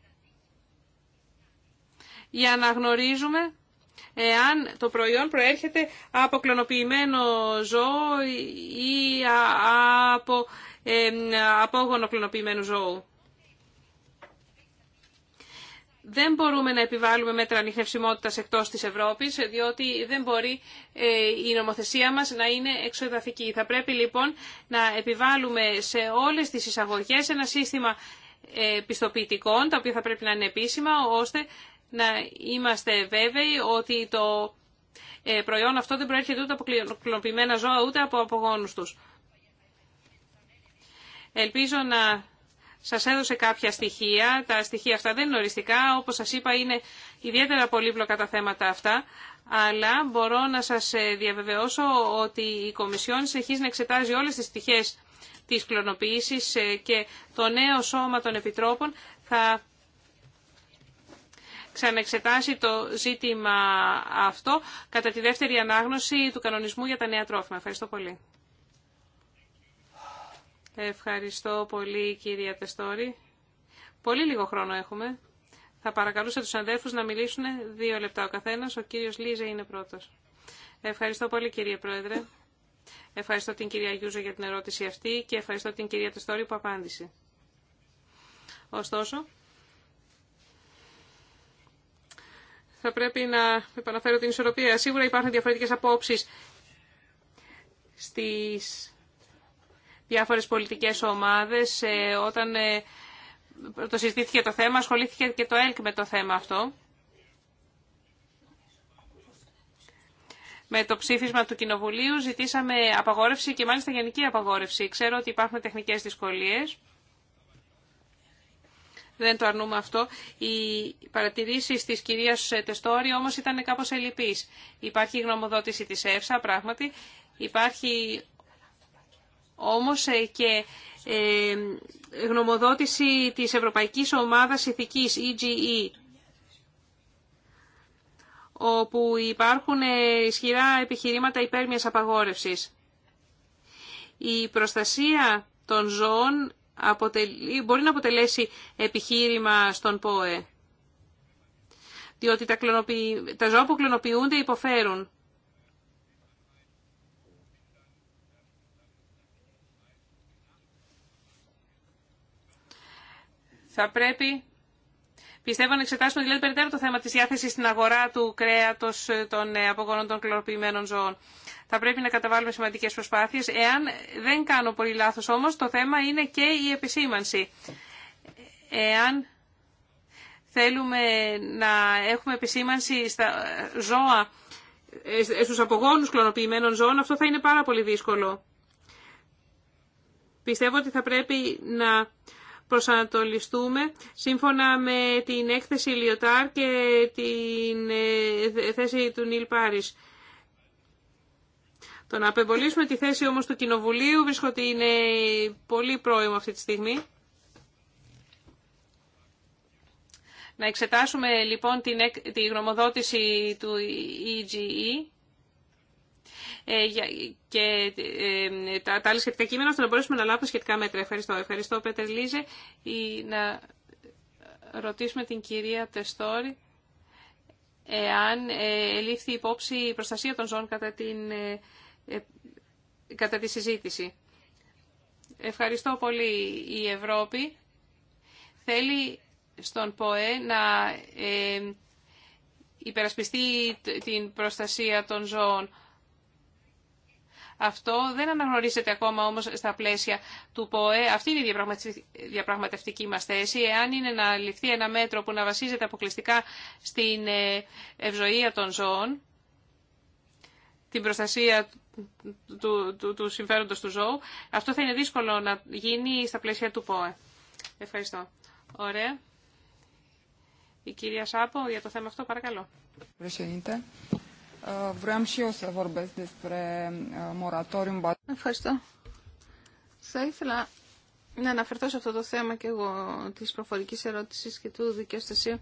Speaker 3: για να γνωρίζουμε εάν το προϊόν προέρχεται από κλωνοποιημένο ζώο ή από ε, απόγονο κλωνοποιημένου ζώου. Δεν μπορούμε να επιβάλλουμε μέτρα ανιχνευσιμότητας εκτός της Ευρώπης, διότι δεν μπορεί ε, η νομοθεσία μας να είναι εξωεδαφική. Θα πρέπει λοιπόν να επιβάλλουμε σε όλες τις εισαγωγές ένα σύστημα ε, πιστοποιητικών, τα οποία θα πρέπει να είναι επίσημα, ώστε να είμαστε βέβαιοι ότι το προϊόν αυτό δεν προέρχεται ούτε από κλωνοποιημένα ζώα, ούτε από απογόνους τους. Ελπίζω να σας έδωσε κάποια στοιχεία. Τα στοιχεία αυτά δεν είναι οριστικά. Όπως σας είπα είναι ιδιαίτερα πολύπλοκα τα θέματα αυτά. Αλλά μπορώ να σας ε, διαβεβαιώσω ότι η Κομισιόν συνεχίζει να εξετάζει όλες τις στοιχείες της κλωνοποίησης ε, και το νέο σώμα των επιτρόπων θα ξαναεξετάσει το ζήτημα αυτό κατά τη δεύτερη ανάγνωση του κανονισμού για τα νέα τρόφιμα. Ευχαριστώ πολύ. Ευχαριστώ πολύ κυρία Τεστόρη. Πολύ λίγο χρόνο έχουμε. Θα παρακαλούσα τους αδέρφους να μιλήσουν δύο λεπτά ο καθένας. Ο κύριος Λίζε είναι πρώτος. Ευχαριστώ πολύ κύριε Πρόεδρε. Ευχαριστώ την κυρία Γιούζο για την ερώτηση αυτή και ευχαριστώ την κυρία Τεστόρη που απάντησε. Ωστόσο, θα πρέπει να επαναφέρω την ισορροπία. Σίγουρα υπάρχουν διαφορετικές απόψεις στις διάφορες πολιτικές ομάδες. Ε, όταν ε, το συζητήθηκε το θέμα, ασχολήθηκε και το ΕΛΚ με το θέμα αυτό. Με το ψήφισμα του Κοινοβουλίου ζητήσαμε απαγόρευση και μάλιστα γενική απαγόρευση. Ξέρω ότι υπάρχουν τεχνικές δυσκολίες. Δεν το αρνούμε αυτό. Οι παρατηρήσεις της κυρίας Τεστόρη όμως ήταν κάπως ελλειπείς. Υπάρχει γνωμοδότηση της ΕΦΣΑ, πράγματι. Υπάρχει όμως ε, και ε, γνωμοδότηση της Ευρωπαϊκής Ομάδας Ηθικής, EGE, e, όπου υπάρχουν ε, ισχυρά επιχειρήματα υπέρ μιας απαγόρευσης. Η προστασία των ζώων αποτελεί, μπορεί να αποτελέσει επιχείρημα στον ΠΟΕ, διότι τα, τα ζώα που κλωνοποιούνται υποφέρουν. Θα πρέπει, πιστεύω, να εξετάσουμε δηλαδή περαιτέρω το θέμα της διάθεσης στην αγορά του κρέατος ε, των ε, απογόνων των κλωροποιημένων ζώων. Θα πρέπει να καταβάλουμε σημαντικές προσπάθειες. Εάν δεν κάνω πολύ λάθος όμως, το θέμα είναι και η επισήμανση. Εάν θέλουμε να έχουμε επισήμανση στα ζώα, ε, στους απογόνους κλωνοποιημένων ζώων, αυτό θα είναι πάρα πολύ δύσκολο. Πιστεύω ότι θα πρέπει να προσανατολιστούμε σύμφωνα με την έκθεση Λιωτάρ και την ε, θέση του Νίλ Πάρης. Το να απεμπολίσουμε τη θέση όμως του Κοινοβουλίου βρίσκω ότι είναι πολύ πρόημο αυτή τη στιγμή. Να εξετάσουμε λοιπόν την, τη γνωμοδότηση του EGE ε, και ε, τα, τα άλλα σχετικά κείμενα, ώστε να μπορέσουμε να λάβουμε σχετικά μέτρα. Ευχαριστώ. Ευχαριστώ, Πέτερ Λίζε. Να ρωτήσουμε την κυρία Τεστόρη εάν ε, ελήφθη υπόψη η προστασία των ζώων κατά, την, κατά τη συζήτηση. Ευχαριστώ πολύ η Ευρώπη. Θέλει στον ΠΟΕ να υπερασπιστεί την προστασία των ζώων. Αυτό δεν αναγνωρίζεται ακόμα όμως στα πλαίσια του ΠΟΕ. Αυτή είναι η διαπραγματευτική μας θέση. Εάν είναι να ληφθεί ένα μέτρο που να βασίζεται αποκλειστικά στην ε, ευζοία των ζώων, την προστασία του, του, του συμφέροντος του ζώου, αυτό θα είναι δύσκολο να γίνει στα πλαίσια του ΠΟΕ. Ευχαριστώ. Ωραία. Η κυρία Σάπο για το θέμα αυτό, παρακαλώ.
Speaker 1: Vreau uh, Ευχαριστώ. Θα ήθελα να αναφερθώ σε αυτό το θέμα και εγώ της προφορικής ερώτησης και του δικαιοστασίου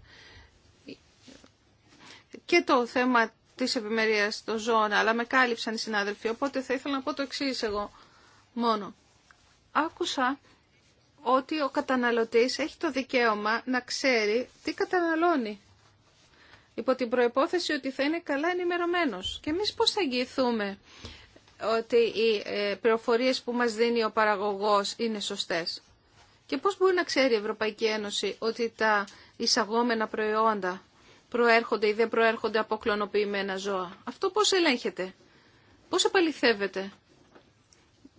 Speaker 1: και το θέμα της επιμερίας των ζώων, αλλά με κάλυψαν οι συνάδελφοι, οπότε θα ήθελα να πω το εξή εγώ μόνο. Άκουσα ότι ο καταναλωτής έχει το δικαίωμα να ξέρει τι καταναλώνει υπό την προϋπόθεση ότι θα είναι καλά ενημερωμένος. Και εμείς πώς θα εγγυηθούμε ότι οι ε, πληροφορίες που μας δίνει ο παραγωγός είναι σωστές. Και πώς μπορεί να ξέρει η Ευρωπαϊκή Ένωση ότι τα εισαγόμενα προϊόντα προέρχονται ή δεν προέρχονται από κλωνοποιημένα ζώα. Αυτό πώς ελέγχεται, πώς επαληθεύεται.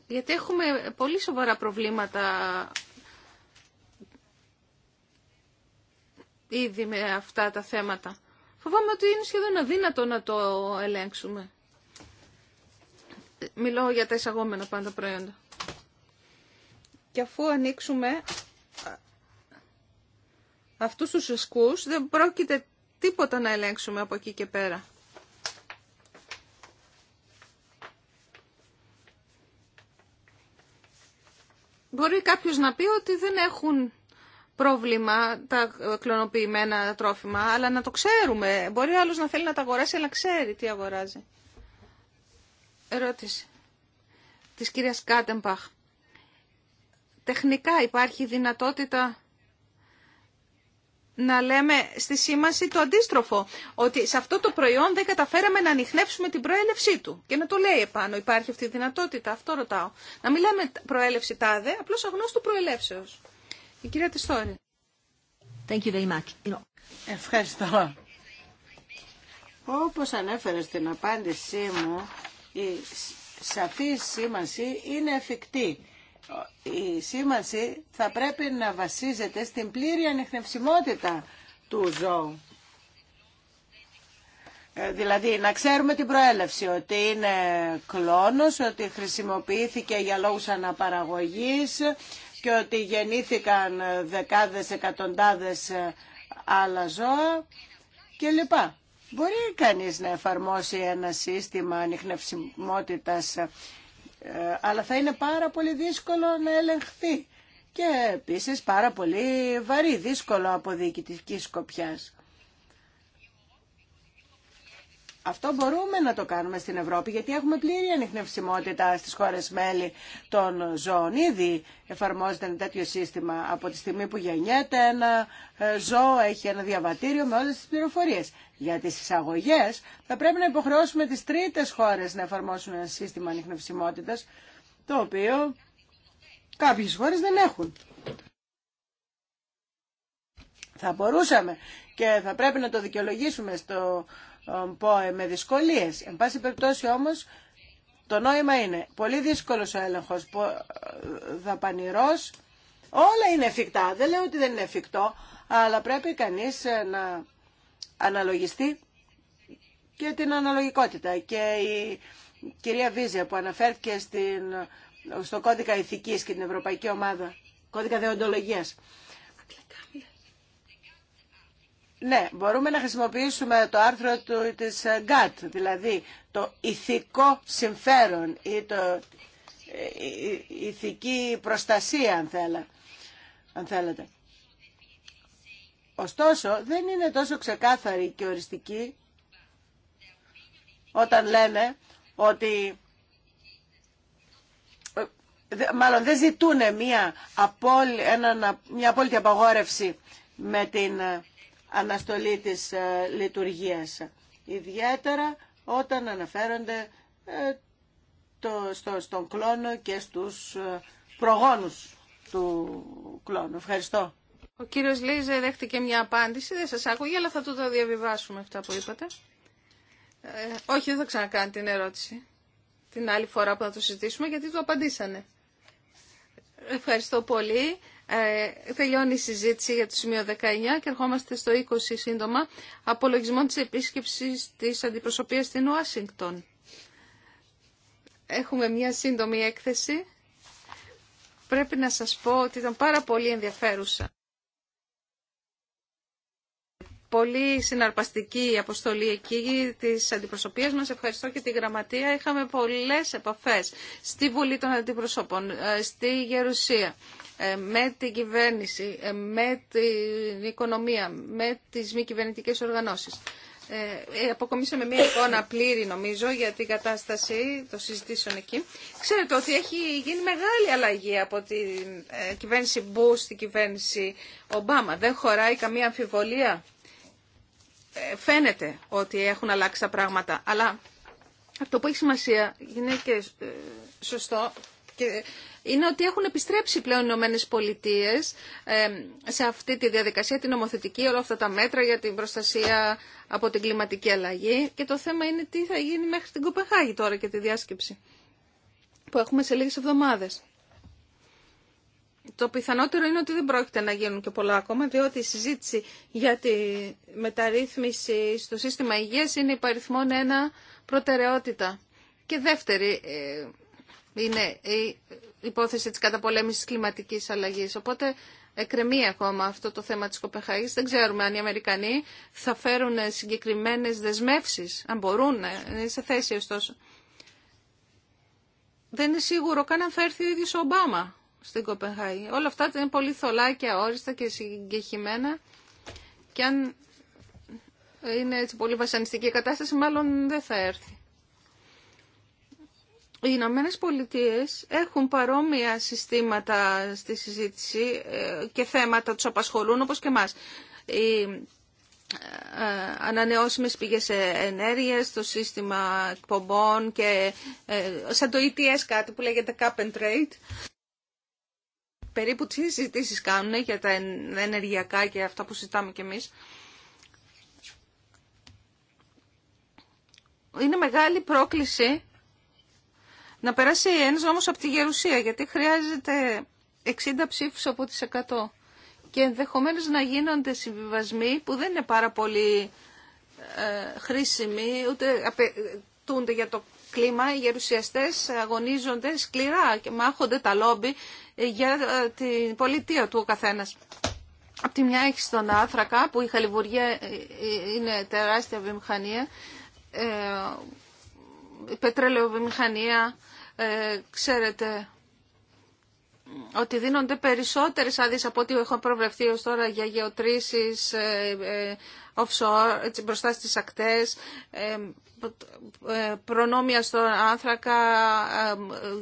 Speaker 1: Γιατί έχουμε πολύ σοβαρά προβλήματα ήδη με αυτά τα θέματα. Φοβάμαι ότι είναι σχεδόν αδύνατο να το ελέγξουμε. Μιλώ για τα εισαγόμενα πάντα προϊόντα. Και αφού ανοίξουμε αυτούς τους ασκούς, δεν πρόκειται τίποτα να ελέγξουμε από εκεί και πέρα. Μπορεί κάποιος να πει ότι δεν έχουν πρόβλημα τα κλωνοποιημένα τρόφιμα, αλλά να το ξέρουμε. Μπορεί ο άλλος να θέλει να τα αγοράσει, αλλά ξέρει τι αγοράζει. Ερώτηση της κυρίας Κάτεμπαχ. Τεχνικά υπάρχει δυνατότητα να λέμε στη σήμανση το αντίστροφο, ότι σε αυτό το προϊόν δεν καταφέραμε να ανοιχνεύσουμε την προέλευσή του. Και να το λέει επάνω, υπάρχει αυτή η δυνατότητα, αυτό ρωτάω. Να μην λέμε προέλευση τάδε, απλώς αγνώστου προελεύσεως. Η κυρία Τεστόρη.
Speaker 2: Thank you Ευχαριστώ. Όπως ανέφερα στην απάντησή μου, η σαφή σήμανση είναι εφικτή. Η σήμανση θα πρέπει να βασίζεται στην πλήρη ανεχνευσιμότητα του ζώου. Ε, δηλαδή να ξέρουμε την προέλευση, ότι είναι κλόνος, ότι χρησιμοποιήθηκε για λόγους αναπαραγωγής, και ότι γεννήθηκαν δεκάδες, εκατοντάδες ε, άλλα ζώα κλπ. Μπορεί κανείς να εφαρμόσει ένα σύστημα ανιχνευσιμότητας, ε, αλλά θα είναι πάρα πολύ δύσκολο να ελεγχθεί και επίσης πάρα πολύ βαρύ, δύσκολο από διοικητική σκοπιάς. Αυτό μπορούμε να το κάνουμε στην Ευρώπη γιατί έχουμε πλήρη ανιχνευσιμότητα στις χώρες μέλη των ζώων. Ήδη εφαρμόζεται ένα τέτοιο σύστημα από τη στιγμή που γεννιέται ένα ε, ζώο, έχει ένα διαβατήριο με όλες τις πληροφορίες. Για τις εισαγωγές θα πρέπει να υποχρεώσουμε τις τρίτες χώρες να εφαρμόσουν ένα σύστημα ανιχνευσιμότητας το οποίο κάποιες χώρες δεν έχουν. Θα μπορούσαμε και θα πρέπει να το δικαιολογήσουμε στο ε, με δυσκολίες. Εν πάση περιπτώσει όμως το νόημα είναι πολύ δύσκολος ο έλεγχος, ε, δαπανηρός. Όλα είναι εφικτά. Δεν λέω ότι δεν είναι εφικτό, αλλά πρέπει κανείς ε, να αναλογιστεί και την αναλογικότητα. Και η κυρία Βίζια που αναφέρθηκε στην, στο κώδικα ηθικής και την Ευρωπαϊκή Ομάδα, κώδικα δεοντολογίας, ναι, μπορούμε να χρησιμοποιήσουμε το άρθρο του, της ε, ΓΚΑΤ, δηλαδή το ηθικό συμφέρον ή το ε, ε, ηθική προστασία, αν, θέλα, θέλετε. Ωστόσο, δεν είναι τόσο ξεκάθαρη και οριστική όταν λένε ότι μάλλον δεν ζητούν μια, μια απόλυτη απαγόρευση με την αναστολή της ε, λειτουργίας. Ιδιαίτερα όταν αναφέρονται ε, το, στον κλόνο και στους ε, προγόνους του κλόνου. Ευχαριστώ.
Speaker 1: Ο κύριος Λίζε δέχτηκε μια απάντηση, δεν σας άκουγε, αλλά θα του το διαβιβάσουμε αυτά που είπατε. όχι, δεν θα ξανακάνει την ερώτηση την άλλη φορά που θα το συζητήσουμε, γιατί του απαντήσανε. Ευχαριστώ πολύ. Ε, τελειώνει η συζήτηση για το σημείο 19 και ερχόμαστε στο 20 σύντομα απολογισμό της επίσκεψης της αντιπροσωπείας στην Ουάσιγκτον. Έχουμε μια σύντομη έκθεση. Πρέπει να σας πω ότι ήταν πάρα πολύ ενδιαφέρουσα πολύ συναρπαστική η αποστολή εκεί της αντιπροσωπείας μας. Ευχαριστώ και τη γραμματεία. Είχαμε πολλές επαφές στη Βουλή των Αντιπροσώπων, ε, στη Γερουσία, ε, με την κυβέρνηση, ε, με την οικονομία, με τις μη κυβερνητικέ οργανώσεις. Ε, αποκομίσαμε μια εικόνα λοιπόν, πλήρη νομίζω για την κατάσταση των συζητήσεων εκεί. Ξέρετε ότι έχει γίνει μεγάλη αλλαγή από την κυβέρνηση Μπού στην κυβέρνηση Ομπάμα. Δεν χωράει καμία αμφιβολία φαίνεται ότι έχουν αλλάξει τα πράγματα. Αλλά αυτό που έχει σημασία είναι και ε, σωστό και είναι ότι έχουν επιστρέψει πλέον οι Ηνωμένε Πολιτείε σε αυτή τη διαδικασία, την νομοθετική, όλα αυτά τα μέτρα για την προστασία από την κλιματική αλλαγή. Και το θέμα είναι τι θα γίνει μέχρι την Κοπεχάγη τώρα και τη διάσκεψη που έχουμε σε λίγες εβδομάδες το πιθανότερο είναι ότι δεν πρόκειται να γίνουν και πολλά ακόμα, διότι η συζήτηση για τη μεταρρύθμιση στο σύστημα υγείας είναι υπαριθμόν ένα προτεραιότητα. Και δεύτερη ε, είναι η υπόθεση της καταπολέμησης κλιματικής αλλαγής. Οπότε εκκρεμεί ακόμα αυτό το θέμα της Κοπεχάγης. Δεν ξέρουμε αν οι Αμερικανοί θα φέρουν συγκεκριμένες δεσμεύσεις, αν μπορούν, ε, είναι σε θέση ωστόσο. Δεν είναι σίγουρο καν αν θα έρθει ο ίδιος ο Ομπάμα στην Κοπενχάγη. Όλα αυτά είναι πολύ θολά και αόριστα και συγκεχημένα και αν είναι έτσι πολύ βασανιστική κατάσταση μάλλον δεν θα έρθει. Οι Ηνωμένε Πολιτείε έχουν παρόμοια συστήματα στη συζήτηση ε, και θέματα τους απασχολούν όπως και εμάς. Οι ε, ανανεώσιμες πηγές ε, ενέργειας, το σύστημα εκπομπών και σαν το ETS κάτι που λέγεται cap and trade περίπου τι συζητήσει κάνουν για τα ενεργειακά και αυτά που συζητάμε κι εμείς. Είναι μεγάλη πρόκληση να περάσει ένας νόμος από τη Γερουσία, γιατί χρειάζεται 60 ψήφους από τις 100 και ενδεχομένως να γίνονται συμβιβασμοί που δεν είναι πάρα πολύ ε, χρήσιμοι, ούτε απαιτούνται για το κλίμα, οι γερουσιαστές αγωνίζονται σκληρά και μάχονται τα λόμπι για ε, την πολιτεία του ο καθένας. Από τη μια έχει στον άθρακα που η χαλιβουργία ε, ε, είναι τεράστια βιομηχανία, η πετρελαιοβιομηχανία, βιομηχανία, ξέρετε ότι δίνονται περισσότερες άδειες από ό,τι έχουν προβλεφθεί ως τώρα για γεωτρήσεις, offshore, μπροστά στις ακτές, προνόμια στον άνθρακα,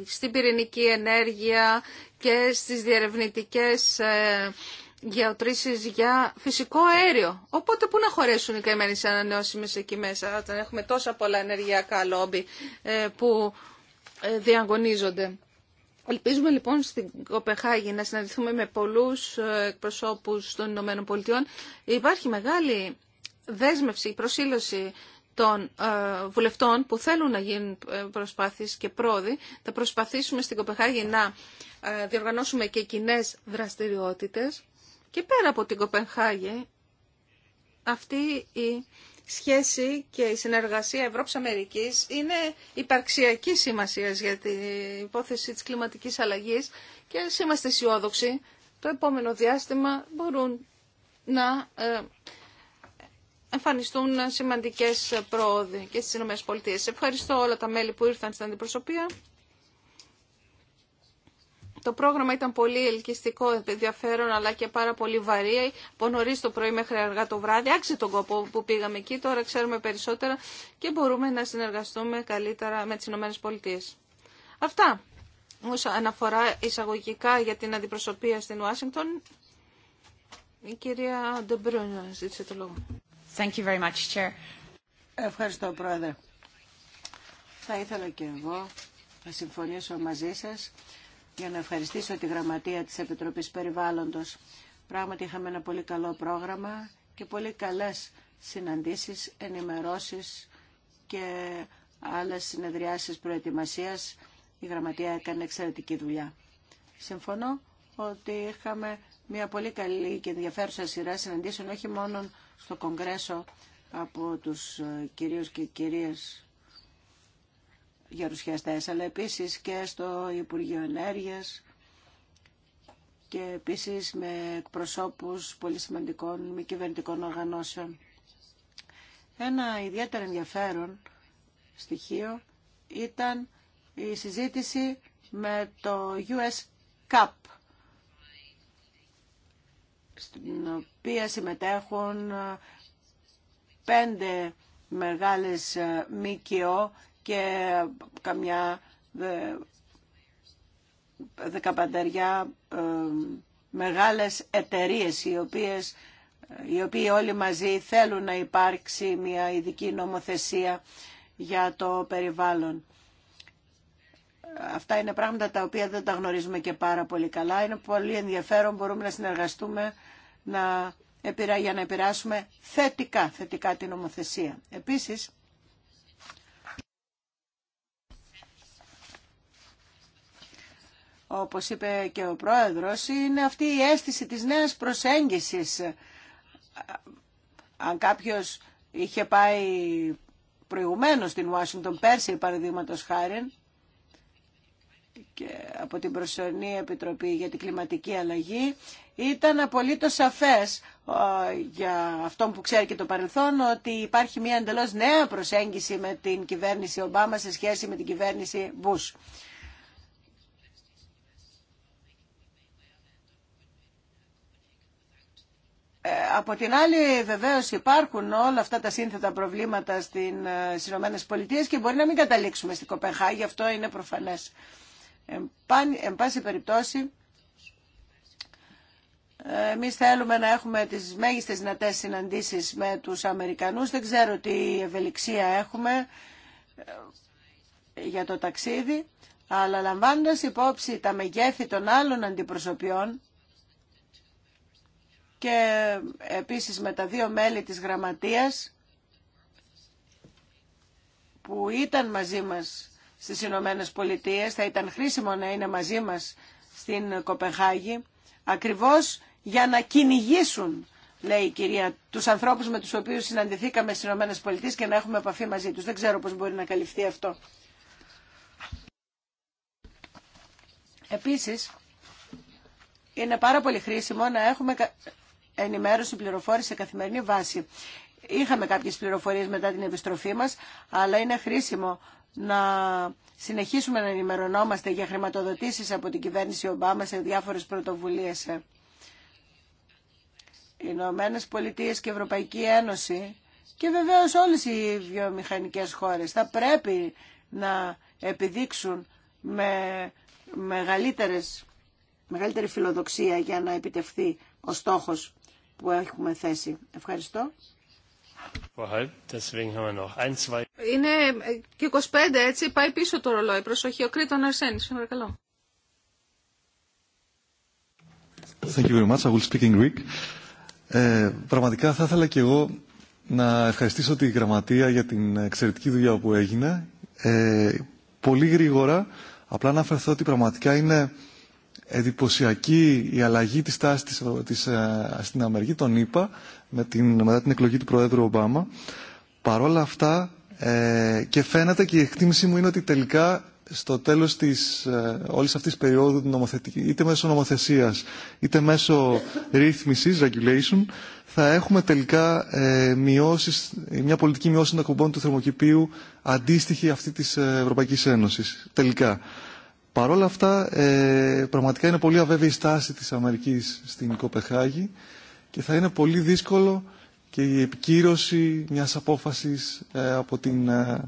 Speaker 1: στην πυρηνική ενέργεια και στις διερευνητικές ε, γεωτρήσεις για φυσικό αέριο. Οπότε πού να χωρέσουν οι καημένοι σε ανανεώσιμες εκεί μέσα, όταν έχουμε τόσα πολλά ενεργειακά λόμπι ε, που ε, διαγωνίζονται. Ελπίζουμε λοιπόν στην Κοπεχάγη να συναντηθούμε με πολλούς εκπροσώπους των Ηνωμένων Πολιτειών. Υπάρχει μεγάλη δέσμευση, προσήλωση των ε, βουλευτών που θέλουν να γίνουν ε, προσπάθειες και πρόοδοι. Θα προσπαθήσουμε στην Κοπεχάγη να ε, διοργανώσουμε και κοινέ δραστηριότητες. Και πέρα από την Κοπεχάγη, αυτή η σχέση και η συνεργασία Ευρώπης-Αμερικής είναι υπαρξιακή σημασία για την υπόθεση της κλιματικής αλλαγής και είμαστε αισιόδοξοι. Το επόμενο διάστημα μπορούν να εμφανιστούν σημαντικέ πρόοδοι και στι ΗΠΑ. Ευχαριστώ όλα τα μέλη που ήρθαν στην αντιπροσωπεία. Το πρόγραμμα ήταν πολύ ελκυστικό, ενδιαφέρον, αλλά και πάρα πολύ βαρύ. Από νωρί το πρωί μέχρι αργά το βράδυ. Άξιζε τον κόπο που πήγαμε εκεί. Τώρα ξέρουμε περισσότερα και μπορούμε να συνεργαστούμε καλύτερα με τι ΗΠΑ. Αυτά. Όσα αναφορά εισαγωγικά για την αντιπροσωπεία στην Ουάσιγκτον, η κυρία Ντεμπρούνα ζήτησε το λόγο.
Speaker 2: Ευχαριστώ, Πρόεδρε. Θα ήθελα και εγώ να συμφωνήσω μαζί σας για να ευχαριστήσω τη Γραμματεία της Επιτροπής Περιβάλλοντος. Πράγματι είχαμε ένα πολύ καλό πρόγραμμα και πολύ καλές συναντήσεις, ενημερώσεις και άλλες συνεδριάσεις προετοιμασίας. Η Γραμματεία έκανε εξαιρετική δουλειά. Συμφωνώ ότι είχαμε μια πολύ καλή και ενδιαφέρουσα σειρά συναντήσεων όχι μόνο στο Κογκρέσο από τους ε, κυρίους και κυρίες γερουσιαστές, αλλά επίσης και στο Υπουργείο Ενέργειας και επίσης με προσώπους πολύ σημαντικών μη κυβερνητικών οργανώσεων. Ένα ιδιαίτερα ενδιαφέρον στοιχείο ήταν η συζήτηση με το US CAP στην οποία συμμετέχουν ε, πέντε μεγάλες ε, ΜΚΟ και ε, καμιά δεκαπαντεριά μεγάλες εταιρείες οι οποίες οι οποίοι όλοι μαζί θέλουν να υπάρξει μια ειδική νομοθεσία για το περιβάλλον. Αυτά είναι πράγματα τα οποία δεν τα γνωρίζουμε και πάρα πολύ καλά. Είναι πολύ ενδιαφέρον, μπορούμε να συνεργαστούμε να, για να επηρεάσουμε θετικά, θετικά την νομοθεσία. Επίσης, όπως είπε και ο πρόεδρος, είναι αυτή η αίσθηση της νέας προσέγγισης. Αν κάποιος είχε πάει προηγουμένως στην Ουάσιγκτον πέρσι, παραδείγματος χάρη, και από την προσωρινή Επιτροπή για την Κλιματική Αλλαγή ήταν απολύτως σαφές ε, για αυτόν που ξέρει και το παρελθόν ότι υπάρχει μια εντελώς νέα προσέγγιση με την κυβέρνηση Ομπάμα σε σχέση με την κυβέρνηση Μπούς. Ε, από την άλλη βεβαίω υπάρχουν όλα αυτά τα σύνθετα προβλήματα ε, στι ΗΠΑ και μπορεί να μην καταλήξουμε στην γι' αυτό είναι προφανές. Εν πάση περιπτώσει, ε, Εμεί θέλουμε να έχουμε τις μέγιστες δυνατέ συναντήσεις με τους Αμερικανούς. Δεν ξέρω τι ευελιξία έχουμε ε, για το ταξίδι, αλλά λαμβάνοντας υπόψη τα μεγέθη των άλλων αντιπροσωπιών και ε, επίσης με τα δύο μέλη της γραμματείας που ήταν μαζί μας στις Ηνωμένε Πολιτείες. Θα ήταν χρήσιμο να είναι μαζί μας στην Κοπεχάγη, ακριβώς για να κυνηγήσουν, λέει η κυρία, τους ανθρώπους με τους οποίους συναντηθήκαμε στις Ηνωμένε Πολιτείες και να έχουμε επαφή μαζί τους. Δεν ξέρω πώς μπορεί να καλυφθεί αυτό. Επίσης, είναι πάρα πολύ χρήσιμο να έχουμε ενημέρωση, πληροφόρηση σε καθημερινή βάση. Είχαμε κάποιες πληροφορίες μετά την επιστροφή μας, αλλά είναι χρήσιμο να συνεχίσουμε να ενημερωνόμαστε για χρηματοδοτήσεις από την κυβέρνηση Ομπάμα σε διάφορες πρωτοβουλίες. Οι Ηνωμένε Πολιτείε και η Ευρωπαϊκή Ένωση και βεβαίως όλες οι βιομηχανικές χώρες θα πρέπει να επιδείξουν με μεγαλύτερες, μεγαλύτερη φιλοδοξία για να επιτευχθεί ο στόχος που έχουμε θέσει. Ευχαριστώ.
Speaker 1: Είναι ε, και 25 έτσι, πάει πίσω το ρολόι. Προσοχή, ο Κρήτον Αρσένης, παρακαλώ.
Speaker 5: Thank you very much. I will speak in Greek. Ε, πραγματικά θα ήθελα και εγώ να ευχαριστήσω τη Γραμματεία για την εξαιρετική δουλειά που έγινε. Ε, πολύ γρήγορα, απλά να αφαιρθώ ότι πραγματικά είναι εντυπωσιακή η αλλαγή της τάσης της, ε, στην Αμερική, τον είπα, με την, μετά την εκλογή του Προέδρου Ομπάμα. Παρόλα αυτά ε, και φαίνεται και η εκτίμησή μου είναι ότι τελικά στο τέλος της, ε, όλης αυτής της περίοδου είτε μέσω νομοθεσίας είτε μέσω ρύθμισης, regulation, θα έχουμε τελικά ε, μειώσεις, μια πολιτική μειώση των ακουμπών του θερμοκηπίου αντίστοιχη αυτή της ε, Ευρωπαϊκής Ένωσης. Τελικά. Παρ' όλα αυτά, ε, πραγματικά είναι πολύ αβέβαιη η στάση της Αμερικής στην Κοπεχάγη και θα είναι πολύ δύσκολο και η επικύρωση μιας απόφασης ε, από, την, ε,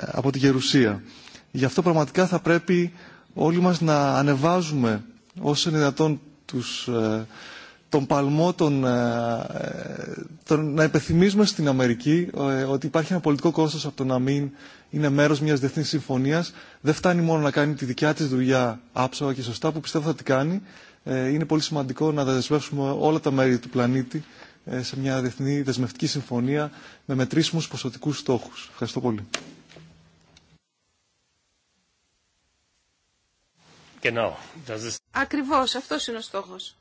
Speaker 5: από τη Γερουσία. Γι' αυτό πραγματικά θα πρέπει όλοι μας να ανεβάζουμε όσο είναι δυνατόν τους, τον παλμό ε, τον, να υπεθυμίζουμε στην Αμερική ε, ότι υπάρχει ένα πολιτικό κόστος από το να μην είναι μέρος μιας διεθνής συμφωνίας. Δεν φτάνει μόνο να κάνει τη δικιά της δουλειά άψογα και σωστά που πιστεύω θα την κάνει. Ε, είναι πολύ σημαντικό να δεσμεύσουμε όλα τα μέρη του πλανήτη σε μια διεθνή δεσμευτική συμφωνία με μετρήσιμους ποσοτικούς στόχους. Ευχαριστώ πολύ.
Speaker 1: Ακριβώς, αυτός είναι ο στόχος.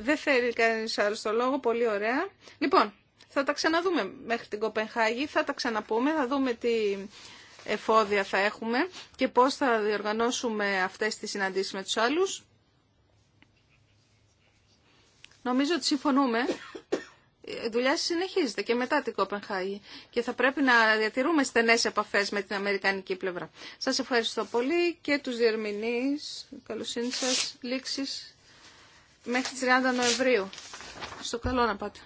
Speaker 1: Δεν θέλει κανείς άλλο το λόγο. Πολύ ωραία. Λοιπόν, θα τα ξαναδούμε μέχρι την Κοπενχάγη. Θα τα ξαναπούμε. Θα δούμε τι εφόδια θα έχουμε και πώς θα διοργανώσουμε αυτές τις συναντήσεις με τους άλλους. Νομίζω ότι συμφωνούμε. Η δουλειά συνεχίζεται και μετά την Κοπενχάγη και θα πρέπει να διατηρούμε στενές επαφές με την Αμερικανική πλευρά. Σας ευχαριστώ πολύ και τους διερμηνείς. Καλωσύνη σας. Λήξεις μέχρι τις 30 Νοεμβρίου. Στο καλό να πάτε.